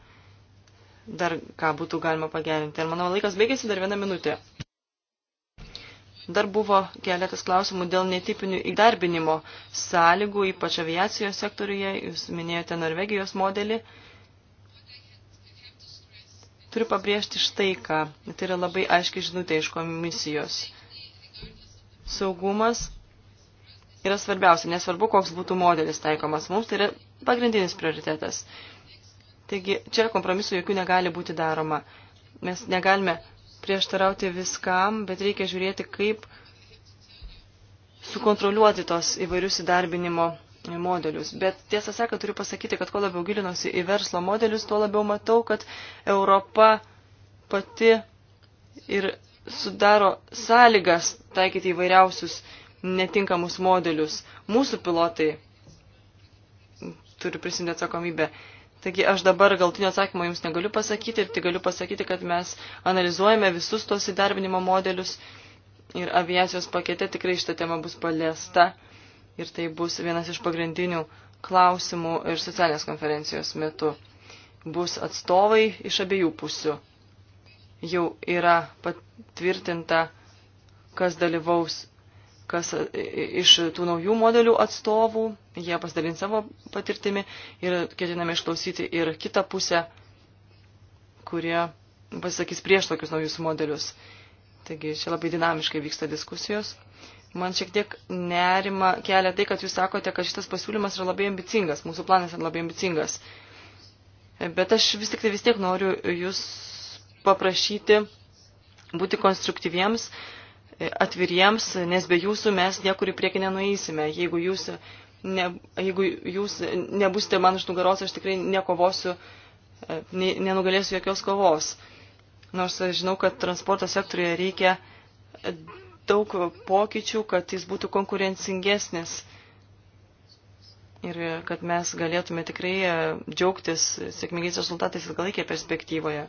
dar ką būtų galima pagerinti. Ir mano laikas baigėsi dar vieną minutę. Dar buvo keletas klausimų dėl netipinių įdarbinimo sąlygų, ypač aviacijos sektoriuje. Jūs minėjote Norvegijos modelį. Uh, Turiu pabrėžti štai ką. Tai yra labai aiškiai žinutė iš komisijos. Saugumas yra svarbiausia, nesvarbu, koks būtų modelis taikomas. Mums tai yra pagrindinis prioritetas. Taigi čia kompromisų jokių negali būti daroma. Mes negalime prieštarauti viskam, bet reikia žiūrėti, kaip sukontroliuoti tos įvairius įdarbinimo modelius. Bet tiesą sakant, turiu pasakyti, kad kuo labiau gilinuosi į verslo modelius, tuo labiau matau, kad Europa pati ir sudaro sąlygas taikyti įvairiausius netinkamus modelius. Mūsų pilotai turi prisimti atsakomybę. Taigi aš dabar galtinio atsakymo jums negaliu pasakyti ir tik galiu pasakyti, kad mes analizuojame visus tos įdarbinimo modelius ir aviacijos pakete tikrai šitą temą bus paliesta ir tai bus vienas iš pagrindinių klausimų ir socialinės konferencijos metu. Bus atstovai iš abiejų pusių. Jau yra patvirtinta, kas dalyvaus, kas e, e, iš tų naujų modelių atstovų, jie pasidalins savo patirtimi ir ketiname išklausyti ir kitą pusę, kurie pasisakys prieš tokius naujus modelius. Taigi čia labai dinamiškai vyksta diskusijos. Man šiek tiek nerima kelia tai, kad jūs sakote, kad šitas pasiūlymas yra labai ambicingas, mūsų planas yra labai ambicingas. Bet aš vis tik tai vis tiek noriu jūs paprašyti būti konstruktyviems, atviriems, nes be jūsų mes niekur į priekį nenueisime. Jeigu jūs, ne, jeigu jūs nebusite man už nugaros, aš tikrai nekovosiu, ne, nenugalėsiu jokios kovos. Nors aš žinau, kad transporto sektoriuje reikia daug pokyčių, kad jis būtų konkurencingesnis ir kad mes galėtume tikrai e, džiaugtis sėkmingais rezultatais ilgalaikėje perspektyvoje.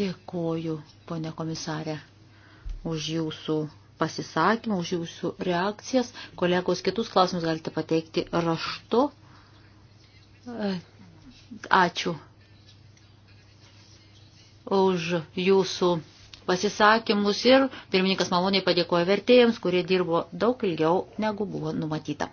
Dėkoju, ponė komisarė, už jūsų pasisakymą, už jūsų reakcijas. Kolegos kitus klausimus galite pateikti raštu. E, ačiū už jūsų pasisakymus ir pirmininkas maloniai padėkoja vertėjams, kurie dirbo daug ilgiau negu buvo numatyta.